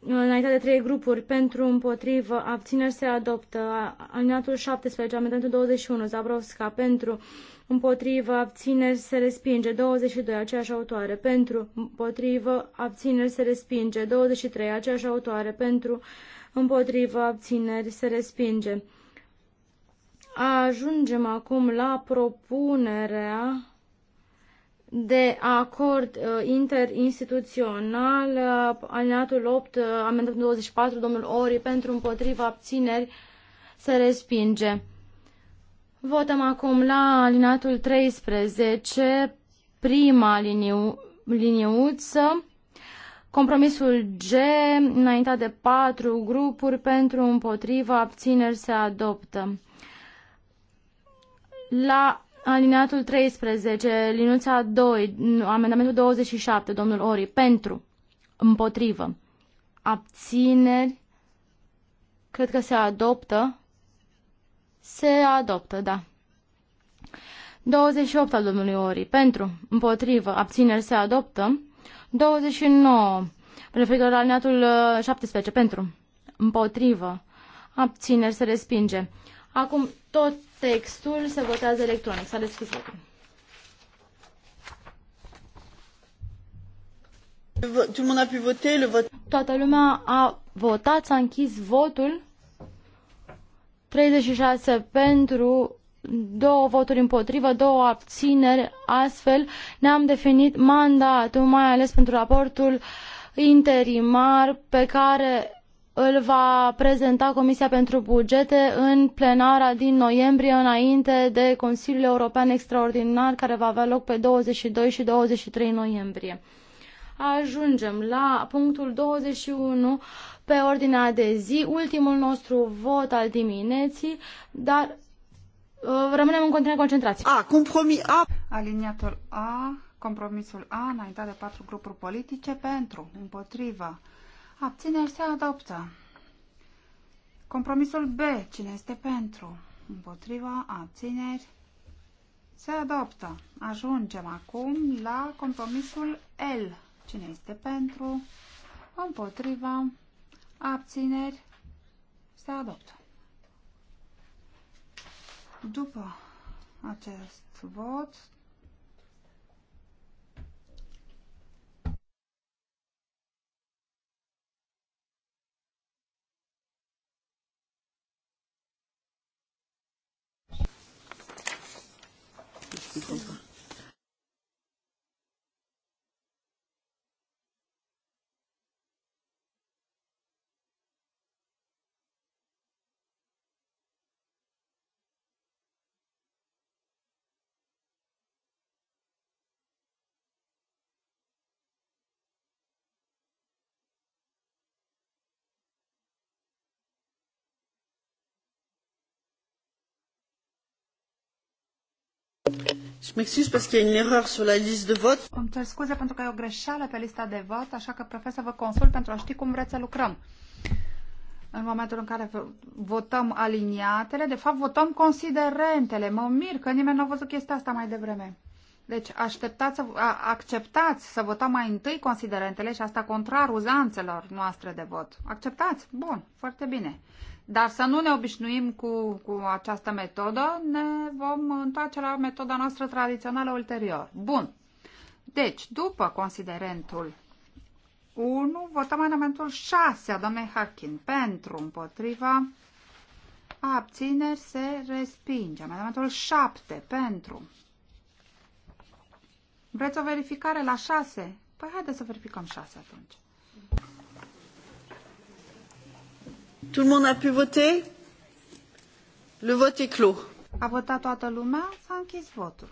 înaintea de trei grupuri pentru împotrivă, abțineri se adoptă. Alineatul 17, amendamentul 21, Zabrovska pentru împotrivă, abțineri se respinge. 22, aceeași autoare pentru împotrivă, abțineri se respinge. 23, aceeași autoare pentru împotrivă, abțineri se respinge. Ajungem acum la propunerea de acord uh, interinstituțional, uh, alineatul 8, uh, amendamentul 24, domnul Ori, pentru împotriva abțineri, se respinge. Votăm acum la alineatul 13, prima liniu, liniuță, compromisul G, înaintea de patru grupuri, pentru împotriva abțineri se adoptă. La Alineatul 13, linuța 2, amendamentul 27, domnul Ori, pentru, împotrivă, abțineri, cred că se adoptă, se adoptă, da. 28 al domnului Ori, pentru, împotrivă, abțineri, se adoptă. 29, referitor la alineatul 17, uh, pentru, împotrivă, abțineri, se respinge. Acum tot textul, se votează electronic. S-a deschis votul. Toată lumea a votat, s-a închis votul. 36 pentru, două voturi împotrivă, două abțineri. Astfel ne-am definit mandatul, mai ales pentru raportul interimar pe care îl va prezenta Comisia pentru Bugete în plenara din noiembrie, înainte de Consiliul European Extraordinar, care va avea loc pe 22 și 23 noiembrie. Ajungem la punctul 21 pe ordinea de zi, ultimul nostru vot al dimineții, dar uh, rămânem în continuare concentrați. A, compromis A. Aliniatul A, compromisul A, înaintea de patru grupuri politice, pentru, împotriva, Abțineri se adoptă. Compromisul B. Cine este pentru? Împotriva abțineri se adoptă. Ajungem acum la compromisul L. Cine este pentru? Împotriva abțineri se adoptă. După acest vot explications. sur la liste de Îmi cer scuze pentru că e o greșeală pe lista de vot, așa că prefer să vă consult pentru a ști cum vreți să lucrăm. În momentul în care votăm aliniatele, de fapt votăm considerentele. Mă mir că nimeni nu a văzut chestia asta mai devreme. Deci așteptați să, acceptați să votăm mai întâi considerentele și asta contrar uzanțelor noastre de vot. Acceptați? Bun, foarte bine. Dar să nu ne obișnuim cu, cu această metodă, ne vom întoarce la metoda noastră tradițională ulterior. Bun. Deci, după considerentul 1, votăm amendamentul 6 a doamnei Harkin. Pentru, împotriva, abțineri se respinge. Amendamentul 7, pentru. Vreți o verificare la 6? Păi haideți să verificăm 6 atunci. Tout le monde a pu voter Le vote est clos. A votat toată lumea? S-a închis votul.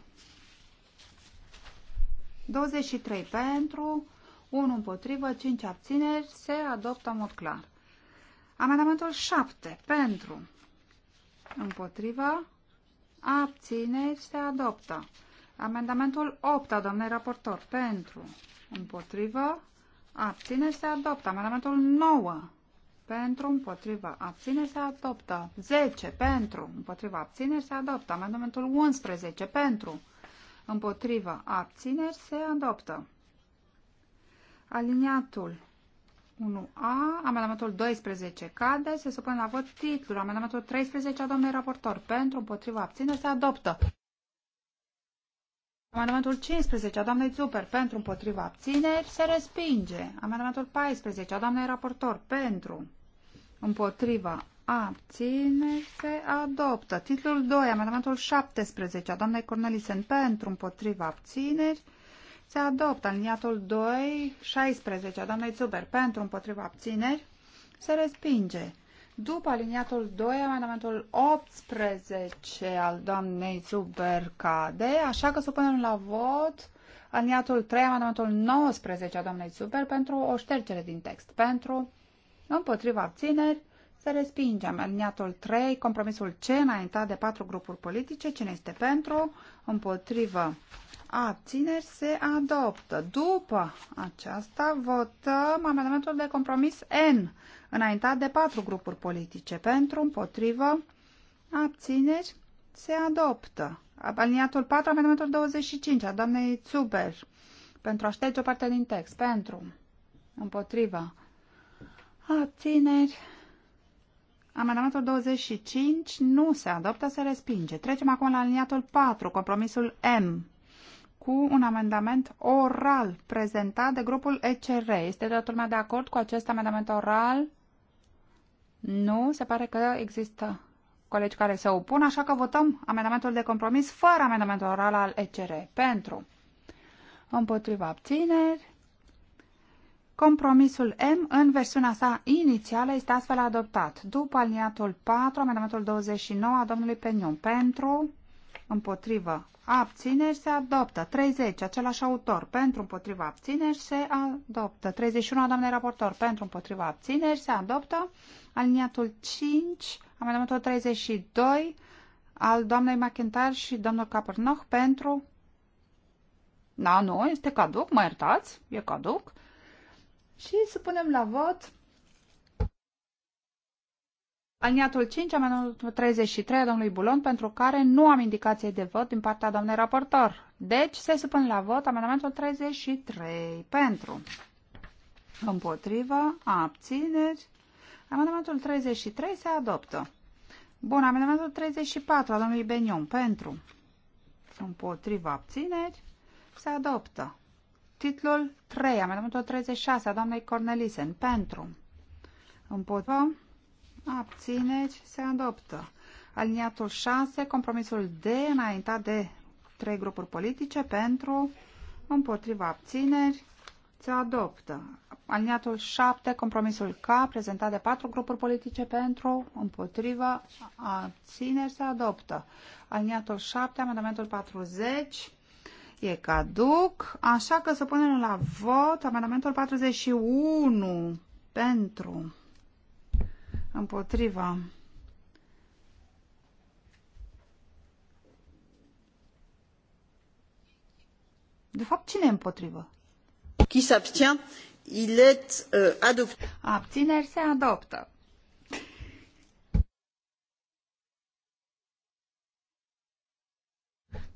23 pentru, 1 împotrivă, 5 abțineri, se adoptă în mod clar. Amendamentul 7 pentru, împotrivă, abțineri, se adoptă. Amendamentul 8 a doamnei raportor pentru, împotrivă, abțineri, se adoptă. Amendamentul 9 pentru, împotriva, abține, se adoptă. 10 pentru, împotriva, abține, se adoptă. Amendamentul 11 pentru, împotriva, abține, se adoptă. Aliniatul 1A, amendamentul 12 cade, se supune la vot titlul. Amendamentul 13 a domnului raportor pentru, împotriva, abține, se adoptă. Amendamentul 15 a doamnei Zuper pentru împotriva abțineri se respinge. Amendamentul 14 a doamnei raportor pentru împotriva abține se adoptă. Titlul 2, amendamentul 17 a doamnei Cornelisen pentru împotriva abțineri se adoptă. Aliniatul 2, 16 a doamnei Zuber pentru împotriva abțineri se respinge. După aliniatul 2, amendamentul 18 al doamnei Zuber cade, așa că supunem la vot aliniatul 3, amendamentul 19 a doamnei Zuber pentru o ștergere din text. Pentru împotriva abțineri, se respinge amendamentul 3, compromisul C, înaintat de patru grupuri politice. Cine este pentru? Împotrivă. Abțineri se adoptă. După aceasta votăm amendamentul de compromis N, înaintat de patru grupuri politice. Pentru, împotrivă, abțineri se adoptă. Aliniatul 4, amendamentul 25, a doamnei Zuber. Pentru a șterge o parte din text. Pentru, împotrivă, Abțineri. Amendamentul 25 nu se adoptă, se respinge. Trecem acum la aliniatul 4, compromisul M, cu un amendament oral prezentat de grupul ECR. Este toată lumea de acord cu acest amendament oral? Nu, se pare că există colegi care se opun, așa că votăm amendamentul de compromis fără amendamentul oral al ECR. Pentru. Împotriva abțineri. Compromisul M în versiunea sa inițială este astfel adoptat. După aliniatul 4, amendamentul 29 a domnului Penion pentru, împotrivă, abțineri se adoptă. 30, același autor, pentru, împotrivă, abțineri se adoptă. 31 a doamnei raportor, pentru, împotrivă, abțineri se adoptă. Aliniatul 5, amendamentul 32 al doamnei McIntyre și domnul Capernoch pentru... Da, nu, este caduc, mă iertați, e caduc. Și să punem la vot aliniatul 5, amendamentul 33 a domnului Bulon, pentru care nu am indicație de vot din partea doamnei raportor. Deci se supune la vot amendamentul 33 pentru. Împotrivă, abțineri. Amendamentul 33 se adoptă. Bun, amendamentul 34 a domnului Benion pentru. Împotrivă, abțineri. Se adoptă. Titlul 3, amendamentul 36 a doamnei Cornelisen. Pentru. Împotrivă. Abțineți. Se adoptă. Aliniatul 6, compromisul D, înaintat de trei grupuri politice. Pentru. Împotriva abțineri. Se adoptă. Aliniatul 7, compromisul K, prezentat de patru grupuri politice pentru, împotriva, abțineri, se adoptă. Aliniatul 7, amendamentul 40, e caduc, așa că să punem la vot amendamentul 41 pentru împotriva De fapt, cine e împotrivă? Qui s'abstient, il est euh, adopté. Abțineri se adoptă.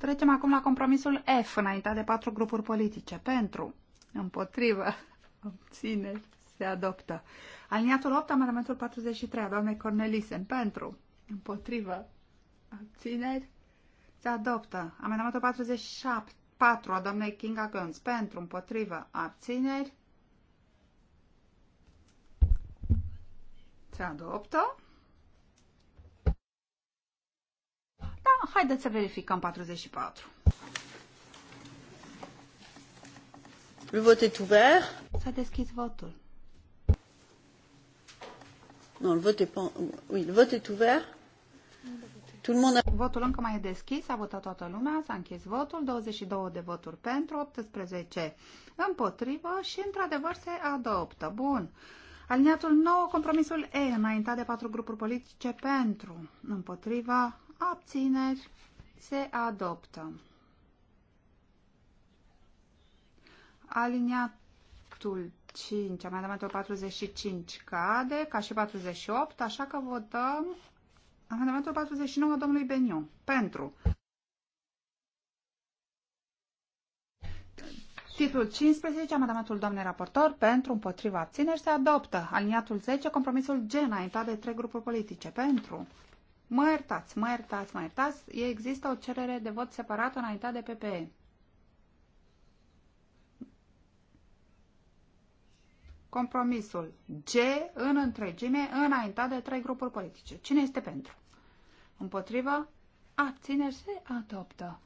Trecem acum la compromisul F, înaintea de patru grupuri politice. Pentru, împotrivă, obține, se adoptă. Aliniatul 8, amendamentul 43 a doamnei Cornelisen. Pentru, împotrivă, obțineri, se adoptă. Amendamentul 47, 4 a doamnei Kinga Gunz. Pentru, împotrivă, abțineri, se adoptă. Da, haideți să verificăm 44. Le vot est ouvert. S-a deschis votul. Non, le vot est pas... Oui, le vot est ouvert. Tout le monde a... Votul încă mai e deschis, a votat toată lumea, s-a închis votul, 22 de voturi pentru, 18 împotrivă și într-adevăr se adoptă. Bun. Aliniatul 9, compromisul E, înaintat de patru grupuri politice pentru, împotriva, abțineri, se adoptă. Aliniatul 5, amendamentul 45 cade, ca și 48, așa că votăm amendamentul 49 domnului Beniu. Pentru. Titlul 15, amendamentul doamnei raportor, pentru, împotriva, abțineri, se adoptă. Aliniatul 10, compromisul G, înaintat de trei grupuri politice. Pentru, Mă iertați, mă iertați, mă iertați, există o cerere de vot separat înaintea de PPE. Compromisul G în întregime înaintea de trei grupuri politice. Cine este pentru? Împotrivă? Abțineri se adoptă.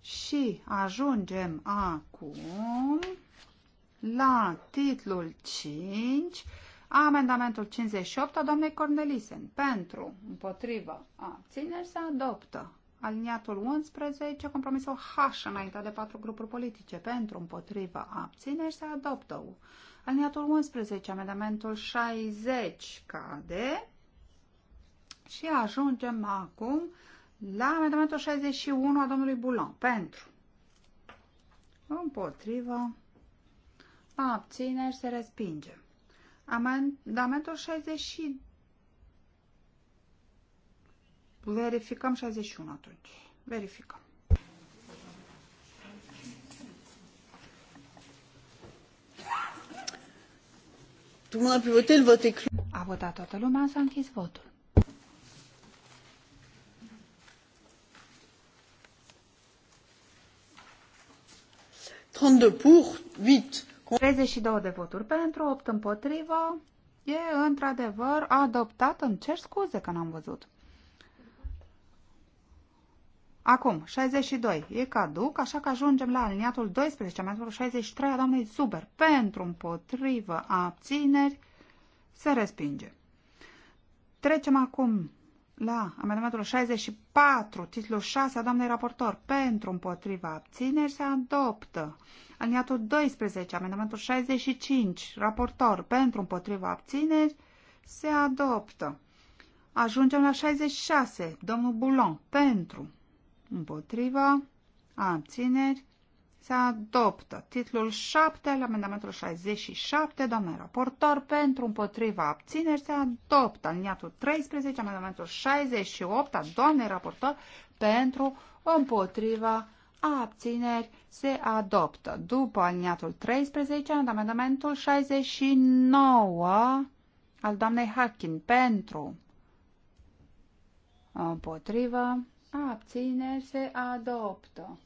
Și ajungem acum la titlul 5 Amendamentul 58 a doamnei Cornelisen. Pentru, împotrivă, abțineri se adoptă. Aliniatul 11, compromisul H înaintea de patru grupuri politice. Pentru, împotrivă, abțineri se adoptă. Aliniatul 11, amendamentul 60 cade. Și ajungem acum la amendamentul 61 a domnului Bulon. Pentru, împotrivă, abțineri se respinge. Amendamentul 60 Verificăm 61 atunci. Verificăm. Tout le a pu A votat toată lumea, s-a închis votul. Trente-deux pour, huit 32 de voturi pentru, 8 împotrivă. E într-adevăr adoptat. Îmi cer scuze că n-am văzut. Acum, 62. E caduc, așa că ajungem la aliniatul 12, amendamentul 63 a doamnei Zuber. Pentru, împotrivă, abțineri, se respinge. Trecem acum la da, amendamentul 64, titlul 6 a doamnei raportor, pentru împotriva abțineri se adoptă. Aliniatul 12, amendamentul 65, raportor, pentru împotriva abțineri se adoptă. Ajungem la 66, domnul Bulon, pentru împotriva abțineri se adoptă. Titlul 7 al amendamentul 67, doamne raportor, pentru împotriva abțineri se adoptă. Aliniatul 13, amendamentul 68 a doamnei raportor, pentru împotriva abțineri se adoptă. După aliniatul 13, amendamentul 69 al doamnei Harkin, pentru împotriva abțineri se adoptă.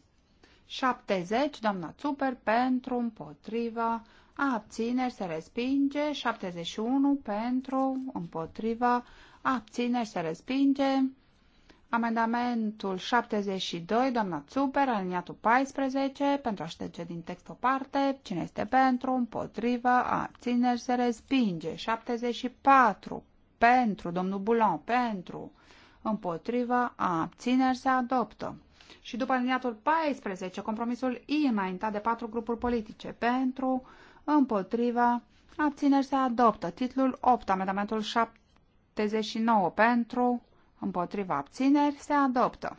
70, doamna Super, pentru, împotriva, abțineri, se respinge. 71, pentru, împotriva, abțineri, se respinge. Amendamentul 72, doamna Super, aliniatul 14, pentru a șterge din text o parte, cine este pentru, împotriva, abțineri, se respinge. 74, pentru, domnul Bulon, pentru, împotriva, abțineri, se adoptă. Și după aliniatul 14, compromisul I înaintat de patru grupuri politice pentru, împotriva, abțineri se adoptă. Titlul 8, amendamentul 79 pentru, împotriva, abțineri se adoptă.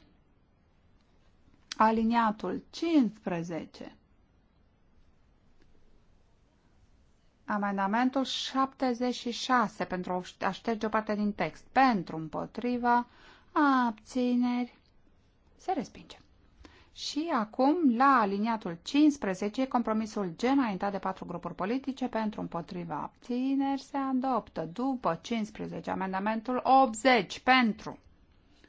Aliniatul 15. Amendamentul 76 pentru a șterge o parte din text. Pentru, împotriva, abțineri se respinge. Și acum, la aliniatul 15, compromisul G înaintat de patru grupuri politice pentru împotriva abțineri se adoptă. După 15, amendamentul 80 pentru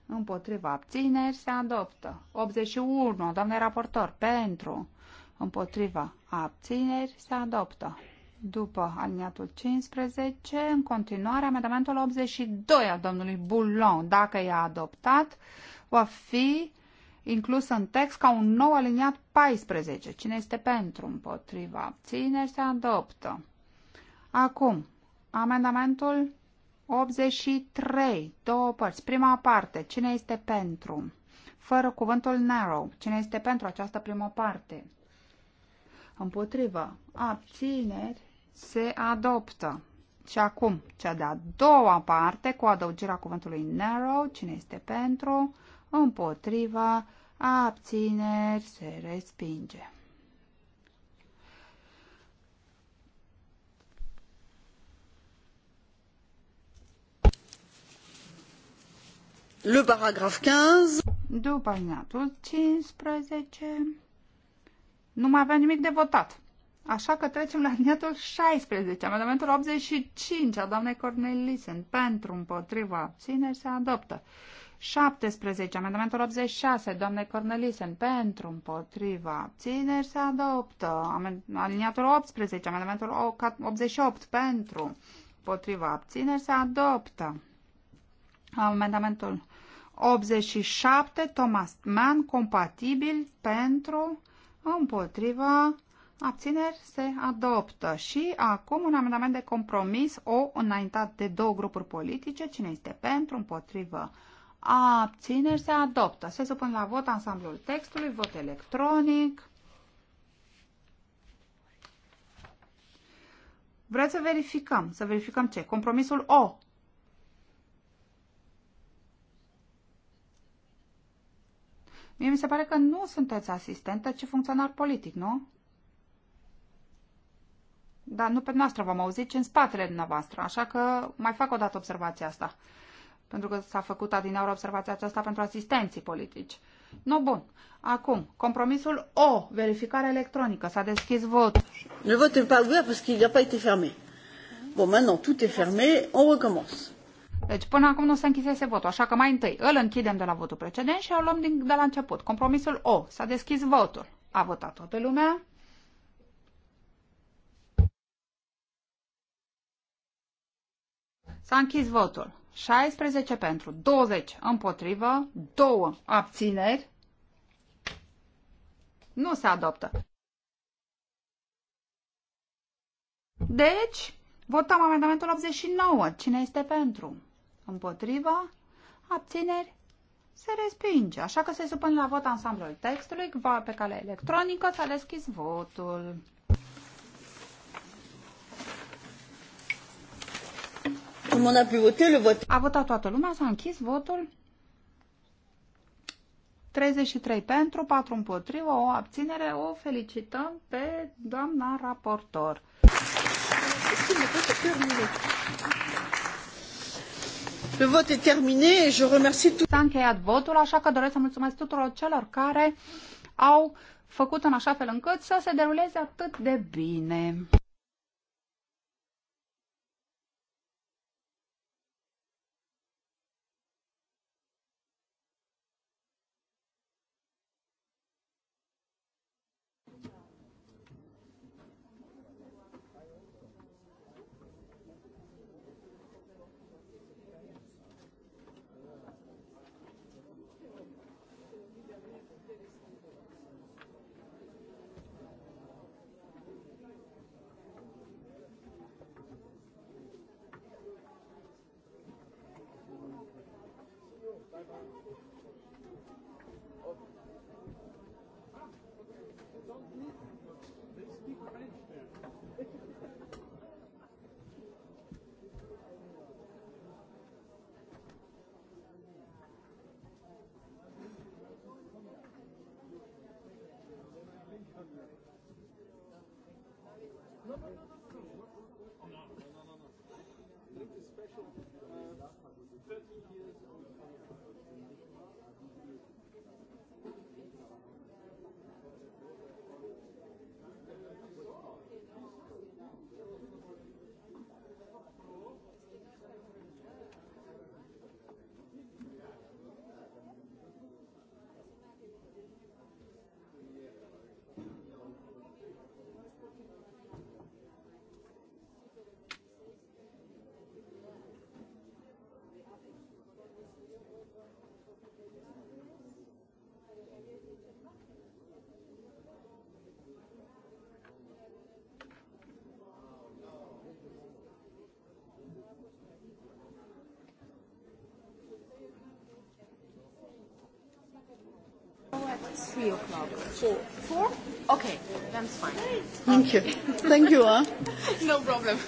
împotriva abțineri se adoptă. 81, doamne raportor, pentru împotriva abțineri se adoptă. După aliniatul 15, în continuare, amendamentul 82 al domnului Bulon, dacă e adoptat, va fi inclus în text ca un nou aliniat 14. Cine este pentru? Împotriva. Abțineri se adoptă. Acum, amendamentul 83. Două părți. Prima parte. Cine este pentru? Fără cuvântul narrow. Cine este pentru această primă parte? Împotrivă. Abțineri se adoptă. Și acum, cea de-a doua parte, cu adăugirea cuvântului narrow, cine este pentru, împotriva, abțineri, se respinge. Le paragraf 15. După paginatul 15, nu mai avem nimic de votat. Așa că trecem la liniatul 16, amendamentul 85 a doamnei Cornelisen. Pentru, împotriva, abțineri se adoptă. 17. Amendamentul 86. Doamne Cornelisen. Pentru. Împotriva. Abțineri. Se adoptă. Aliniatul 18. Amendamentul 88. Pentru. Împotriva. Abțineri. Se adoptă. Amendamentul 87. Thomas Mann. Compatibil. Pentru. Împotriva. Abțineri se adoptă și acum un amendament de compromis o înaintat de două grupuri politice. Cine este pentru, împotrivă, abțineri, se adoptă. Se supun la vot ansamblul textului, vot electronic. Vreți să verificăm? Să verificăm ce? Compromisul O. Mie mi se pare că nu sunteți asistentă, ci funcționar politic, nu? Dar nu pe noastră am auzit, ci în spatele dumneavoastră, așa că mai fac o dată observația asta pentru că s-a făcut adineaur observația aceasta pentru asistenții politici. Nu bun. Acum, compromisul O, verificare electronică. S-a deschis vot. Le vot n'est pas ouvert parce qu'il n'a pas été fermé. Bon, maintenant, tout est fermé, on recommence. Deci până acum nu se închisese votul, așa că mai întâi îl închidem de la votul precedent și îl luăm din, de la început. Compromisul O. S-a deschis votul. A votat toată lumea. S-a închis votul. 16 pentru, 20 împotrivă, 2 abțineri. Nu se adoptă. Deci, votăm amendamentul 89. Cine este pentru? Împotrivă, Abțineri? Se respinge. Așa că se supune la vot ansamblul textului pe cale electronică. S-a deschis votul. Tout a pu le A votat toată lumea, s-a închis votul. 33 pentru, 4 împotrivă, o abținere, o felicităm pe doamna raportor. Le vot est terminé et je remercie tout... S-a încheiat votul, așa că doresc să mulțumesc tuturor celor care au făcut în așa fel încât să se deruleze atât de bine. three o'clock. Four. Four? Okay, that's fine. Thank you. Thank you. Huh? no problem.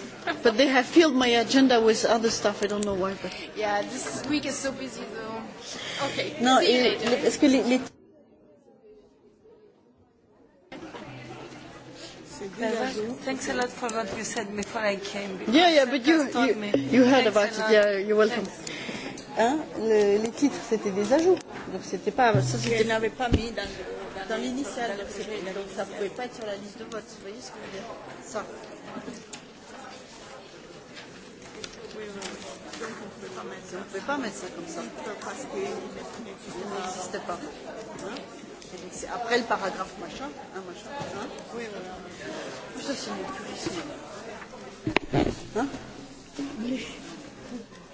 but they have filled my agenda with other stuff. I don't know why. But yeah, this week is so busy though. Okay. No, See you eh, later. Thanks a lot for what you said before I came. Yeah, yeah, but you, you, you heard Thanks about it. Yeah, you're welcome. Thanks. Hein, le, les titres, c'était des ajouts. Donc c'était pas. Ça, c'était... Je n'avais pas mis dans, dans, dans l'initial, donc, ça ne pouvait pas être sur la liste de vote. Vous voyez ce que je veux dire Ça. on ne pouvait pas mettre ça comme ça. Parce qu'il n'existait pas. Hein c'est après le paragraphe machin, hein, machin. Hein oui, voilà. Ça, c'est une purisme. Hein oui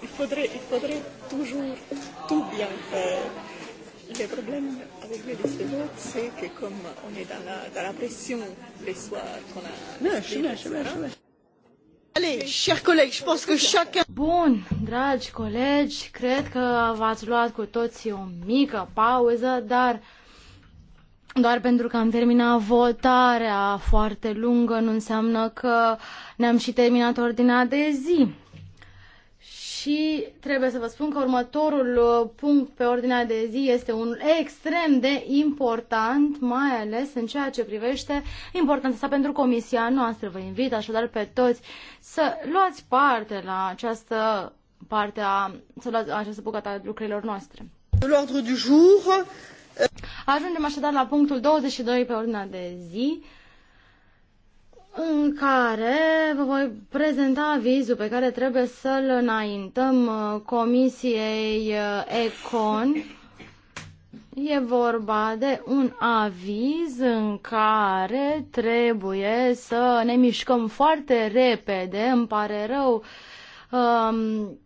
il faudrait, il faudrait toujours tout bien faire. Le problème avec les lycéens, c'est que comme on est dans la, dans la pression les soirs qu'on a... Non, je je suis là, suis là, je suis là. Ale, chers colegi, je pense que chacun... Bun, dragi colegi, cred că v-ați luat cu toții o mică pauză, dar doar pentru că am terminat votarea foarte lungă nu înseamnă că ne-am și terminat ordinea de zi și trebuie să vă spun că următorul uh, punct pe ordinea de zi este unul extrem de important, mai ales în ceea ce privește importanța sa pentru comisia noastră. Vă invit așadar pe toți să luați parte la această parte a, să luați această bucată a lucrurilor noastre. L'ordre du jour. Ajungem așadar la punctul 22 pe ordinea de zi în care vă voi prezenta avizul pe care trebuie să-l înaintăm uh, Comisiei uh, Econ. E vorba de un aviz în care trebuie să ne mișcăm foarte repede. Îmi pare rău. Um,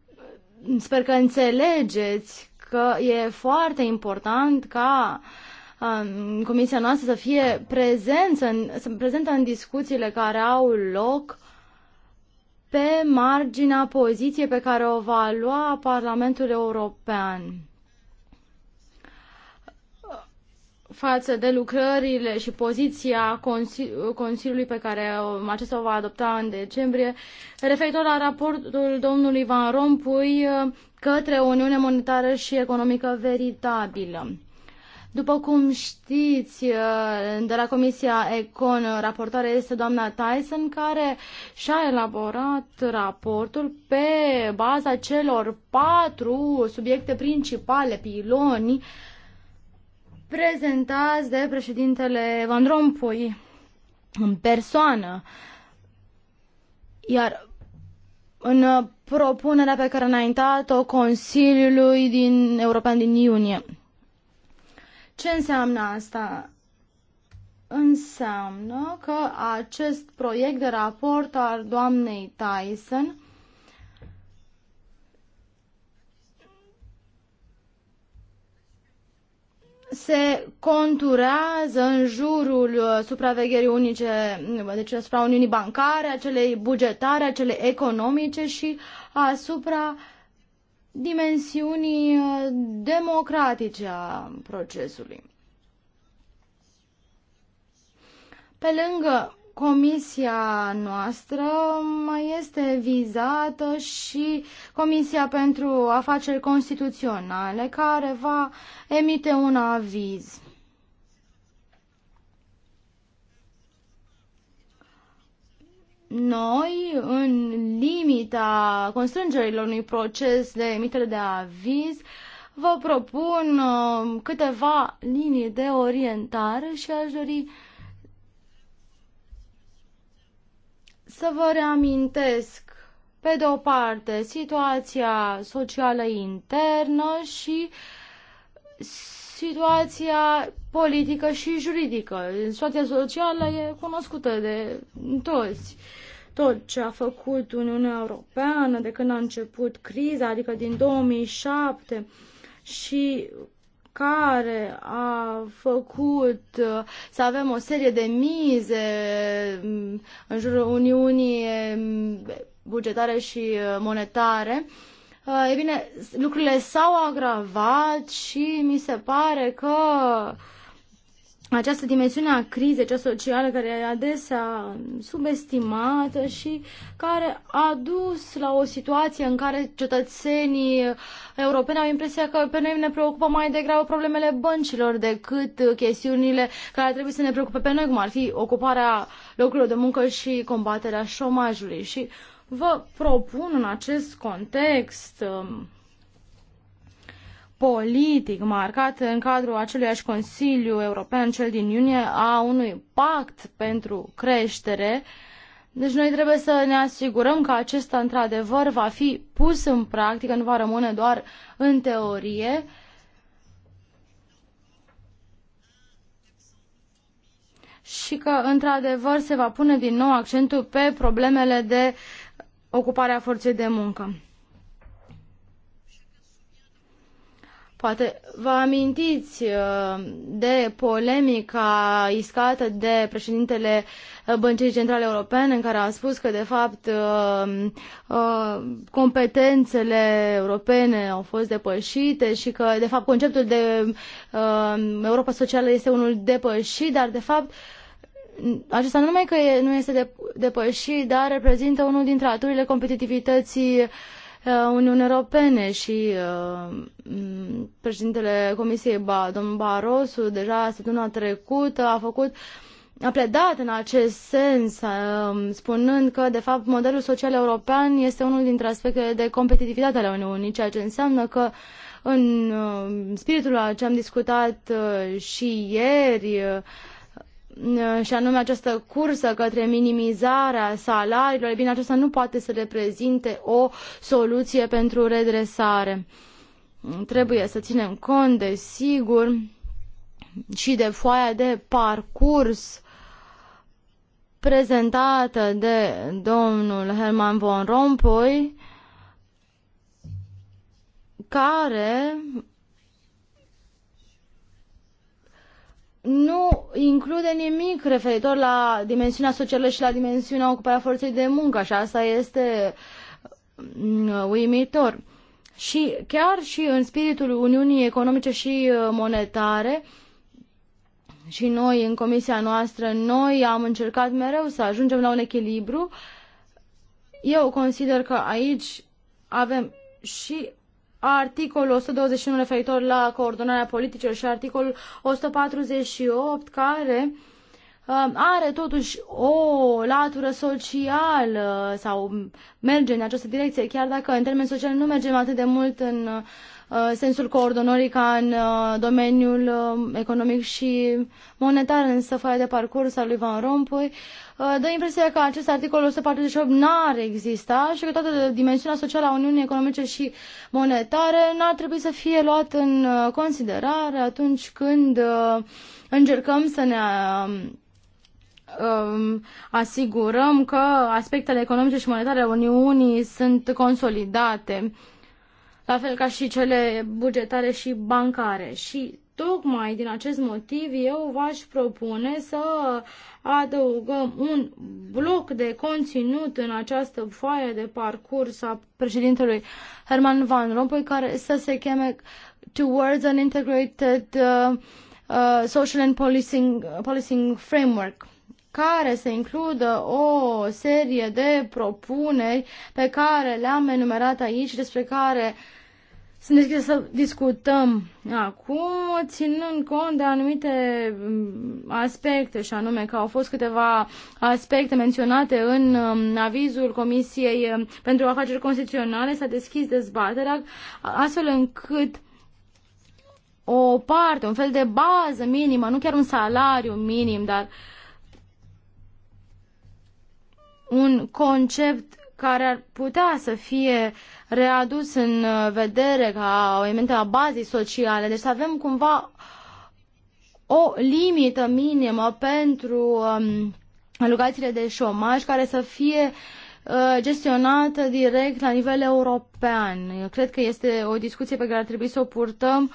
sper că înțelegeți că e foarte important ca uh, comisia noastră să fie prezență în, să prezentă în discuțiile care au loc pe marginea poziției pe care o va lua Parlamentul European față de lucrările și poziția Consili Consiliului pe care acesta o va adopta în decembrie, referitor la raportul domnului Van Rompuy către Uniune Monetară și Economică Veritabilă. După cum știți, uh, de la Comisia Econ, raportoarea este doamna Tyson, care și-a elaborat raportul pe baza celor patru subiecte principale, piloni, prezentați de președintele Van Rompuy în persoană. Iar în propunerea pe care a înaintat-o Consiliului din European din iunie ce înseamnă asta? Înseamnă că acest proiect de raport al doamnei Tyson se conturează în jurul supravegherii unice, deci asupra Uniunii Bancare, acelei bugetare, acele economice și asupra uh, dimensiunii uh, democratice a procesului. Pe lângă comisia noastră mai este vizată și Comisia pentru Afaceri Constituționale, care va emite un aviz. noi, în limita constrângerilor unui proces de emitere de aviz, vă propun uh, câteva linii de orientare și aș dori să vă reamintesc, pe de o parte, situația socială internă și situația politică și juridică. Situația socială e cunoscută de toți. Uh, tot ce a făcut Uniunea Europeană de când a început criza, adică din 2007 și care a făcut uh, să avem o serie de mize mm, în jurul Uniunii mm, bugetare și uh, monetare. Uh, e bine, lucrurile s-au agravat și mi se pare că această dimensiune a crizei, cea socială care e adesea subestimată și care a dus la o situație în care cetățenii europeni au impresia că pe noi ne preocupă mai degrabă problemele băncilor decât chestiunile care trebuie să ne preocupe pe noi, cum ar fi ocuparea locurilor de muncă și combaterea șomajului. Și vă propun în acest context um, politic marcat în cadrul aceluiași Consiliu European, cel din iunie, a unui pact pentru creștere. Deci noi trebuie să ne asigurăm că acesta într-adevăr va fi pus în practică, nu va rămâne doar în teorie. Și că într-adevăr se va pune din nou accentul pe problemele de ocupare a forței de muncă. Poate vă amintiți uh, de polemica iscată de președintele uh, Băncii Centrale Europene în care a spus că, de fapt, uh, competențele europene au fost depășite și că, de fapt, conceptul de Europa Socială este unul depășit, dar, de fapt, acesta nu numai că nu este depășit, dar reprezintă unul dintre aturile competitivității uh, Uh, Uniunii Europene și uh, președintele Comisiei, domnul Barroso, deja săptămâna trecută a făcut a pledat în acest sens, uh, spunând că, de fapt, modelul social european este unul dintre aspectele de competitivitate ale Uniunii, ceea ce înseamnă că, în spiritul a ce am discutat și ieri, și anume această cursă către minimizarea salariilor, bine, aceasta nu poate să reprezinte o soluție pentru redresare. Trebuie să ținem cont, desigur, și de foaia de parcurs prezentată de domnul Herman von Rompuy, care nu include nimic referitor la dimensiunea socială și la dimensiunea ocuparea forței de muncă Așa, asta este mm, uimitor. Și chiar și în spiritul Uniunii Economice și uh, Monetare, și noi în comisia noastră, noi am încercat mereu să ajungem la un echilibru. Eu consider că aici avem și articolul 121 referitor la coordonarea politicilor și articolul 148 care um, are totuși o latură socială sau merge în această direcție, chiar dacă în termeni social nu mergem atât de mult în uh, sensul coordonării ca în uh, domeniul um, economic și monetar, însă foaia de parcurs al lui Van Rompuy Uh, dă impresia că acest articol 148 n-ar exista și că toată dimensiunea socială a Uniunii Economice și Monetare n-ar trebui să fie luat în uh, considerare atunci când uh, încercăm să ne um, um, asigurăm că aspectele economice și monetare ale Uniunii sunt consolidate, la fel ca și cele bugetare și bancare. Și Tocmai din acest motiv eu v-aș propune să adăugăm un bloc de conținut în această foaie de parcurs a președintelui Herman Van Rompuy care să se cheme Towards an Integrated uh, uh, Social and Policing, uh, Policing Framework care să includă o serie de propuneri pe care le-am enumerat aici, despre care uh, sunt deschis să discutăm acum, ținând cont de anumite mm, aspecte, și anume că au fost câteva aspecte menționate în mm, avizul Comisiei mm, pentru Afaceri Constituționale, s-a deschis dezbaterea, astfel încât o parte, un fel de bază minimă, nu chiar un salariu minim, dar un concept care ar putea să fie readus în uh, vedere ca o elemente a bazei sociale. Deci să avem cumva o limită minimă pentru um, alocațiile de șomaj care să fie uh, gestionată direct la nivel european. Eu cred că este o discuție pe care ar trebui să o purtăm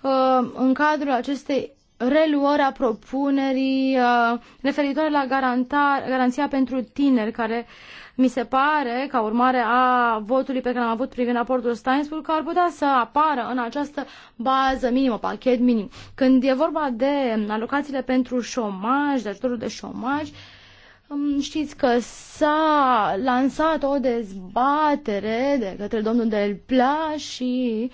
uh, în cadrul acestei reluări a propunerii uh, referitoare la garanta, garanția pentru tineri care uh, mi se pare, ca urmare a votului pe care l-am avut privind raportul Steinsburg, că ar putea să apară în această bază minimă, pachet minim. Când e vorba de alocațiile pentru șomaj, de ajutorul de șomaj, um, Știți că s-a lansat o dezbatere de către domnul Del Pla și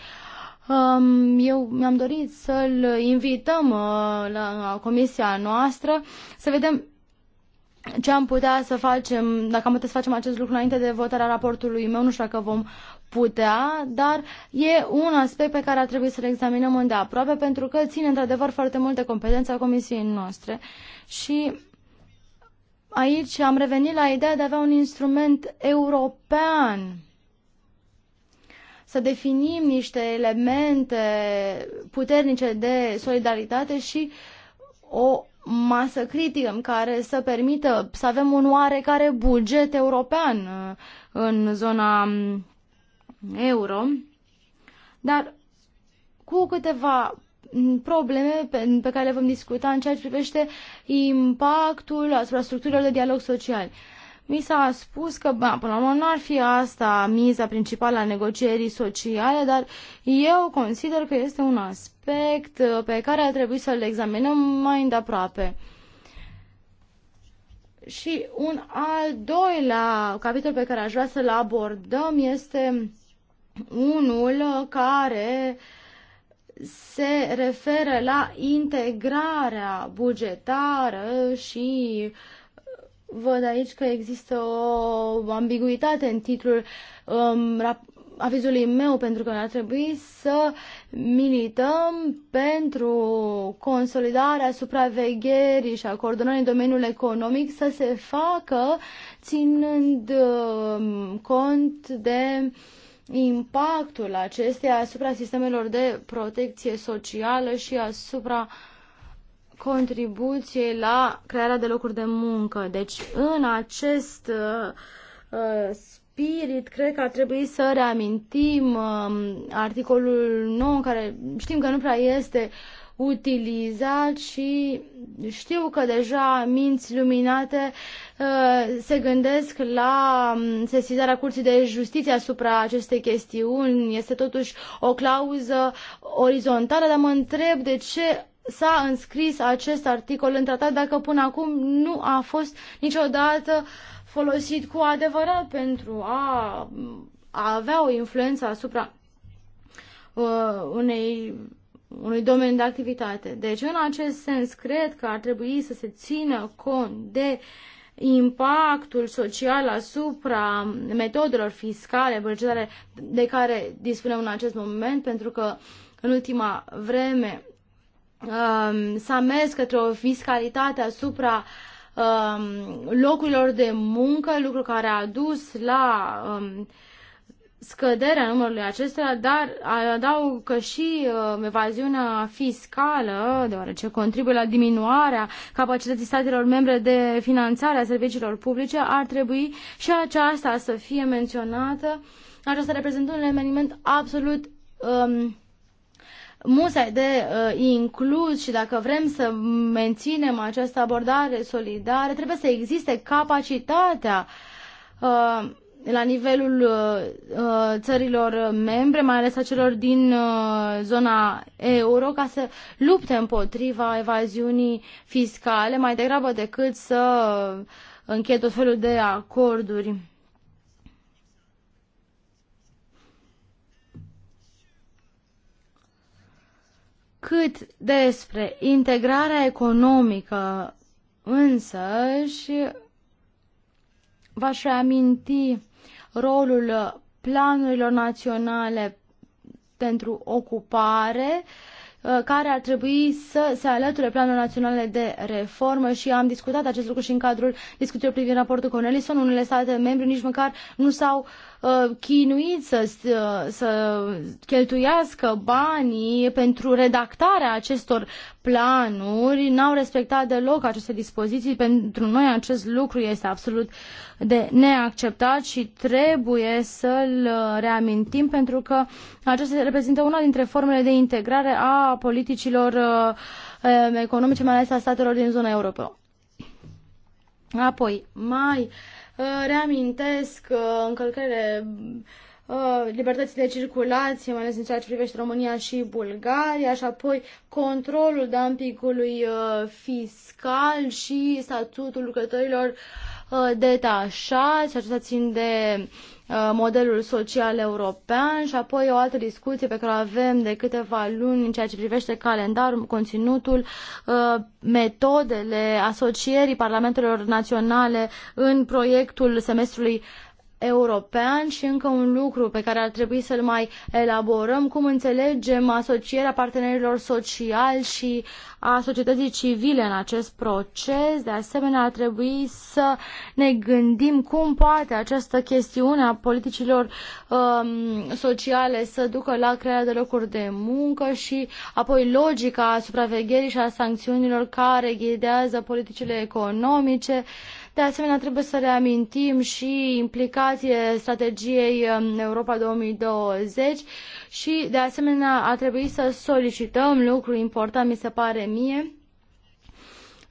um, eu mi-am dorit să-l invităm uh, la comisia noastră să vedem ce am putea să facem, dacă am putea să facem acest lucru înainte de votarea raportului meu, nu știu dacă vom putea, dar e un aspect pe care ar trebui să-l examinăm îndeaproape, pentru că ține într-adevăr foarte mult de competența comisiei noastre. Și aici am revenit la ideea de a avea un instrument european să definim niște elemente puternice de solidaritate și o masă critică în care să permită să avem un oarecare buget european uh, în zona um, euro, dar cu câteva mm, probleme pe, pe care le vom discuta în ceea ce privește impactul asupra structurilor de dialog social. Uh, mi s-a spus că, bă, până la urmă, nu ar fi asta miza principală a negocierii sociale, dar eu consider că este un aspect uh, pe care ar trebui să-l examinăm mai îndeaproape. Și un al doilea capitol pe care aș vrea să-l abordăm este unul care se referă la integrarea bugetară și uh, Văd aici că există o ambiguitate în titlul um, avizului meu, pentru că ar trebui să milităm pentru consolidarea supravegherii și a coordonării în domeniul economic să se facă ținând um, cont de impactul acesteia asupra sistemelor de protecție socială și asupra uh, contribuție la crearea de locuri de muncă. Deci, în acest uh, uh spirit, cred că ar trebui să reamintim uh, articolul 9, care știm că nu prea este utilizat și știu că deja minți luminate uh, se gândesc la um, sesizarea Curții de Justiție asupra acestei chestiuni. Este totuși o clauză orizontală, dar mă întreb de ce s-a înscris acest articol în tratat dacă până acum nu a fost niciodată folosit cu adevărat pentru a, a avea o influență asupra uh, unei unui domeniu de activitate. Deci, în acest sens, cred că ar trebui să se țină cont de impactul social asupra metodelor fiscale, bugetare, de care dispunem în acest moment, pentru că în ultima vreme um, s mers către o fiscalitate asupra um, locurilor de muncă, lucru care a dus la um, scăderea numărului acestora, dar adaug că și uh, evaziunea fiscală, deoarece contribuie la diminuarea capacității statelor membre de finanțare a serviciilor publice, ar trebui și aceasta să fie menționată. Aceasta reprezintă un element absolut um, musai de uh, inclus și dacă vrem să menținem această abordare solidară, trebuie să existe capacitatea uh, la nivelul uh, uh, țărilor membre, mai ales a celor din uh, zona euro, ca să lupte împotriva evaziunii fiscale, mai degrabă decât să uh, închei tot felul de acorduri cât despre integrarea economică însă și v-aș aminti rolul planurilor naționale pentru ocupare uh, care ar trebui să se alăture planurilor naționale de reformă și am discutat acest lucru și în cadrul discuțiilor privind raportul Cornelison. Unele state membre nici măcar nu s-au uh, Uh, chinuit să, uh, să cheltuiască banii pentru redactarea acestor planuri, n-au respectat deloc aceste dispoziții. Pentru noi acest lucru este absolut de neacceptat și trebuie să-l uh, reamintim pentru că acesta reprezintă una dintre formele de integrare a politicilor economice, mai ales a statelor din zona Europei. Apoi, mai Uh, reamintesc uh, încălcările uh, libertății de circulație, mai ales în ceea ce privește România și Bulgaria, și apoi controlul dumpingului fiscal și statutul lucrătorilor detașați, acesta țin de uh, Uh, modelul social european și apoi o altă discuție pe care o avem de câteva luni în ceea ce privește calendarul, conținutul, uh, metodele asocierii parlamentelor naționale în proiectul semestrului european și încă un lucru pe care ar trebui să-l mai elaborăm, cum înțelegem asocierea partenerilor sociali și a societății civile în acest proces. De asemenea, ar trebui să ne gândim cum poate această chestiune a politicilor um, sociale să ducă la crearea de locuri de muncă și apoi logica a supravegherii și a sancțiunilor care ghidează politicile economice. Uh, de asemenea, trebuie să reamintim și implicațiile strategiei um, Europa 2020 și, de asemenea, ar trebui să solicităm lucru important, mi se pare mie,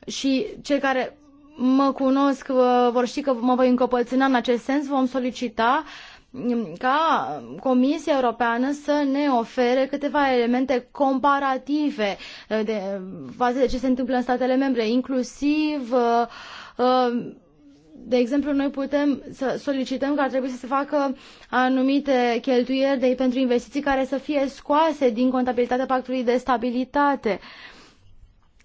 și cei care mă cunosc uh, vor ști că mă voi încăpățâna în acest sens, vom solicita um, ca Comisia Europeană să ne ofere câteva elemente comparative uh, de față de ce se întâmplă în statele membre, inclusiv uh, Ehm, de exemplu, noi putem să solicităm că ar trebui să se facă anumite cheltuieri de, pentru investiții care să fie scoase din contabilitatea pactului de stabilitate.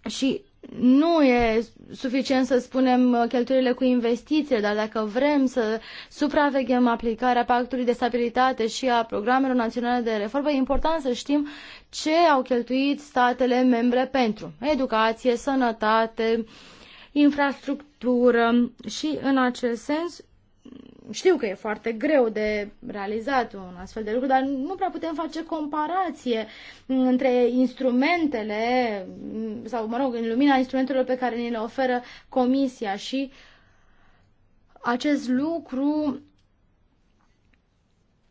Și nu e suficient să spunem cheltuielile cu investiție, dar dacă vrem să supraveghem aplicarea pactului de stabilitate și a programelor naționale de reformă, e important să știm ce au cheltuit statele membre pentru educație, sănătate, infrastructură, infrastructură și în acest sens știu că e foarte greu de realizat un astfel de lucru, dar nu prea putem face comparație între instrumentele sau, mă rog, în lumina instrumentelor pe care ni le oferă Comisia și acest lucru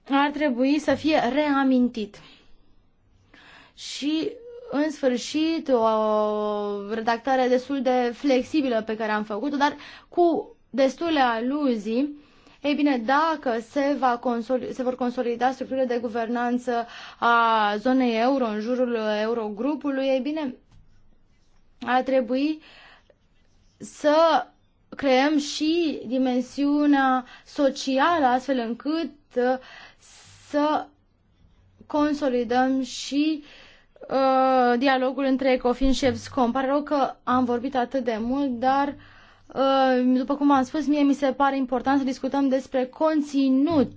ar trebui să fie reamintit. Și în sfârșit o redactare destul de flexibilă pe care am făcut-o, dar cu destule aluzii. Ei bine, dacă se, va consoli, se vor consolida structurile de guvernanță a zonei euro în jurul eurogrupului, ei bine, ar trebui să creăm și dimensiunea socială, astfel încât să consolidăm și uh, Uh, dialogul între Ecofin și EFSCO. pare rău că am vorbit atât de mult, dar uh, după cum am spus, mie mi se pare important să discutăm despre conținut.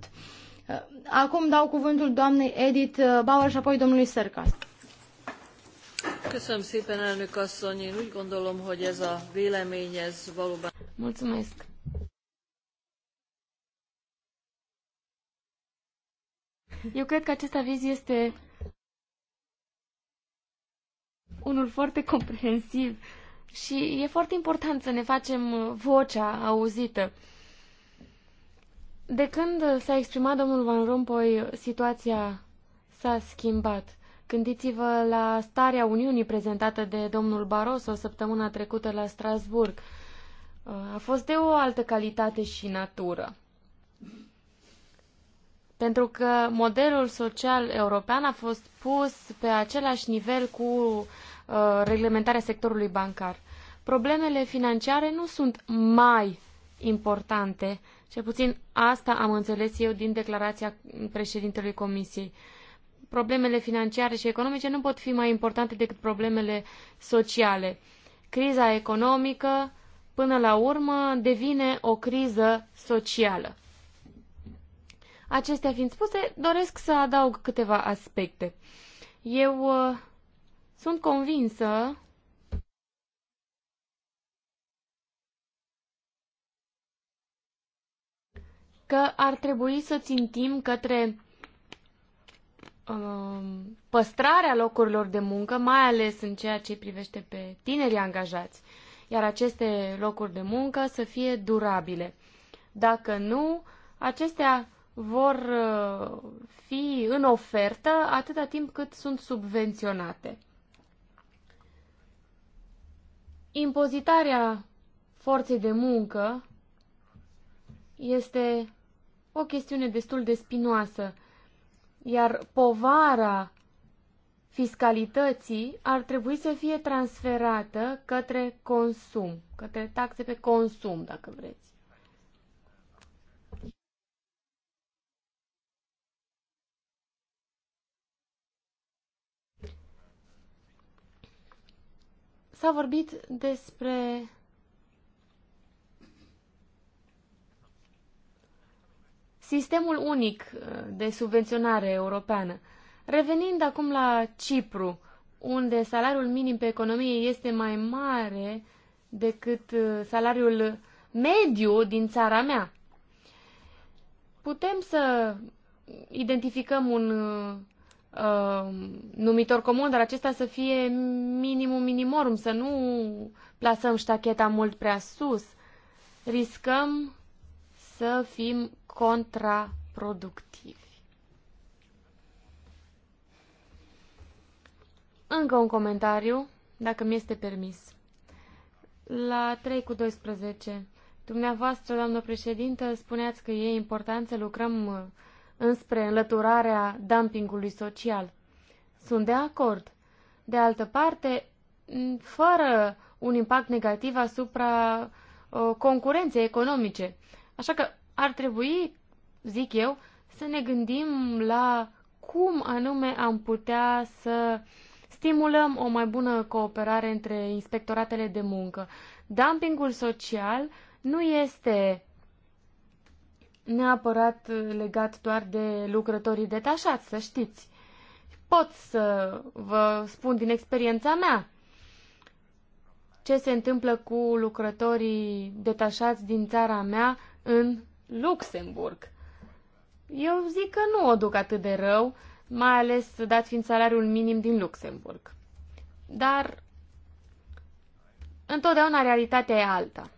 Uh, acum dau cuvântul doamnei Edith Bauer și apoi domnului Sercas. Mulțumesc. Eu cred că acest aviz este unul foarte comprehensiv și e foarte important să ne facem uh, vocea auzită. De când s-a exprimat domnul Van Rompuy, situația s-a schimbat. Gândiți-vă la starea Uniunii prezentată de domnul Barroso săptămâna trecută la Strasburg. Uh, a fost de o altă calitate și natură. Pentru că modelul social european a fost pus pe același nivel cu Uh, reglementarea sectorului bancar. Problemele financiare nu sunt mai importante, cel puțin asta am înțeles eu din declarația președintelui Comisiei. Problemele financiare și economice nu pot fi mai importante decât problemele sociale. Criza economică, până la urmă, devine o criză socială. Acestea fiind spuse, doresc să adaug câteva aspecte. Eu uh, sunt convinsă că ar trebui să țintim către um, păstrarea locurilor de muncă, mai ales în ceea ce privește pe tinerii angajați, iar aceste locuri de muncă să fie durabile. Dacă nu, acestea vor uh, fi în ofertă atâta timp cât sunt subvenționate. impozitarea forței de muncă este o chestiune destul de spinoasă, iar povara fiscalității ar trebui să fie transferată către consum, către taxe pe consum, dacă vreți. S-a vorbit despre sistemul unic uh, de subvenționare europeană. Revenind acum la Cipru, unde salariul minim pe economie este mai mare decât uh, salariul mediu din țara mea. Putem să identificăm un uh, Uh, numitor comun, dar acesta să fie minimum minimorum, să nu plasăm ștacheta mult prea sus. Riscăm să fim contraproductivi. Încă un comentariu, dacă mi este permis. La 3 cu 12. Dumneavoastră, doamnă președintă, spuneați că e important să lucrăm uh, înspre înlăturarea dumpingului social. Sunt de acord. De altă parte, fără un impact negativ asupra concurenței economice. Așa că ar trebui, zic eu, să ne gândim la cum anume am putea să stimulăm o mai bună cooperare între inspectoratele de muncă. Dumpingul social nu este neapărat legat doar de lucrătorii detașați, să știți. Pot să vă spun din experiența mea ce se întâmplă cu lucrătorii detașați din țara mea în Luxemburg. Eu zic că nu o duc atât de rău, mai ales dat fiind salariul minim din Luxemburg. Dar întotdeauna realitatea e alta.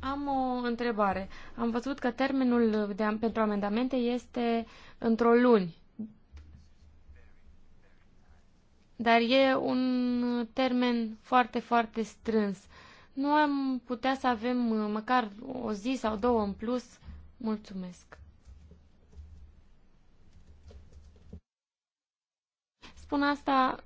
Am o întrebare. Am văzut că termenul de, pentru amendamente este într-o luni. Dar e un termen foarte, foarte strâns. Nu am putea să avem uh, măcar o zi sau două în plus? Mulțumesc. Spun asta,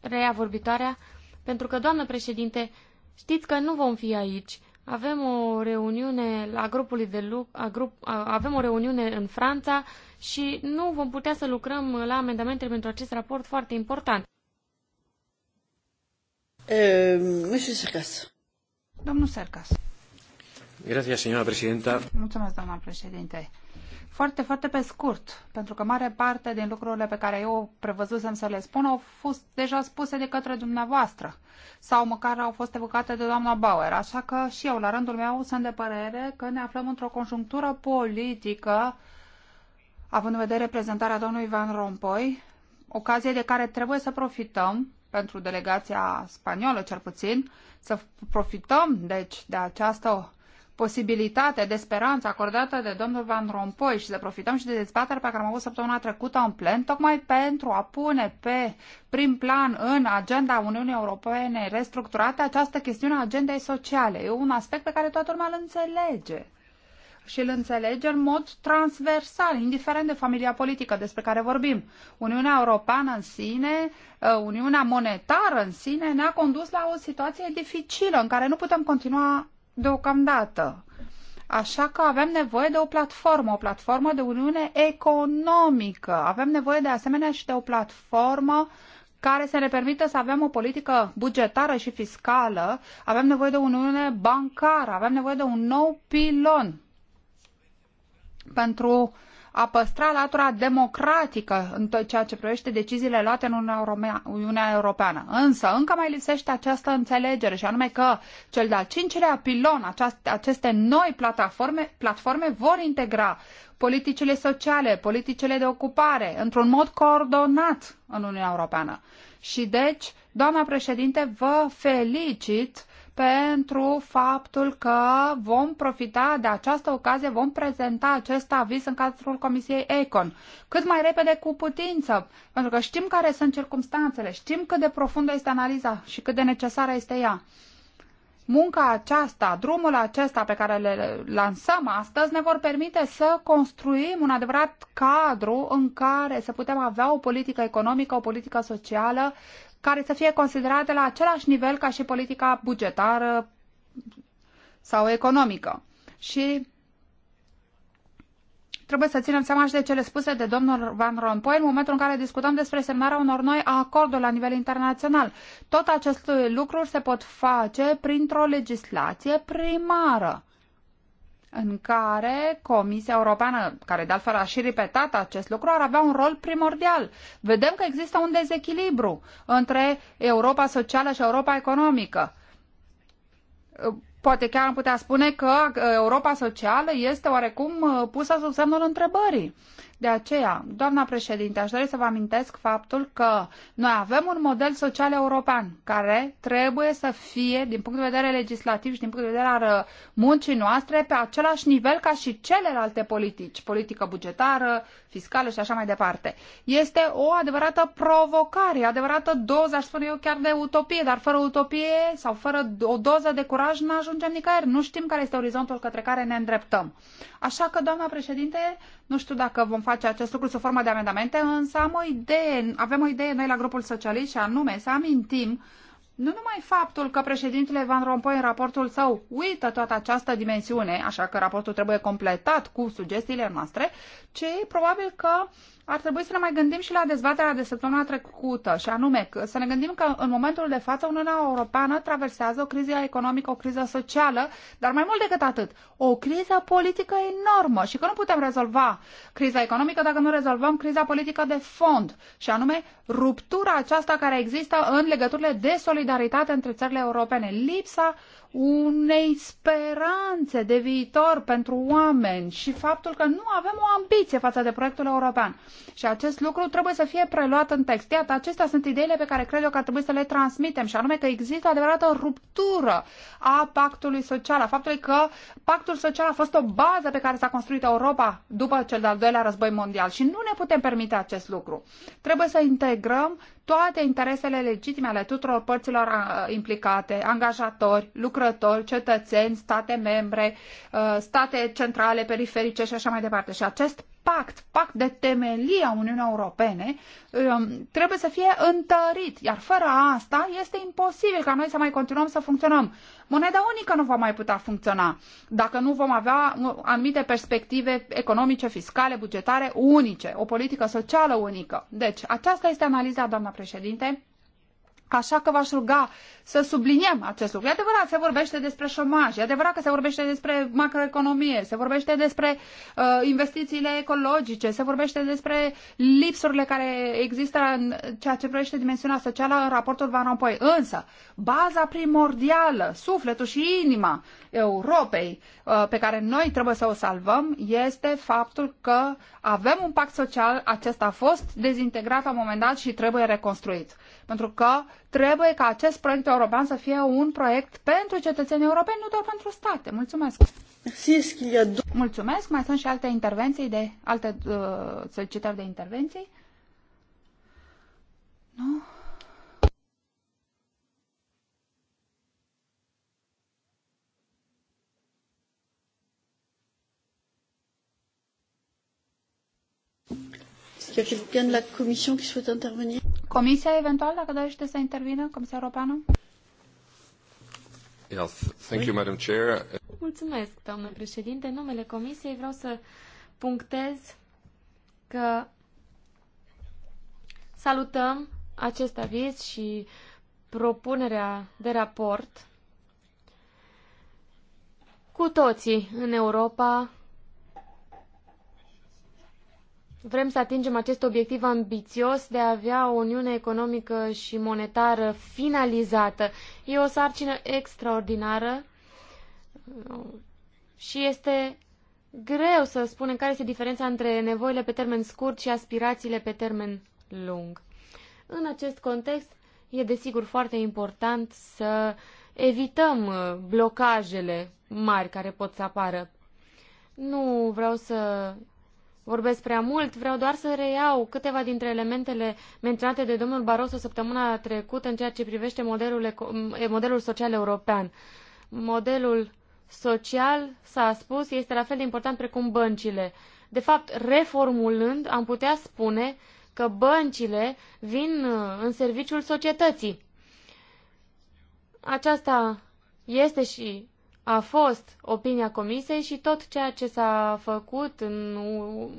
reia vorbitoarea, pentru că, doamnă președinte, știți că nu vom fi aici avem o reuniune la grupul de lucru, a grup, a, avem o reuniune în Franța și nu vom putea să lucrăm la amendamente pentru acest raport foarte important. Uh, Sercas. Domnul Sercas. Gracias, señora presidenta. Mulțumesc, doamna președinte. Foarte, foarte pe scurt, pentru că mare parte din lucrurile pe care eu prevăzusem să le spun au fost deja spuse de către dumneavoastră sau măcar au fost evocate de doamna Bauer. Așa că și eu, la rândul meu, sunt de părere că ne aflăm într-o conjunctură politică, având în vedere prezentarea domnului Van Rompuy, ocazie de care trebuie să profităm pentru delegația spaniolă, cel puțin, să profităm, deci, de această posibilitate, de speranță acordată de domnul Van Rompuy și să profităm și de dezbaterea pe care am avut săptămâna trecută în plen, tocmai pentru a pune pe prim plan în agenda Uniunii Europene restructurate această chestiune a agendei sociale. E un aspect pe care toată lumea îl înțelege și îl înțelege în mod transversal, indiferent de familia politică despre care vorbim. Uniunea Europeană în sine, uh, Uniunea Monetară în sine ne-a condus la o situație dificilă în care nu putem continua deocamdată. Așa că avem nevoie de o platformă, o platformă de uniune economică. Avem nevoie de asemenea și de o platformă care să ne permită să avem o politică bugetară și fiscală. Avem nevoie de o uniune bancară, avem nevoie de un nou pilon pentru a păstra latura democratică în tot ceea ce privește deciziile luate în Uniunea Europeană. Însă, încă mai lipsește această înțelegere și anume că cel de-al cincilea pilon, aceast, aceste noi platforme, platforme vor integra politicile sociale, politicile de ocupare, într-un mod coordonat în Uniunea Europeană. Și deci, doamna președinte, vă felicit pentru faptul că vom profita de această ocazie, vom prezenta acest aviz în cadrul Comisiei Econ. Cât mai repede cu putință, pentru că știm care sunt circumstanțele, știm cât de profundă este analiza și cât de necesară este ea. Munca aceasta, drumul acesta pe care le lansăm astăzi ne vor permite să construim un adevărat cadru în care să putem avea o politică economică, o politică socială care să fie considerate la același nivel ca și politica bugetară sau economică. Și trebuie să ținem seama și de cele spuse de domnul Van Rompuy în momentul în care discutăm despre semnarea unor noi acorduri la nivel internațional. Tot acest lucru se pot face printr-o legislație primară în care Comisia Europeană, care de altfel a și repetat acest lucru, ar avea un rol primordial. Vedem că există un dezechilibru între Europa socială și Europa economică. Poate chiar am putea spune că Europa socială este oarecum pusă sub semnul întrebării. De aceea, doamna președinte, aș dori să vă amintesc faptul că noi avem un model social european care trebuie să fie, din punct de vedere legislativ și din punct de vedere al uh, muncii noastre, pe același nivel ca și celelalte politici, politică bugetară, fiscală și așa mai departe. Este o adevărată provocare, adevărată doză, aș spune eu chiar de utopie, dar fără utopie sau fără o doză de curaj nu ajungem nicăieri. Nu știm care este orizontul către care ne îndreptăm. Așa că, doamna președinte, nu știu dacă vom face acest lucru sub formă de amendamente, însă am o idee, avem o idee noi la grupul socialist și anume să amintim nu numai faptul că președintele Van Rompuy în raportul său uită toată această dimensiune, așa că raportul trebuie completat cu sugestiile noastre, ci probabil că uh, ar trebui să ne mai gândim și la dezbaterea de săptămâna trecută, și anume să ne gândim că în momentul de față Uniunea Europeană traversează o criză economică, o criză socială, dar mai mult decât atât, o criză politică enormă și că nu putem rezolva criza economică dacă nu rezolvăm criza politică de fond, și anume ruptura aceasta care există în legăturile de solidaritate între țările europene, lipsa unei speranțe de viitor pentru oameni și faptul că nu avem o ambiție față de proiectul european. Și acest lucru trebuie să fie preluat în text. Iată, acestea sunt ideile pe care cred eu că ar trebui să le transmitem și anume că există o adevărată ruptură a pactului social, a faptului că pactul social a fost o bază pe care s-a construit Europa după cel de-al doilea război mondial și nu ne putem permite acest lucru. Trebuie să integrăm toate interesele legitime ale tuturor părților implicate, angajatori, lucrători, cetățeni, state membre, state centrale, periferice și așa mai departe. Și acest pact, pact de temelie a Uniunii Europene, um, trebuie să fie întărit, iar fără asta este imposibil ca noi să mai continuăm să funcționăm. Moneda unică nu va mai putea funcționa dacă nu vom avea uh, anumite perspective economice, fiscale, bugetare unice, o politică socială unică. Deci, aceasta este analiza, doamna președinte, Așa că v-aș ruga să subliniem acest lucru. E adevărat, se vorbește despre șomaj, e adevărat că se vorbește despre macroeconomie, se vorbește despre uh, investițiile ecologice, se vorbește despre lipsurile care există în ceea ce privește dimensiunea socială în raportul Van Rompuy. Însă, baza primordială, sufletul și inima Europei uh, pe care noi trebuie să o salvăm este faptul că avem un pact social, acesta a fost dezintegrat la un moment dat și trebuie reconstruit. Pentru că Trebuie ca acest proiect european să fie un proiect pentru cetățenii europeni, nu doar pentru state. Mulțumesc! Mulțumesc! Mai sunt și alte intervenții, de, alte uh, solicitări de intervenții? Nu? est y a quelqu'un de la Commission qui souhaite intervenir Comisia, eventual, dacă dorește să intervină, Comisia Europeană? Yes. Thank you, Madam Chair. Mulțumesc, doamnă președinte. În numele Comisiei vreau să punctez că salutăm acest aviz și propunerea de raport. Cu toții în Europa Vrem să atingem acest obiectiv ambițios de a avea o uniune economică și monetară finalizată. E o sarcină extraordinară uh, și este greu să spunem care este diferența între nevoile pe termen scurt și aspirațiile pe termen lung. În acest context, e desigur foarte important să evităm uh, blocajele mari care pot să apară. Nu vreau să vorbesc prea mult, vreau doar să reiau câteva dintre elementele menționate de domnul Barroso săptămâna trecută în ceea ce privește modelul, modelul social european. Modelul social, s-a spus, este la fel de important precum băncile. De fapt, reformulând, am putea spune că băncile vin uh, în serviciul societății. Aceasta este și a fost opinia Comisiei și tot ceea ce s-a făcut în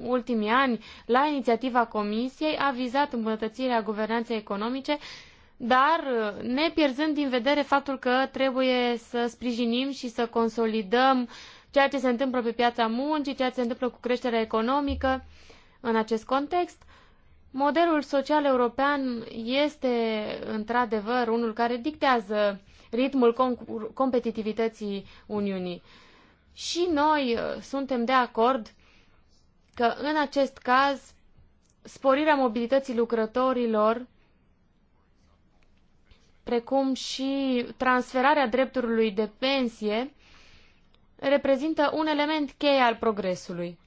ultimii ani la inițiativa Comisiei a vizat îmbunătățirea guvernanței economice, dar uh, ne pierzând din vedere faptul că trebuie să sprijinim și să consolidăm ceea ce se întâmplă pe piața muncii, ceea ce se întâmplă cu creșterea economică în acest context. Modelul social european este într-adevăr unul care dictează ritmul competitivității Uniunii. Și noi uh, suntem de acord că în acest caz sporirea mobilității lucrătorilor precum și transferarea drepturilor de pensie reprezintă un element cheie al progresului.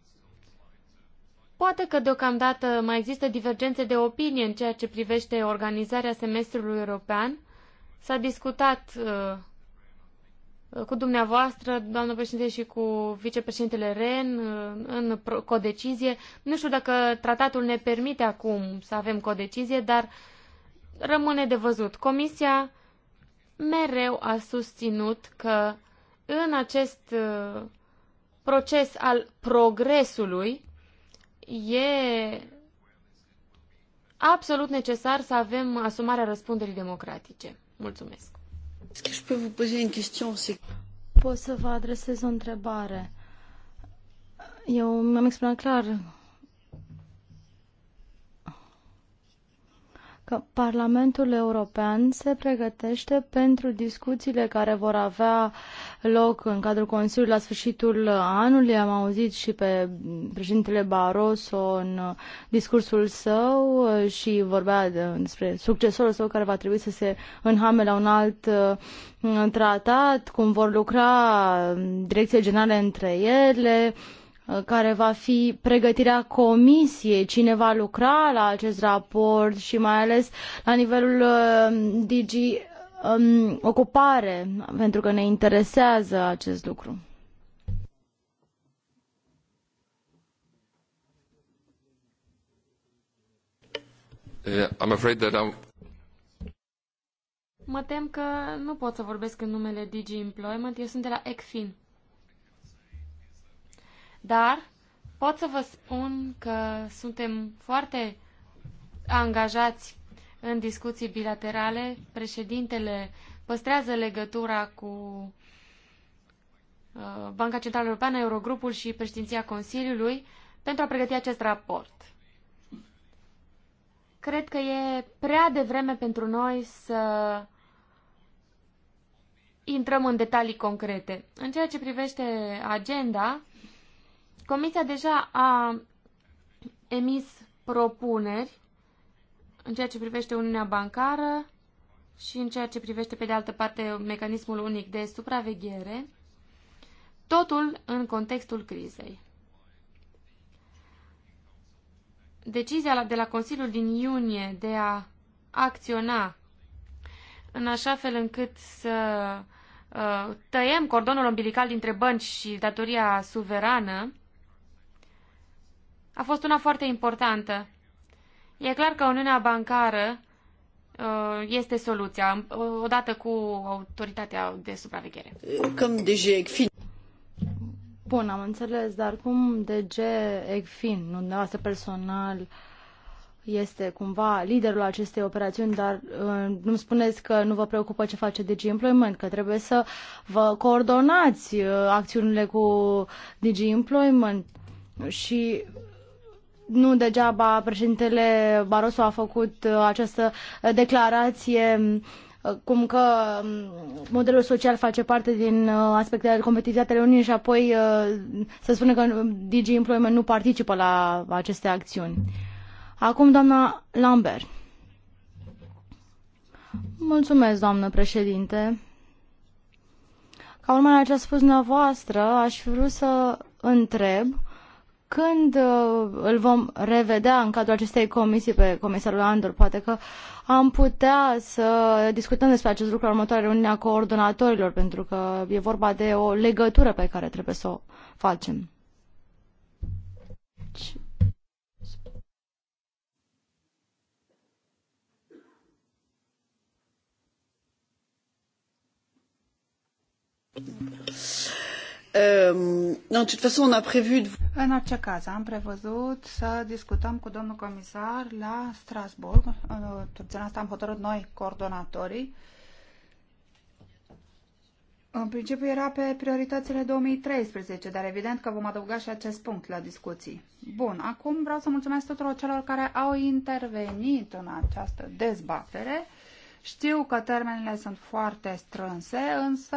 Poate că deocamdată mai există divergențe de opinie în ceea ce privește organizarea semestrului european, S-a discutat uh, cu dumneavoastră, doamnă președinte, și cu vicepreședintele Ren uh, în codecizie. Nu știu dacă tratatul ne permite acum să avem codecizie, dar rămâne de văzut. Comisia mereu a susținut că în acest uh, proces al progresului e absolut necesar să avem asumarea răspunderii democratice. Mulțumesc. Pot să vă adresez o întrebare. Eu mi-am exprimat clar că Parlamentul European se pregătește pentru discuțiile care vor avea loc în cadrul Consiliului la sfârșitul anului. Am auzit și pe președintele Barroso în discursul său și vorbea despre succesorul său care va trebui să se înhame la un alt uh, tratat, cum vor lucra direcțiile generale între ele Uh, care va fi pregătirea comisiei, cine va lucra la acest raport și mai ales la nivelul uh, DG um, ocupare, pentru că ne interesează acest lucru. Yeah, uh, I'm afraid that I'm... Mă tem că nu pot să vorbesc în numele DG Employment, eu sunt de la ECFIN dar pot să vă spun că suntem foarte angajați în discuții bilaterale. Președintele păstrează legătura cu uh, Banca Centrală Europeană, Eurogrupul și președinția Consiliului pentru a pregăti acest raport. Cred că e prea devreme pentru noi să intrăm în detalii concrete. În ceea ce privește agenda, Comisia deja a emis propuneri în ceea ce privește Uniunea Bancară și în ceea ce privește, pe de altă parte, mecanismul unic de supraveghere, totul în contextul crizei. Decizia de la Consiliul din iunie de a acționa în așa fel încât să uh, tăiem cordonul umbilical dintre bănci și datoria suverană a fost una foarte importantă. E clar că Uniunea Bancară uh, este soluția, um, uh, odată cu autoritatea de supraveghere. Cum DG ECFIN. Bun, am înțeles, dar cum DG ECFIN, nu dumneavoastră personal, este cumva liderul acestei operațiuni, dar uh, nu-mi spuneți că nu vă preocupă ce face DG Employment, că trebuie să vă coordonați acțiunile cu DG Employment și nu degeaba președintele Barroso a făcut uh, această uh, declarație uh, cum că um, modelul social face parte din aspectele competitivității ale Uniunii și apoi să spune că DG Employment nu participă la aceste acțiuni. Acum, doamna Lambert. Mulțumesc, doamnă președinte. Ca urmare a ce a spus dumneavoastră, aș vrea să întreb când uh, îl vom revedea în cadrul acestei comisii pe comisarul Andor? Poate că am putea să discutăm despre acest lucru la următoarea reuniune a coordonatorilor, pentru că e vorba de o legătură pe care trebuie să o facem. Thank you. Euh, de toute façon, on a prévu de... În orice caz, am prevăzut să discutăm cu domnul comisar la Strasbourg. În uh, asta am hotărât noi, coordonatorii. În principiu era pe prioritățile 2013, dar evident că vom adăuga și acest punct la discuții. Bun, acum vreau să mulțumesc tuturor celor care au intervenit în această dezbatere. Știu că termenele sunt foarte strânse, însă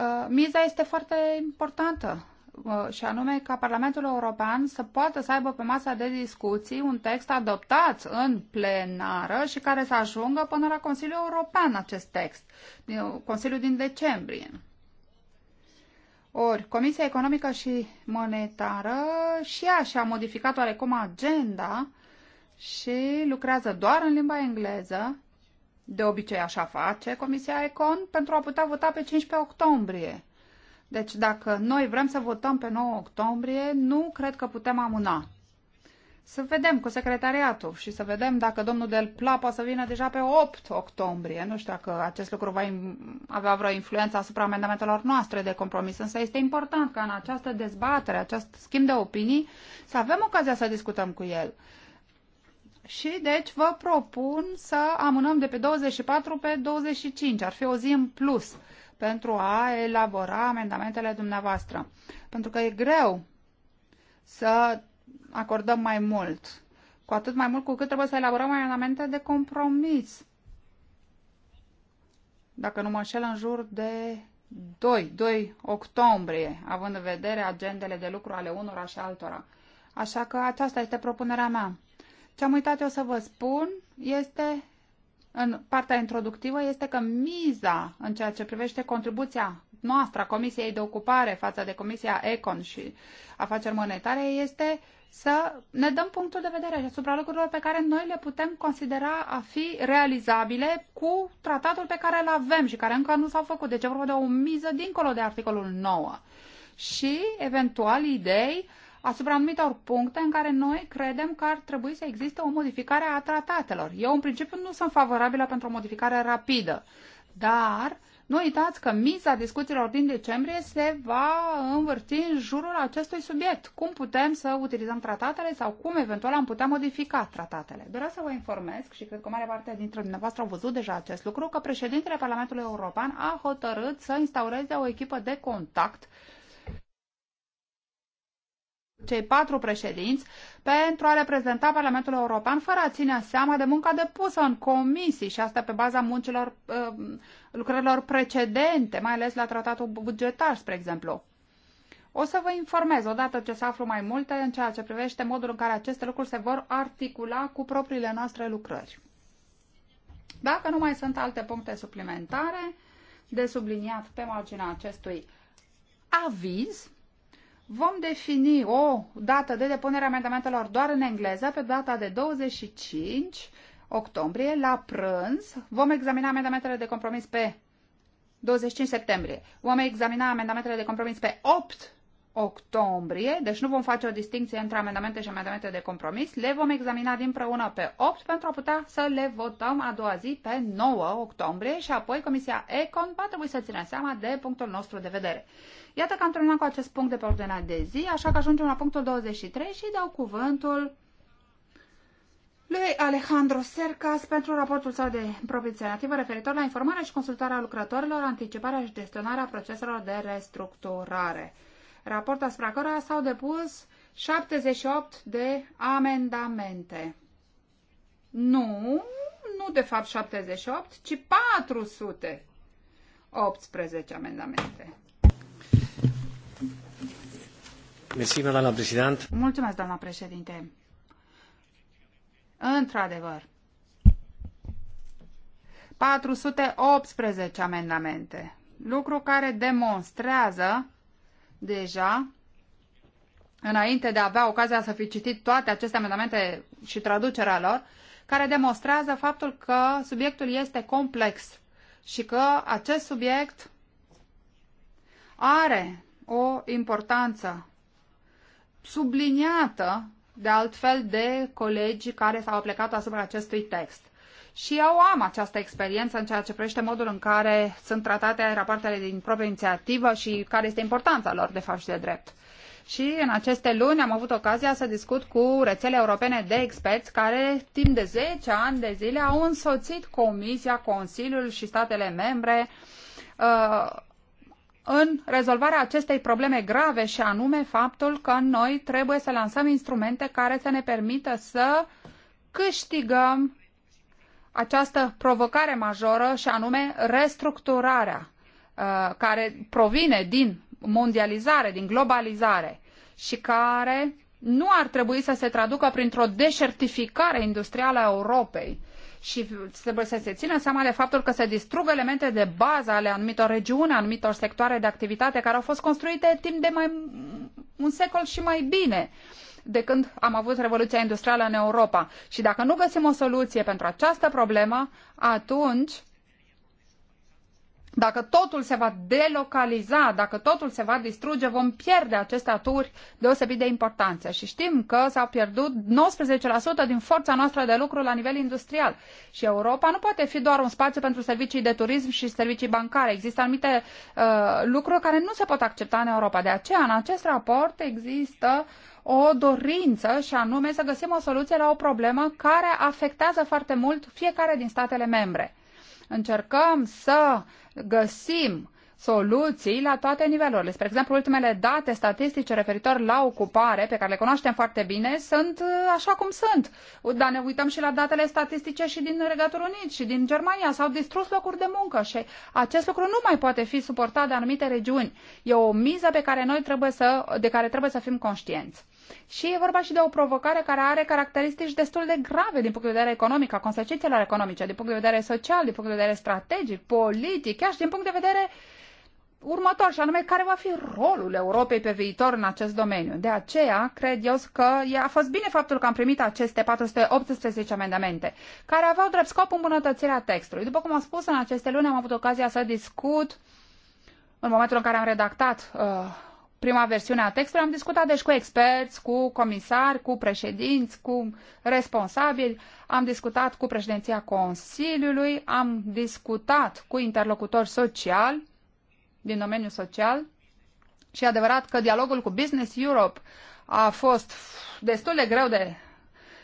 Uh, miza este foarte importantă uh, și anume ca Parlamentul European să poată să aibă pe masa de discuții un text adoptat în plenară și care să ajungă până la Consiliul European acest text, Consiliul din decembrie. Ori, Comisia Economică și Monetară și ea și-a modificat oarecum agenda și lucrează doar în limba engleză, de obicei așa face Comisia Econ pentru a putea vota pe 15 octombrie. Deci dacă noi vrem să votăm pe 9 octombrie, nu cred că putem amâna. Să vedem cu secretariatul și să vedem dacă domnul Del Pla poate să vină deja pe 8 octombrie. Nu știu dacă acest lucru va avea vreo influență asupra amendamentelor noastre de compromis, însă este important ca în această dezbatere, acest schimb de opinii, să avem ocazia să discutăm cu el. Și deci vă propun să amânăm de pe 24 pe 25. Ar fi o zi în plus pentru a elabora amendamentele dumneavoastră. Pentru că e greu să acordăm mai mult. Cu atât mai mult cu cât trebuie să elaborăm amendamente de compromis. Dacă nu mă înșel, în jur de 2, 2 octombrie, având în vedere agendele de lucru ale unora și altora. Așa că aceasta este propunerea mea. Ce am uitat eu să vă spun este, în partea introductivă, este că miza în ceea ce privește contribuția noastră a Comisiei de Ocupare față de Comisia Econ și Afaceri Monetare este să ne dăm punctul de vedere asupra lucrurilor pe care noi le putem considera a fi realizabile cu tratatul pe care îl avem și care încă nu s-au făcut. Deci e vorba de o miză dincolo de articolul 9 și eventual idei asupra anumitor puncte în care noi credem că ar trebui să existe o modificare a tratatelor. Eu, în principiu, nu sunt favorabilă pentru o modificare rapidă, dar nu uitați că miza discuțiilor din decembrie se va învârti în jurul acestui subiect. Cum putem să utilizăm tratatele sau cum eventual am putea modifica tratatele. Doream să vă informez și cred că mare parte dintre dumneavoastră au văzut deja acest lucru, că președintele Parlamentului European a hotărât să instaureze o echipă de contact cei patru președinți pentru a reprezenta Parlamentul European fără a ține seama de munca depusă în comisii și asta pe baza muncilor, uh, lucrărilor precedente, mai ales la tratatul bugetar, spre exemplu. O să vă informez odată ce să aflu mai multe în ceea ce privește modul în care aceste lucruri se vor articula cu propriile noastre lucrări. Dacă nu mai sunt alte puncte suplimentare de subliniat pe marginea acestui aviz, Vom defini o dată de depunere a amendamentelor doar în engleză pe data de 25 octombrie la prânz. Vom examina amendamentele de compromis pe 25 septembrie. Vom examina amendamentele de compromis pe 8 octombrie, deci nu vom face o distinție între amendamente și amendamente de compromis, le vom examina împreună pe 8 pentru a putea să le votăm a doua zi pe 9 octombrie și apoi Comisia Econ va trebui să țină seama de punctul nostru de vedere. Iată că am terminat cu acest punct de pe ordinea de zi, așa că ajungem la punctul 23 și dau cuvântul lui Alejandro Sercas pentru raportul său de proprie referitor la informarea și consultarea lucrătorilor, anticiparea și gestionarea proceselor de restructurare. Raport asupra cărora s-au depus 78 de amendamente. Nu, nu de fapt 78, ci 418 amendamente. Mulțumesc, doamna președinte. Într-adevăr. 418 amendamente, lucru care demonstrează deja, înainte de a avea ocazia să fi citit toate aceste amendamente și traducerea lor, care demonstrează faptul că subiectul este complex și că acest subiect are o importanță subliniată de altfel de colegii care s-au aplicat asupra acestui text. Și eu am această experiență în ceea ce privește modul în care sunt tratate rapoartele din proprie inițiativă și care este importanța lor, de fapt, și de drept. Și în aceste luni am avut ocazia să discut cu rețele europene de experți care timp de 10 ani de zile au însoțit Comisia, Consiliul și statele membre uh, în rezolvarea acestei probleme grave și anume faptul că noi trebuie să lansăm instrumente care să ne permită să câștigăm această provocare majoră și anume restructurarea uh, care provine din mondializare, din globalizare și care nu ar trebui să se traducă printr-o deșertificare industrială a Europei, și trebuie să se țină seama de faptul că se distrug elemente de bază ale anumitor regiuni, anumitor sectoare de activitate care au fost construite timp de mai un secol și mai bine de când am avut Revoluția Industrială în Europa. Și dacă nu găsim o soluție pentru această problemă, atunci dacă totul se va delocaliza, dacă totul se va distruge, vom pierde aceste aturi deosebit de importanță. Și știm că s-au pierdut 19% din forța noastră de lucru la nivel industrial. Și Europa nu poate fi doar un spațiu pentru servicii de turism și servicii bancare. Există anumite uh, lucruri care nu se pot accepta în Europa. De aceea, în acest raport există o dorință și anume să găsim o soluție la o problemă care afectează foarte mult fiecare din statele membre. Încercăm să uh, găsim soluții la toate nivelurile. Spre exemplu, ultimele date statistice referitor la ocupare, pe care le cunoaștem foarte bine, sunt uh, așa cum sunt. Dar ne uităm și la datele statistice și din Regatul Unit și din Germania. S-au distrus locuri de muncă și acest lucru nu mai poate fi suportat de anumite regiuni. E o miză pe care noi trebuie să, de care trebuie să fim conștienți. Și e vorba și de o provocare care are caracteristici destul de grave din punct de vedere economic, a consecințelor economice, din punct de vedere social, din punct de vedere strategic, politic, chiar și din punct de vedere următor, și anume care va fi rolul Europei pe viitor în acest domeniu. De aceea, cred eu că a fost bine faptul că am primit aceste 418 amendamente, care aveau drept scop îmbunătățirea textului. După cum am spus, în aceste luni am avut ocazia să discut, în momentul în care am redactat uh, prima versiune a textului, am discutat deci cu experți, cu comisari, cu președinți, cu responsabili, am discutat cu președinția Consiliului, am discutat cu interlocutori social din domeniul social și e adevărat că dialogul cu Business Europe a fost destul de greu de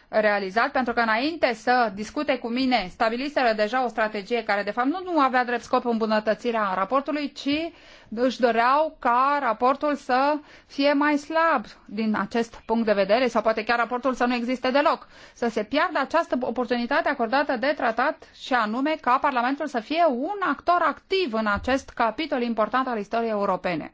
realizat, pentru că înainte să discute cu mine, stabiliseră deja o strategie care, de fapt, nu, nu avea drept scop îmbunătățirea raportului, ci își doreau ca raportul să fie mai slab din acest punct de vedere sau poate chiar raportul să nu existe deloc. Să se piardă această oportunitate acordată de tratat și anume ca Parlamentul să fie un actor activ în acest capitol important al istoriei europene.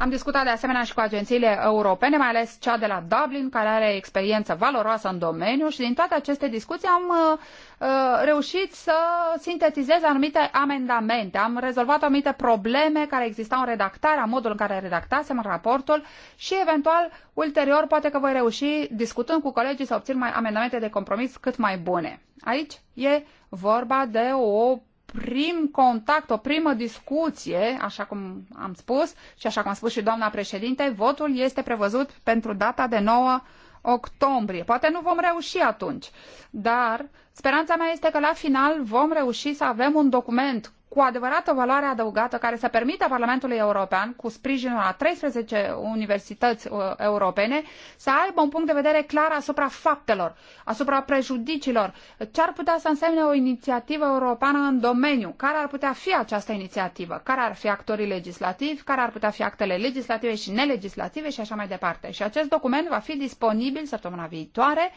Am discutat de asemenea și cu agențiile europene, mai ales cea de la Dublin, care are experiență valoroasă în domeniu și din toate aceste discuții am uh, uh reușit să sintetizez anumite amendamente. Am rezolvat anumite probleme care existau în redactarea, modul în care redactasem raportul și eventual ulterior poate că voi reuși discutând cu colegii să obțin mai amendamente de compromis cât mai bune. Aici e vorba de o prim contact, o primă discuție, așa cum am spus și așa cum a spus și doamna președinte, votul este prevăzut pentru data de 9 octombrie. Poate nu vom reuși atunci, dar speranța mea este că la final vom reuși să avem un document cu adevărat o valoare adăugată care să permită Parlamentului European, cu sprijinul a 13 universități uh, europene, să aibă un punct de vedere clar asupra faptelor, asupra prejudiciilor, ce ar putea să însemne o inițiativă europeană în domeniu, care ar putea fi această inițiativă, care ar fi actorii legislativi, care ar putea fi actele legislative și nelegislative și așa mai departe. Și acest document va fi disponibil săptămâna viitoare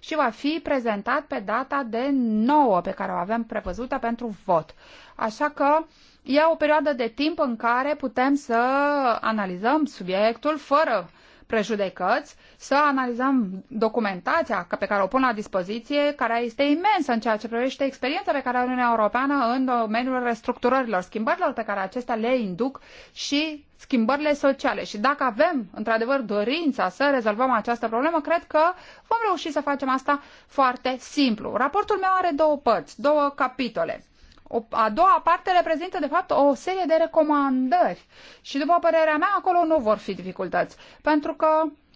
și va fi prezentat pe data de 9 pe care o avem prevăzută pentru vot. Așa că e o perioadă de timp în care putem să analizăm subiectul fără prejudecăți, să analizăm documentația pe care o pun la dispoziție, care este imensă în ceea ce privește experiența pe care are Uniunea Europeană în domeniul restructurărilor, schimbărilor pe care acestea le induc și schimbările sociale. Și dacă avem, într-adevăr, dorința să rezolvăm această problemă, cred că vom reuși să facem asta foarte simplu. Raportul meu are două părți, două capitole. O, a doua parte reprezintă, de fapt, o serie de recomandări și, după părerea mea, acolo nu vor fi dificultăți, pentru că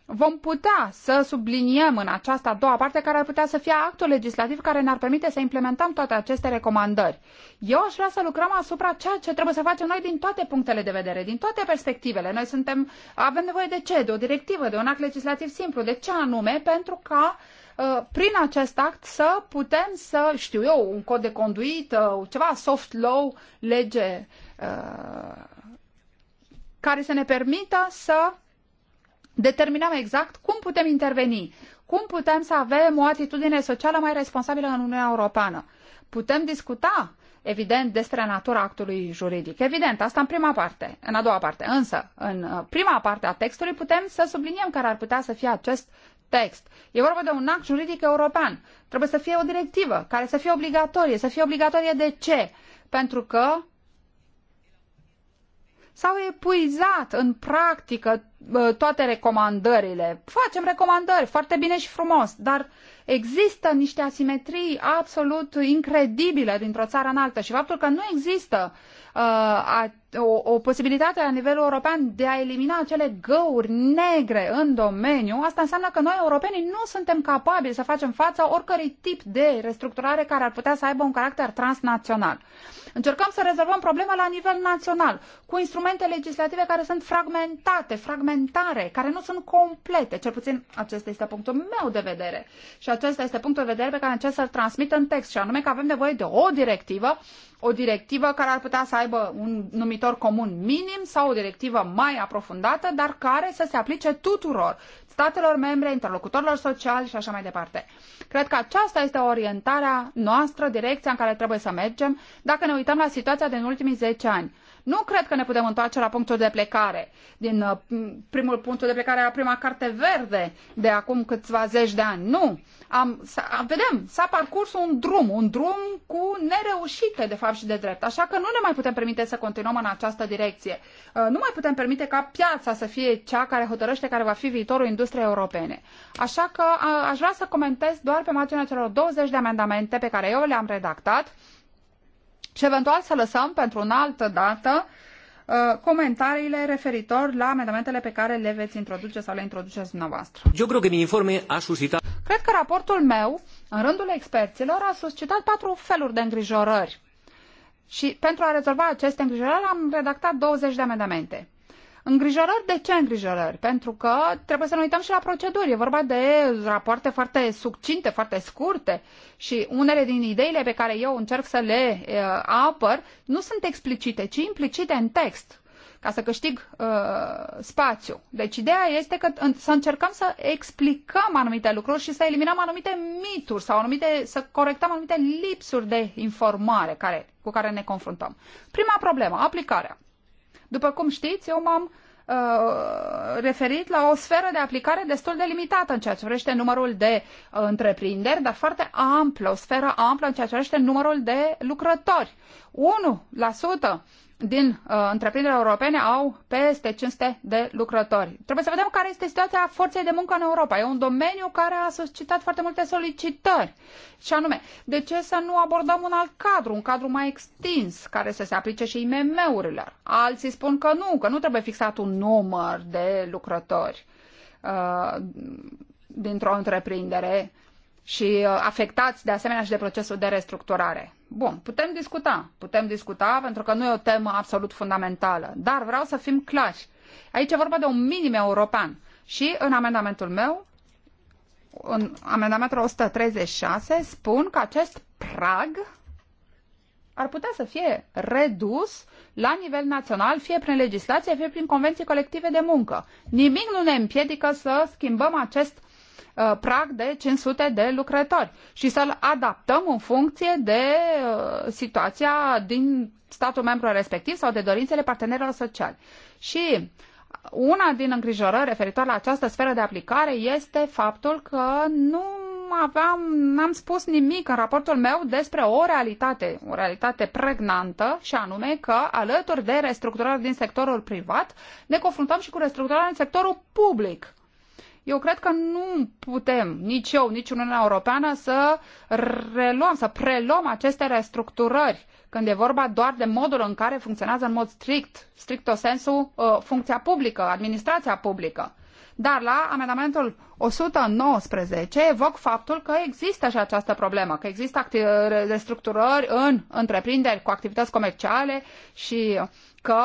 vom putea să subliniem în această a doua parte care ar putea să fie actul legislativ care ne-ar permite să implementăm toate aceste recomandări. Eu aș vrea să lucrăm asupra ceea ce trebuie să facem noi din toate punctele de vedere, din toate perspectivele. Noi suntem, avem nevoie de ce? De o directivă, de un act legislativ simplu. De ce anume? Pentru ca uh, Uh, prin acest act să putem să, știu eu, un cod de conduită, ceva soft law, lege uh, care să ne permită să determinăm exact cum putem interveni, cum putem să avem o atitudine socială mai responsabilă în Uniunea Europeană. Putem discuta, evident, despre natura actului juridic. Evident, asta în prima parte, în a doua parte. Însă, în uh, prima parte a textului putem să subliniem care ar putea să fie acest text. E vorba de un act juridic european. Trebuie să fie o directivă care să fie obligatorie. Să fie obligatorie de ce? Pentru că s-au epuizat în practică toate recomandările. Facem recomandări, foarte bine și frumos, dar există niște asimetrii absolut incredibile dintr-o țară în alta și faptul că nu există uh, o, o posibilitate la nivel european de a elimina acele găuri negre în domeniu, asta înseamnă că noi, europenii, nu suntem capabili să facem fața oricărui tip de restructurare care ar putea să aibă un caracter transnațional. Încercăm să rezolvăm problema la nivel național, cu instrumente legislative care sunt fragmentate, fragmentare, care nu sunt complete. Cel puțin acesta este punctul meu de vedere. Și acesta este punctul de vedere pe care încerc să-l transmit în text, și anume că avem nevoie de o directivă, o directivă care ar putea să aibă un numit numitor comun minim sau o directivă mai aprofundată, dar care să se aplice tuturor statelor membre, interlocutorilor sociali și așa mai departe. Cred că aceasta este orientarea noastră, direcția în care trebuie să mergem dacă ne uităm la situația din ultimii 10 ani. Nu cred că ne putem întoarce la punctul de plecare, din uh, primul punctul de plecare a prima carte verde de acum câțiva zeci de ani. Nu. Am, -a, vedem, s-a parcurs un drum, un drum cu nereușite, de fapt, și de drept. Așa că nu ne mai putem permite să continuăm în această direcție. Uh, nu mai putem permite ca piața să fie cea care hotărăște care va fi viitorul industriei europene. Așa că aș vrea să comentez doar pe marginea celor 20 de amendamente pe care eu le-am redactat și eventual să lăsăm pentru o altă dată uh, comentariile referitor la amendamentele pe care le veți introduce sau le introduceți dumneavoastră. Eu cred că mi informe a suscitat... Cred că raportul meu, în rândul experților, a suscitat patru feluri de îngrijorări. Și pentru a rezolva aceste îngrijorări am redactat 20 de amendamente. Îngrijorări? De ce îngrijorări? Pentru că trebuie să ne uităm și la proceduri. E vorba de rapoarte foarte succinte, foarte scurte și unele din ideile pe care eu încerc să le uh, apăr nu sunt explicite, ci implicite în text ca să câștig uh, spațiu. Deci ideea este că în, să încercăm să explicăm anumite lucruri și să eliminăm anumite mituri sau anumite, să corectăm anumite lipsuri de informare care, cu care ne confruntăm. Prima problemă, aplicarea. După cum știți, eu m-am uh, referit la o sferă de aplicare destul de limitată în ceea ce vrește numărul de uh, întreprinderi, dar foarte amplă, o sferă amplă în ceea ce vrește numărul de lucrători. 1% din uh, întreprinderile europene au peste 500 de lucrători. Trebuie să vedem care este situația forței de muncă în Europa. E un domeniu care a suscitat foarte multe solicitări. Și anume, de ce să nu abordăm un alt cadru, un cadru mai extins, care să se aplice și IMM-urilor? Alții spun că nu, că nu trebuie fixat un număr de lucrători uh, dintr-o întreprindere și uh, afectați de asemenea și de procesul de restructurare. Bun, putem discuta, putem discuta pentru că nu e o temă absolut fundamentală, dar vreau să fim clari. Aici e vorba de un minim european și în amendamentul meu, în amendamentul 136, spun că acest prag ar putea să fie redus la nivel național, fie prin legislație, fie prin convenții colective de muncă. Nimic nu ne împiedică să schimbăm acest Uh, prag de 500 de lucrători și să-l adaptăm în funcție de uh, situația din statul membru respectiv sau de dorințele partenerilor sociali. Și una din îngrijorări referitoare la această sferă de aplicare este faptul că nu aveam, n-am spus nimic în raportul meu despre o realitate, o realitate pregnantă și anume că alături de restructurări din sectorul privat ne confruntăm și cu restructurări în sectorul public. Eu cred că nu putem, nici eu, nici Uniunea Europeană, să reluăm, să preluăm aceste restructurări când e vorba doar de modul în care funcționează în mod strict, strict o sensu, uh, funcția publică, administrația publică. Dar la amendamentul 119 evoc faptul că există și această problemă, că există uh, restructurări în întreprinderi cu activități comerciale și că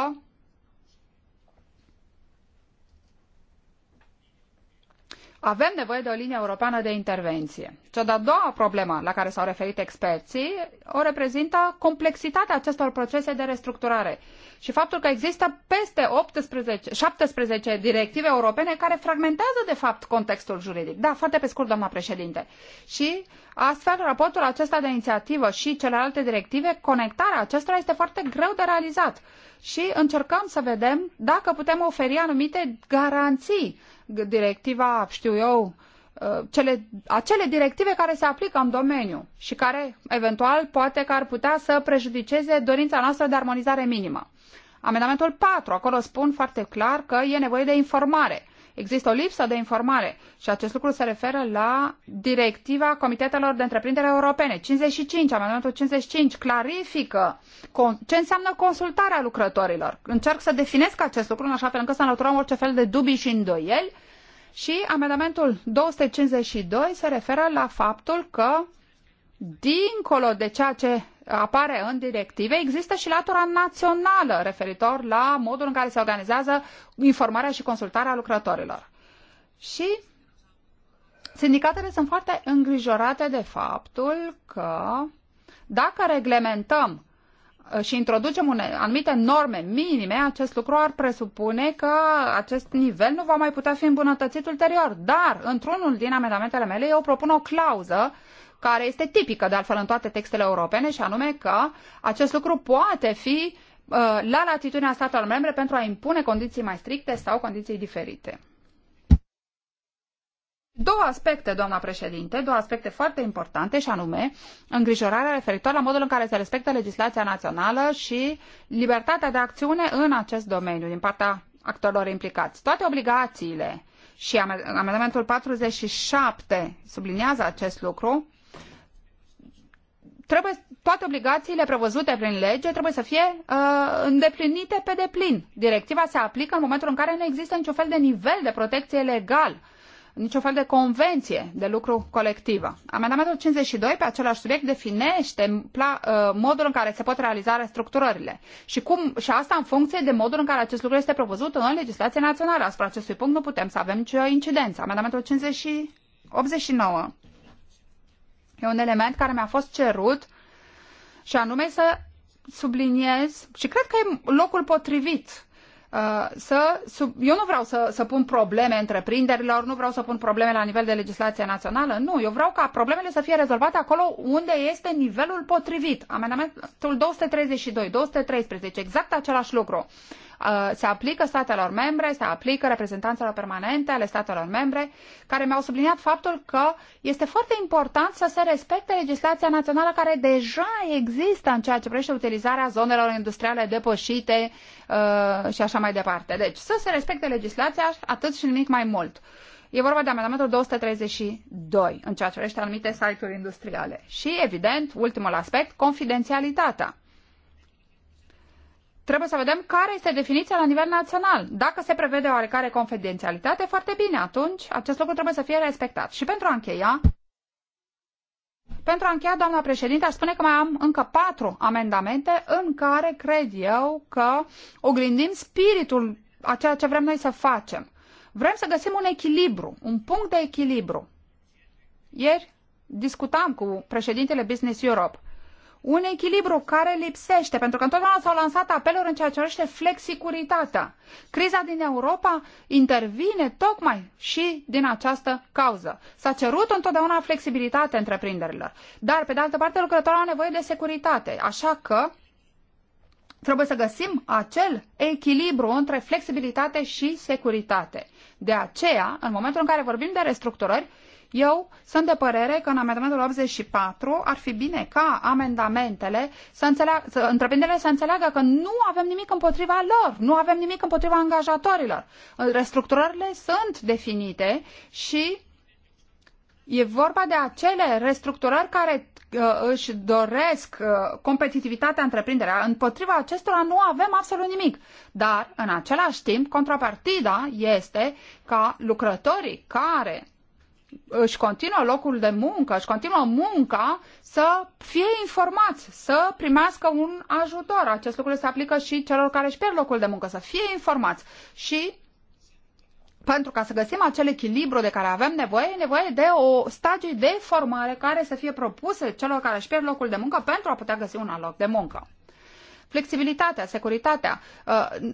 Avem nevoie de o linie europeană de intervenție. Cea de-a doua problemă la care s-au referit experții o reprezintă complexitatea acestor procese de restructurare și faptul că există peste 18, 17 directive europene care fragmentează, de fapt, contextul juridic. Da, foarte pe scurt, doamna președinte. Și astfel, raportul acesta de inițiativă și celelalte directive, conectarea acestora este foarte greu de realizat și încercăm să vedem dacă putem oferi anumite garanții directiva, știu eu, uh, cele, acele directive care se aplică în domeniu și care, eventual, poate că ar putea să prejudiceze dorința noastră de armonizare minimă. Amendamentul 4, acolo spun foarte clar că e nevoie de informare Există o lipsă de informare și acest lucru se referă la directiva Comitetelor de Întreprindere Europene. 55, amendamentul 55, clarifică ce înseamnă consultarea lucrătorilor. Încerc să definesc acest lucru în așa fel încât să înlăturăm orice fel de dubii și îndoieli și amendamentul 252 se referă la faptul că dincolo de ceea ce apare în directive, există și latura națională referitor la modul în care se organizează informarea și consultarea lucrătorilor. Și sindicatele sunt foarte îngrijorate de faptul că dacă reglementăm uh, și introducem une, anumite norme minime, acest lucru ar presupune că acest nivel nu va mai putea fi îmbunătățit ulterior. Dar, într-unul din amendamentele mele, eu propun o clauză care este tipică de altfel în toate textele europene și anume că acest lucru poate fi uh, la latitudinea statelor membre pentru a impune condiții mai stricte sau condiții diferite. Două aspecte, doamna președinte, două aspecte foarte importante și anume îngrijorarea referitoare la modul în care se respectă legislația națională și libertatea de acțiune în acest domeniu din partea actorilor implicați. Toate obligațiile și amendamentul 47 subliniază acest lucru, trebuie, toate obligațiile prevăzute prin lege trebuie să fie uh, îndeplinite pe deplin. Directiva se aplică în momentul în care nu există niciun fel de nivel de protecție legal, niciun fel de convenție de lucru colectivă. Amendamentul 52 pe același subiect definește pla, uh, modul în care se pot realiza restructurările și, cum, și asta în funcție de modul în care acest lucru este prevăzut în legislație națională. Asupra acestui punct nu putem să avem nicio incidență. Amendamentul 50, 89 E un element care mi-a fost cerut și anume să subliniez și cred că e locul potrivit uh, să, sub, eu nu vreau să, să pun probleme întreprinderilor, nu vreau să pun probleme la nivel de legislație națională, nu, eu vreau ca problemele să fie rezolvate acolo unde este nivelul potrivit. Amendamentul 232, 213, exact același lucru. Uh, se aplică statelor membre, se aplică reprezentanțelor permanente ale statelor membre, care mi-au subliniat faptul că este foarte important să se respecte legislația națională care deja există în ceea ce privește utilizarea zonelor industriale depășite uh, și așa mai departe. Deci să se respecte legislația atât și nimic mai mult. E vorba de amendamentul 232 în ceea ce privește anumite site-uri industriale. Și, evident, ultimul aspect, confidențialitatea. Trebuie să vedem care este definiția la nivel național. Dacă se prevede oarecare confidențialitate, foarte bine, atunci acest lucru trebuie să fie respectat. Și pentru a încheia, pentru a încheia, doamna președinte, aș spune că mai am încă patru amendamente în care cred eu că oglindim spiritul a ceea ce vrem noi să facem. Vrem să găsim un echilibru, un punct de echilibru. Ieri discutam cu președintele Business Europe un echilibru care lipsește, pentru că întotdeauna s-au lansat apeluri în ceea ce urește flexicuritatea. Criza din Europa intervine tocmai și din această cauză. S-a cerut întotdeauna flexibilitate întreprinderilor, dar, pe de altă parte, lucrătorul au nevoie de securitate, așa că trebuie să găsim acel echilibru între flexibilitate și securitate. De aceea, în momentul în care vorbim de restructurări, eu sunt de părere că în amendamentul 84 ar fi bine ca amendamentele să înțeleagă, să, întreprinderile să înțeleagă că nu avem nimic împotriva lor, nu avem nimic împotriva angajatorilor. Restructurările sunt definite și e vorba de acele restructurări care uh, își doresc uh, competitivitatea întreprinderea. Împotriva acestora nu avem absolut nimic. Dar, în același timp, contrapartida este ca lucrătorii care își continuă locul de muncă, își continuă munca, să fie informați, să primească un ajutor. Acest lucru se aplică și celor care își pierd locul de muncă, să fie informați. Și pentru ca să găsim acel echilibru de care avem nevoie, e nevoie de o stagii de formare care să fie propuse celor care își pierd locul de muncă pentru a putea găsi un alt loc de muncă. Flexibilitatea, securitatea, uh,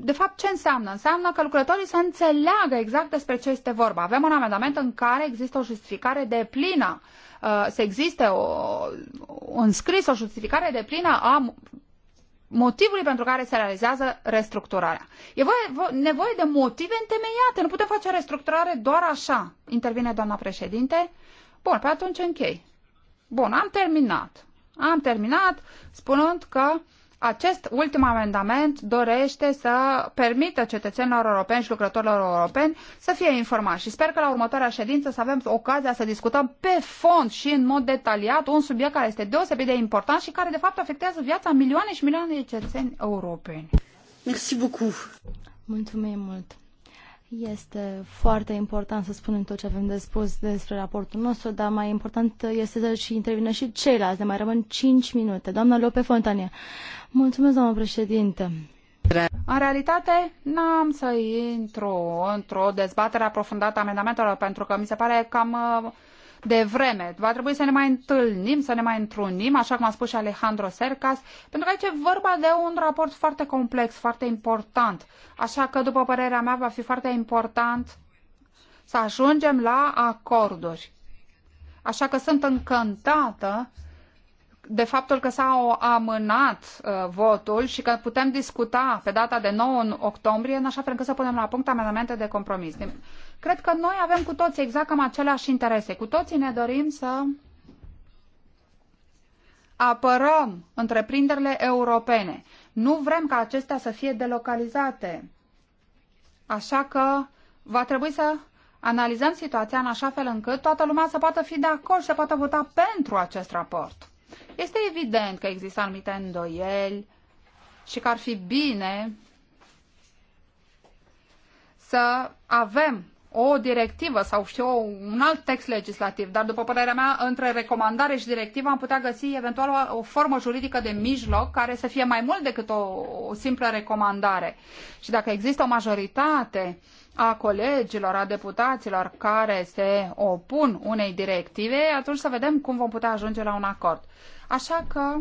de fapt, ce înseamnă? Înseamnă că lucrătorii să înțeleagă exact despre ce este vorba. Avem un amendament în care există o justificare de plină, uh, să existe o, un scris, o justificare de plină a motivului pentru care se realizează restructurarea. E voie, nevoie de motive întemeiate. Nu putem face restructurare doar așa, intervine doamna președinte. Bun, pe atunci închei. Bun, am terminat. Am terminat spunând că uh, acest ultim amendament dorește să permită cetățenilor europeni și lucrătorilor europeni să fie informați și sper că la următoarea ședință să avem ocazia să discutăm pe fond și în mod detaliat un subiect care este deosebit de important și care de fapt afectează viața milioane și milioane de cetățeni europeni. Mersi beaucoup. Mulțumim mult. Este foarte important să spunem tot ce avem de spus despre raportul nostru, dar mai important este să și intervină și ceilalți. Ne mai rămân 5 minute. Doamna Lope Fontania, Mulțumesc, doamnă președinte. În realitate, n-am să intru într-o dezbatere aprofundată a amendamentelor, pentru că mi se pare cam uh, de vreme. Va trebui să ne mai întâlnim, să ne mai întrunim, așa cum a spus și Alejandro Sercas, pentru că aici e vorba de un raport foarte complex, foarte important. Așa că, după părerea mea, va fi foarte important să ajungem la acorduri. Așa că sunt încântată de faptul că s-a amânat uh, votul și că putem discuta pe data de 9 octombrie, în așa fel încât să punem la punct amendamente de compromis. Cred că noi avem cu toții exact cam aceleași interese. Cu toții ne dorim să apărăm întreprinderile europene. Nu vrem ca acestea să fie delocalizate. Așa că va trebui să analizăm situația în așa fel încât toată lumea să poată fi de acord și să poată vota pentru acest raport. Este evident că există anumite îndoieli și că ar fi bine să avem o directivă sau știu un alt text legislativ, dar după părerea mea, între recomandare și directivă am putea găsi eventual o, o formă juridică de mijloc care să fie mai mult decât o, o simplă recomandare. Și dacă există o majoritate a colegilor, a deputaților care se opun unei directive, atunci să vedem cum vom putea ajunge la un acord. Așa că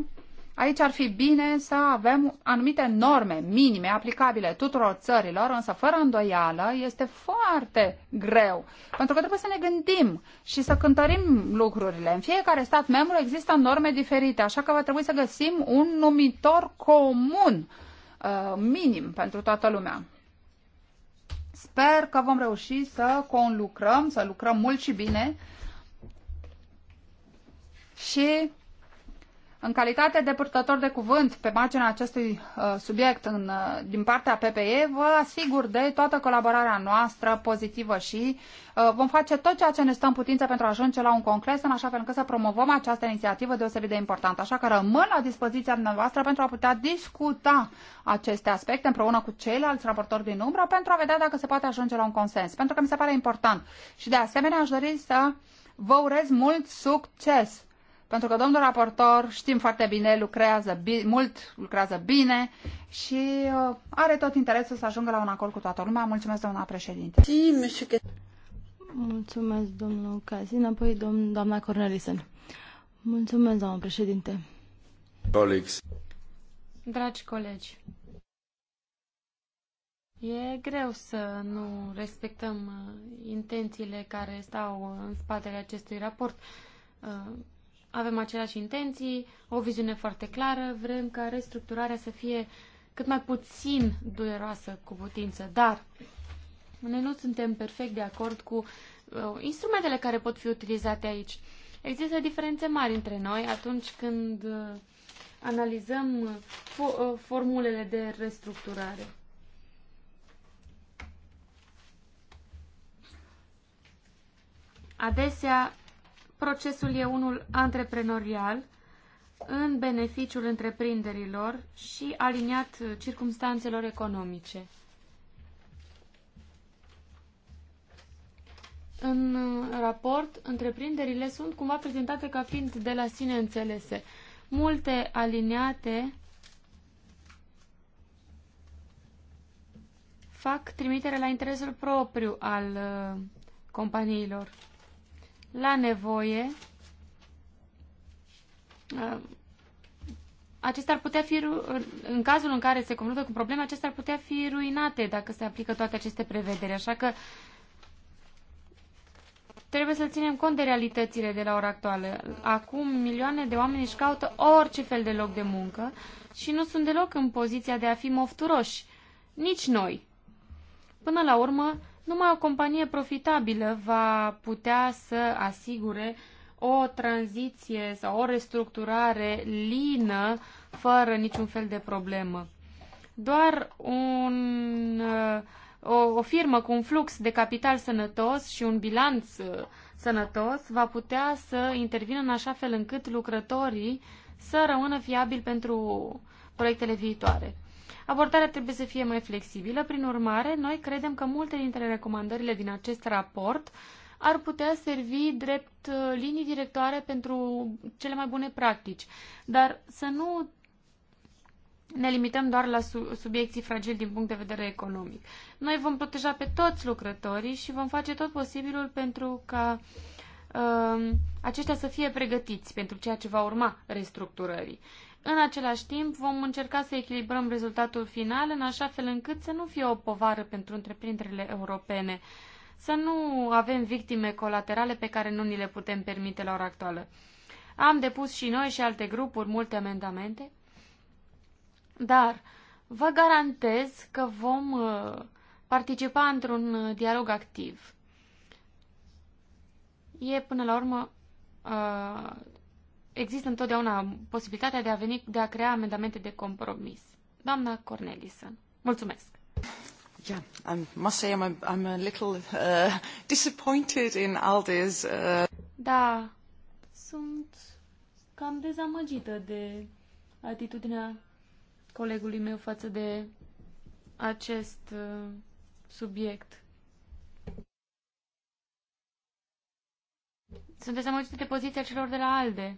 aici ar fi bine să avem anumite norme minime aplicabile tuturor țărilor, însă fără îndoială este foarte greu, pentru că trebuie să ne gândim și să cântărim lucrurile. În fiecare stat membru există norme diferite, așa că va trebui să găsim un numitor comun, uh, minim, pentru toată lumea. Sper că vom reuși să conlucrăm, să lucrăm mult și bine și în calitate de purtător de cuvânt pe marginea acestui uh, subiect în, uh, din partea PPE, vă asigur de toată colaborarea noastră pozitivă și uh, vom face tot ceea ce ne stă în putință pentru a ajunge la un congres, în așa fel încât să promovăm această inițiativă deosebit de importantă. Așa că rămân la dispoziția dumneavoastră pentru a putea discuta aceste aspecte împreună cu ceilalți raportori din umbră pentru a vedea dacă se poate ajunge la un consens, pentru că mi se pare important. Și de asemenea aș dori să vă urez mult succes! pentru că domnul raportor, știm foarte bine, lucrează bi- mult, lucrează bine și uh, are tot interesul să ajungă la un acord cu toată lumea. Mulțumesc, doamna președinte. Mulțumesc, domnul Cazin, apoi domn, doamna Cornelisen. Mulțumesc, doamna președinte. Colegi. Dragi colegi, E greu să nu respectăm uh, intențiile care stau uh, în spatele acestui raport. Uh, avem aceleași intenții, o viziune foarte clară, vrem ca restructurarea să fie cât mai puțin dureroasă cu putință, dar noi nu suntem perfect de acord cu uh, instrumentele care pot fi utilizate aici. Există diferențe mari între noi atunci când uh, analizăm uh, fo uh, formulele de restructurare. Adesea procesul e unul antreprenorial în beneficiul întreprinderilor și aliniat circumstanțelor economice. În raport, întreprinderile sunt cumva prezentate ca fiind de la sine înțelese. Multe aliniate fac trimitere la interesul propriu al uh, companiilor la nevoie, uh, acestea ar putea fi, în cazul în care se confruntă cu probleme, acestea ar putea fi ruinate dacă se aplică toate aceste prevederi. Așa că trebuie să ținem cont de realitățile de la ora actuală. Acum milioane de oameni își caută orice fel de loc de muncă și nu sunt deloc în poziția de a fi mofturoși. Nici noi. Până la urmă, numai o companie profitabilă va putea să asigure o tranziție sau o restructurare lină, fără niciun fel de problemă. Doar un, uh, o, o firmă cu un flux de capital sănătos și un bilanț uh, sănătos va putea să intervină în așa fel încât lucrătorii să rămână fiabili pentru proiectele viitoare. Abordarea trebuie să fie mai flexibilă, prin urmare, noi credem că multe dintre recomandările din acest raport ar putea servi drept uh, linii directoare pentru cele mai bune practici, dar să nu ne limităm doar la subiecții fragili din punct de vedere economic. Noi vom proteja pe toți lucrătorii și vom face tot posibilul pentru ca uh, aceștia să fie pregătiți pentru ceea ce va urma restructurării. În același timp, vom încerca să echilibrăm rezultatul final în așa fel încât să nu fie o povară pentru întreprinderile europene, să nu avem victime colaterale pe care nu ni le putem permite la ora actuală. Am depus și noi și alte grupuri multe amendamente, dar vă garantez că vom uh, participa într-un uh, dialog activ. E până la urmă uh, există întotdeauna posibilitatea de a, veni, de a crea amendamente de compromis. Doamna Cornelison, mulțumesc! Yeah, I must say I'm a, I'm a little uh, disappointed in Alde's... Uh... Da, sunt cam dezamăgită de atitudinea colegului meu față de acest uh, subiect. Sunt dezamăgită de poziția celor de la ALDE.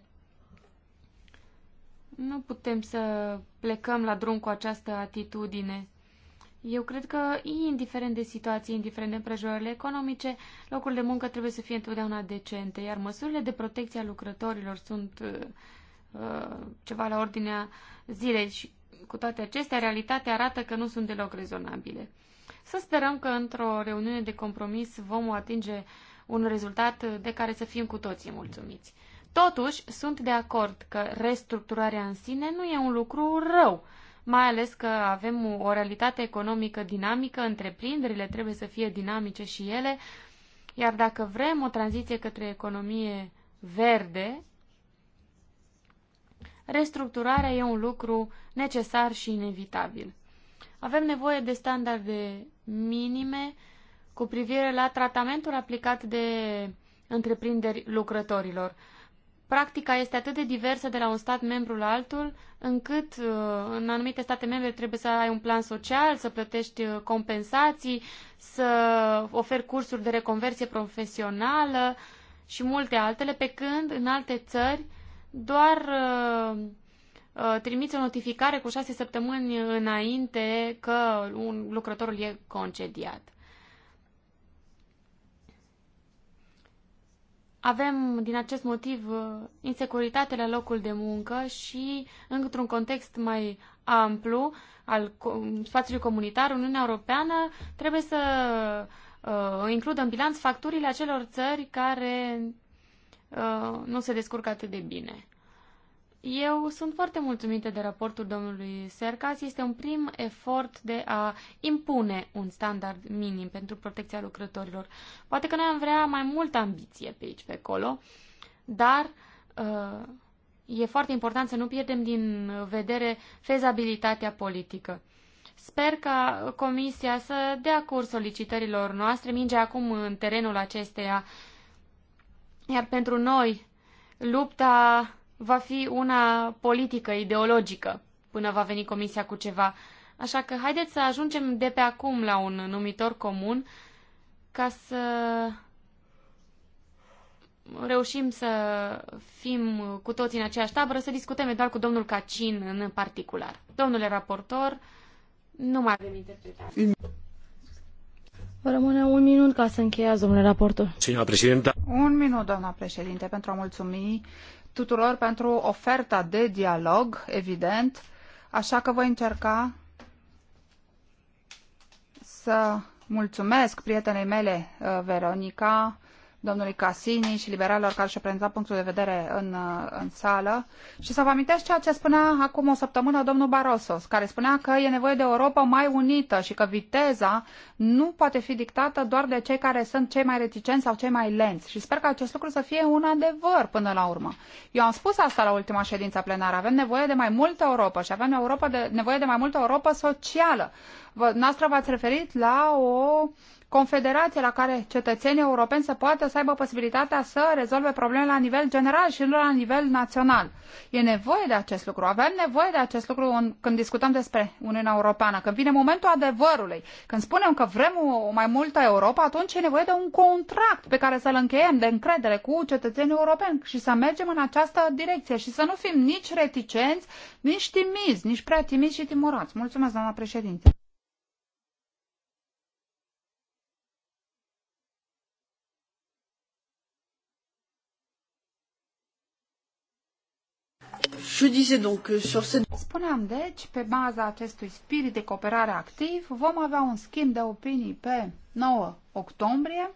Nu putem să plecăm la drum cu această atitudine. Eu cred că, indiferent de situații, indiferent de împrejurările economice, locul de muncă trebuie să fie întotdeauna decente, iar măsurile de protecție a lucrătorilor sunt uh, uh, ceva la ordinea zilei și cu toate acestea, realitatea arată că nu sunt deloc rezonabile. Să sperăm că într-o reuniune de compromis vom atinge un rezultat de care să fim cu toții mulțumiți. Totuși, sunt de acord că restructurarea în sine nu e un lucru rău, mai ales că avem o realitate economică dinamică, întreprinderile trebuie să fie dinamice și ele, iar dacă vrem o tranziție către economie verde, restructurarea e un lucru necesar și inevitabil. Avem nevoie de standarde minime cu privire la tratamentul aplicat de întreprinderi lucrătorilor practica este atât de diversă de la un stat membru la altul, încât uh, în anumite state membre trebuie să ai un plan social, să plătești uh, compensații, să oferi cursuri de reconversie profesională și multe altele, pe când în alte țări doar uh, trimiți o notificare cu șase săptămâni înainte că un lucrătorul e concediat. Avem, din acest motiv, uh, insecuritate la locul de muncă și, într-un context mai amplu al spațiului comunitar, Uniunea Europeană trebuie să uh, includă în bilanț facturile acelor țări care uh, nu se descurcă atât de bine. Eu sunt foarte mulțumită de raportul domnului Sercas. Este un prim efort de a impune un standard minim pentru protecția lucrătorilor. Poate că noi am vrea mai multă ambiție pe aici, pe acolo, dar uh, e foarte important să nu pierdem din vedere fezabilitatea politică. Sper ca Comisia să dea curs solicitărilor noastre, minge acum în terenul acesteia, iar pentru noi lupta va fi una politică, ideologică, până va veni Comisia cu ceva. Așa că haideți să ajungem de pe acum la un numitor comun ca să reușim să fim cu toți în aceeași tabără, să discutăm doar cu domnul Cacin în particular. Domnule raportor, nu mai avem interpretare. Vă rămâne un minut ca să încheiați, domnule raportor. Signora președinte. Un minut, doamna președinte, pentru a mulțumi tuturor pentru oferta de dialog, evident, așa că voi încerca să mulțumesc prietenei mele, uh, Veronica, domnului Cassini și liberalilor care și-au prezentat punctul de vedere în, în sală și să vă amintesc ceea ce spunea acum o săptămână domnul Barroso, care spunea că e nevoie de Europa mai unită și că viteza nu poate fi dictată doar de cei care sunt cei mai reticenți sau cei mai lenți. Și sper că acest lucru să fie un adevăr până la urmă. Eu am spus asta la ultima ședință plenară. Avem nevoie de mai multă Europa și avem Europa de, nevoie de mai multă Europa socială. Vă, noastră v-ați referit la o uh, confederație la care cetățenii europeni să poată să aibă posibilitatea să rezolve probleme la nivel general și nu la nivel național. E nevoie de acest lucru. Avem nevoie de acest lucru în, când discutăm despre Uniunea Europeană. Când vine momentul adevărului, când spunem că vrem o mai multă Europa, atunci e nevoie de un contract pe care să-l încheiem de încredere cu cetățenii europeni și să mergem în această direcție și să nu fim nici reticenți, nici timizi, nici prea timizi și timorați. Mulțumesc, doamna președinte. Spuneam deci, pe baza acestui spirit de cooperare activ, vom avea un schimb de opinii pe 9 octombrie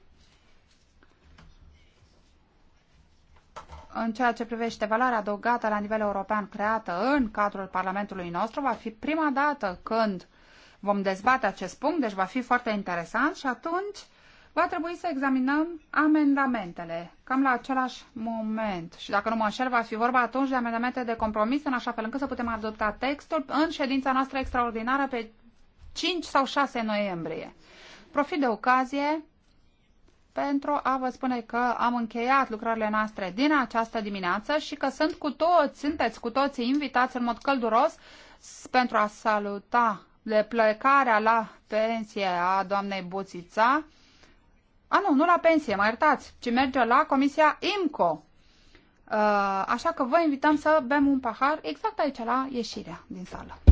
în ceea ce privește valoarea adăugată la nivel european creată în cadrul Parlamentului nostru. Va fi prima dată când vom dezbate acest punct, deci va fi foarte interesant și atunci va trebui să examinăm amendamentele, cam la același moment. Și dacă nu mă înșel, va fi vorba atunci de amendamente de compromis, în așa fel încât să putem adopta textul în ședința noastră extraordinară pe 5 sau 6 noiembrie. Profit de ocazie pentru a vă spune că am încheiat lucrările noastre din această dimineață și că sunt cu toți, sunteți cu toții invitați în mod călduros pentru a saluta de plecarea la pensie a doamnei Buțița, a, ah, nu, nu la pensie, mă iertați, ci merge la Comisia IMCO. Uh, așa că vă invităm să bem un pahar exact aici, la ieșirea din sală.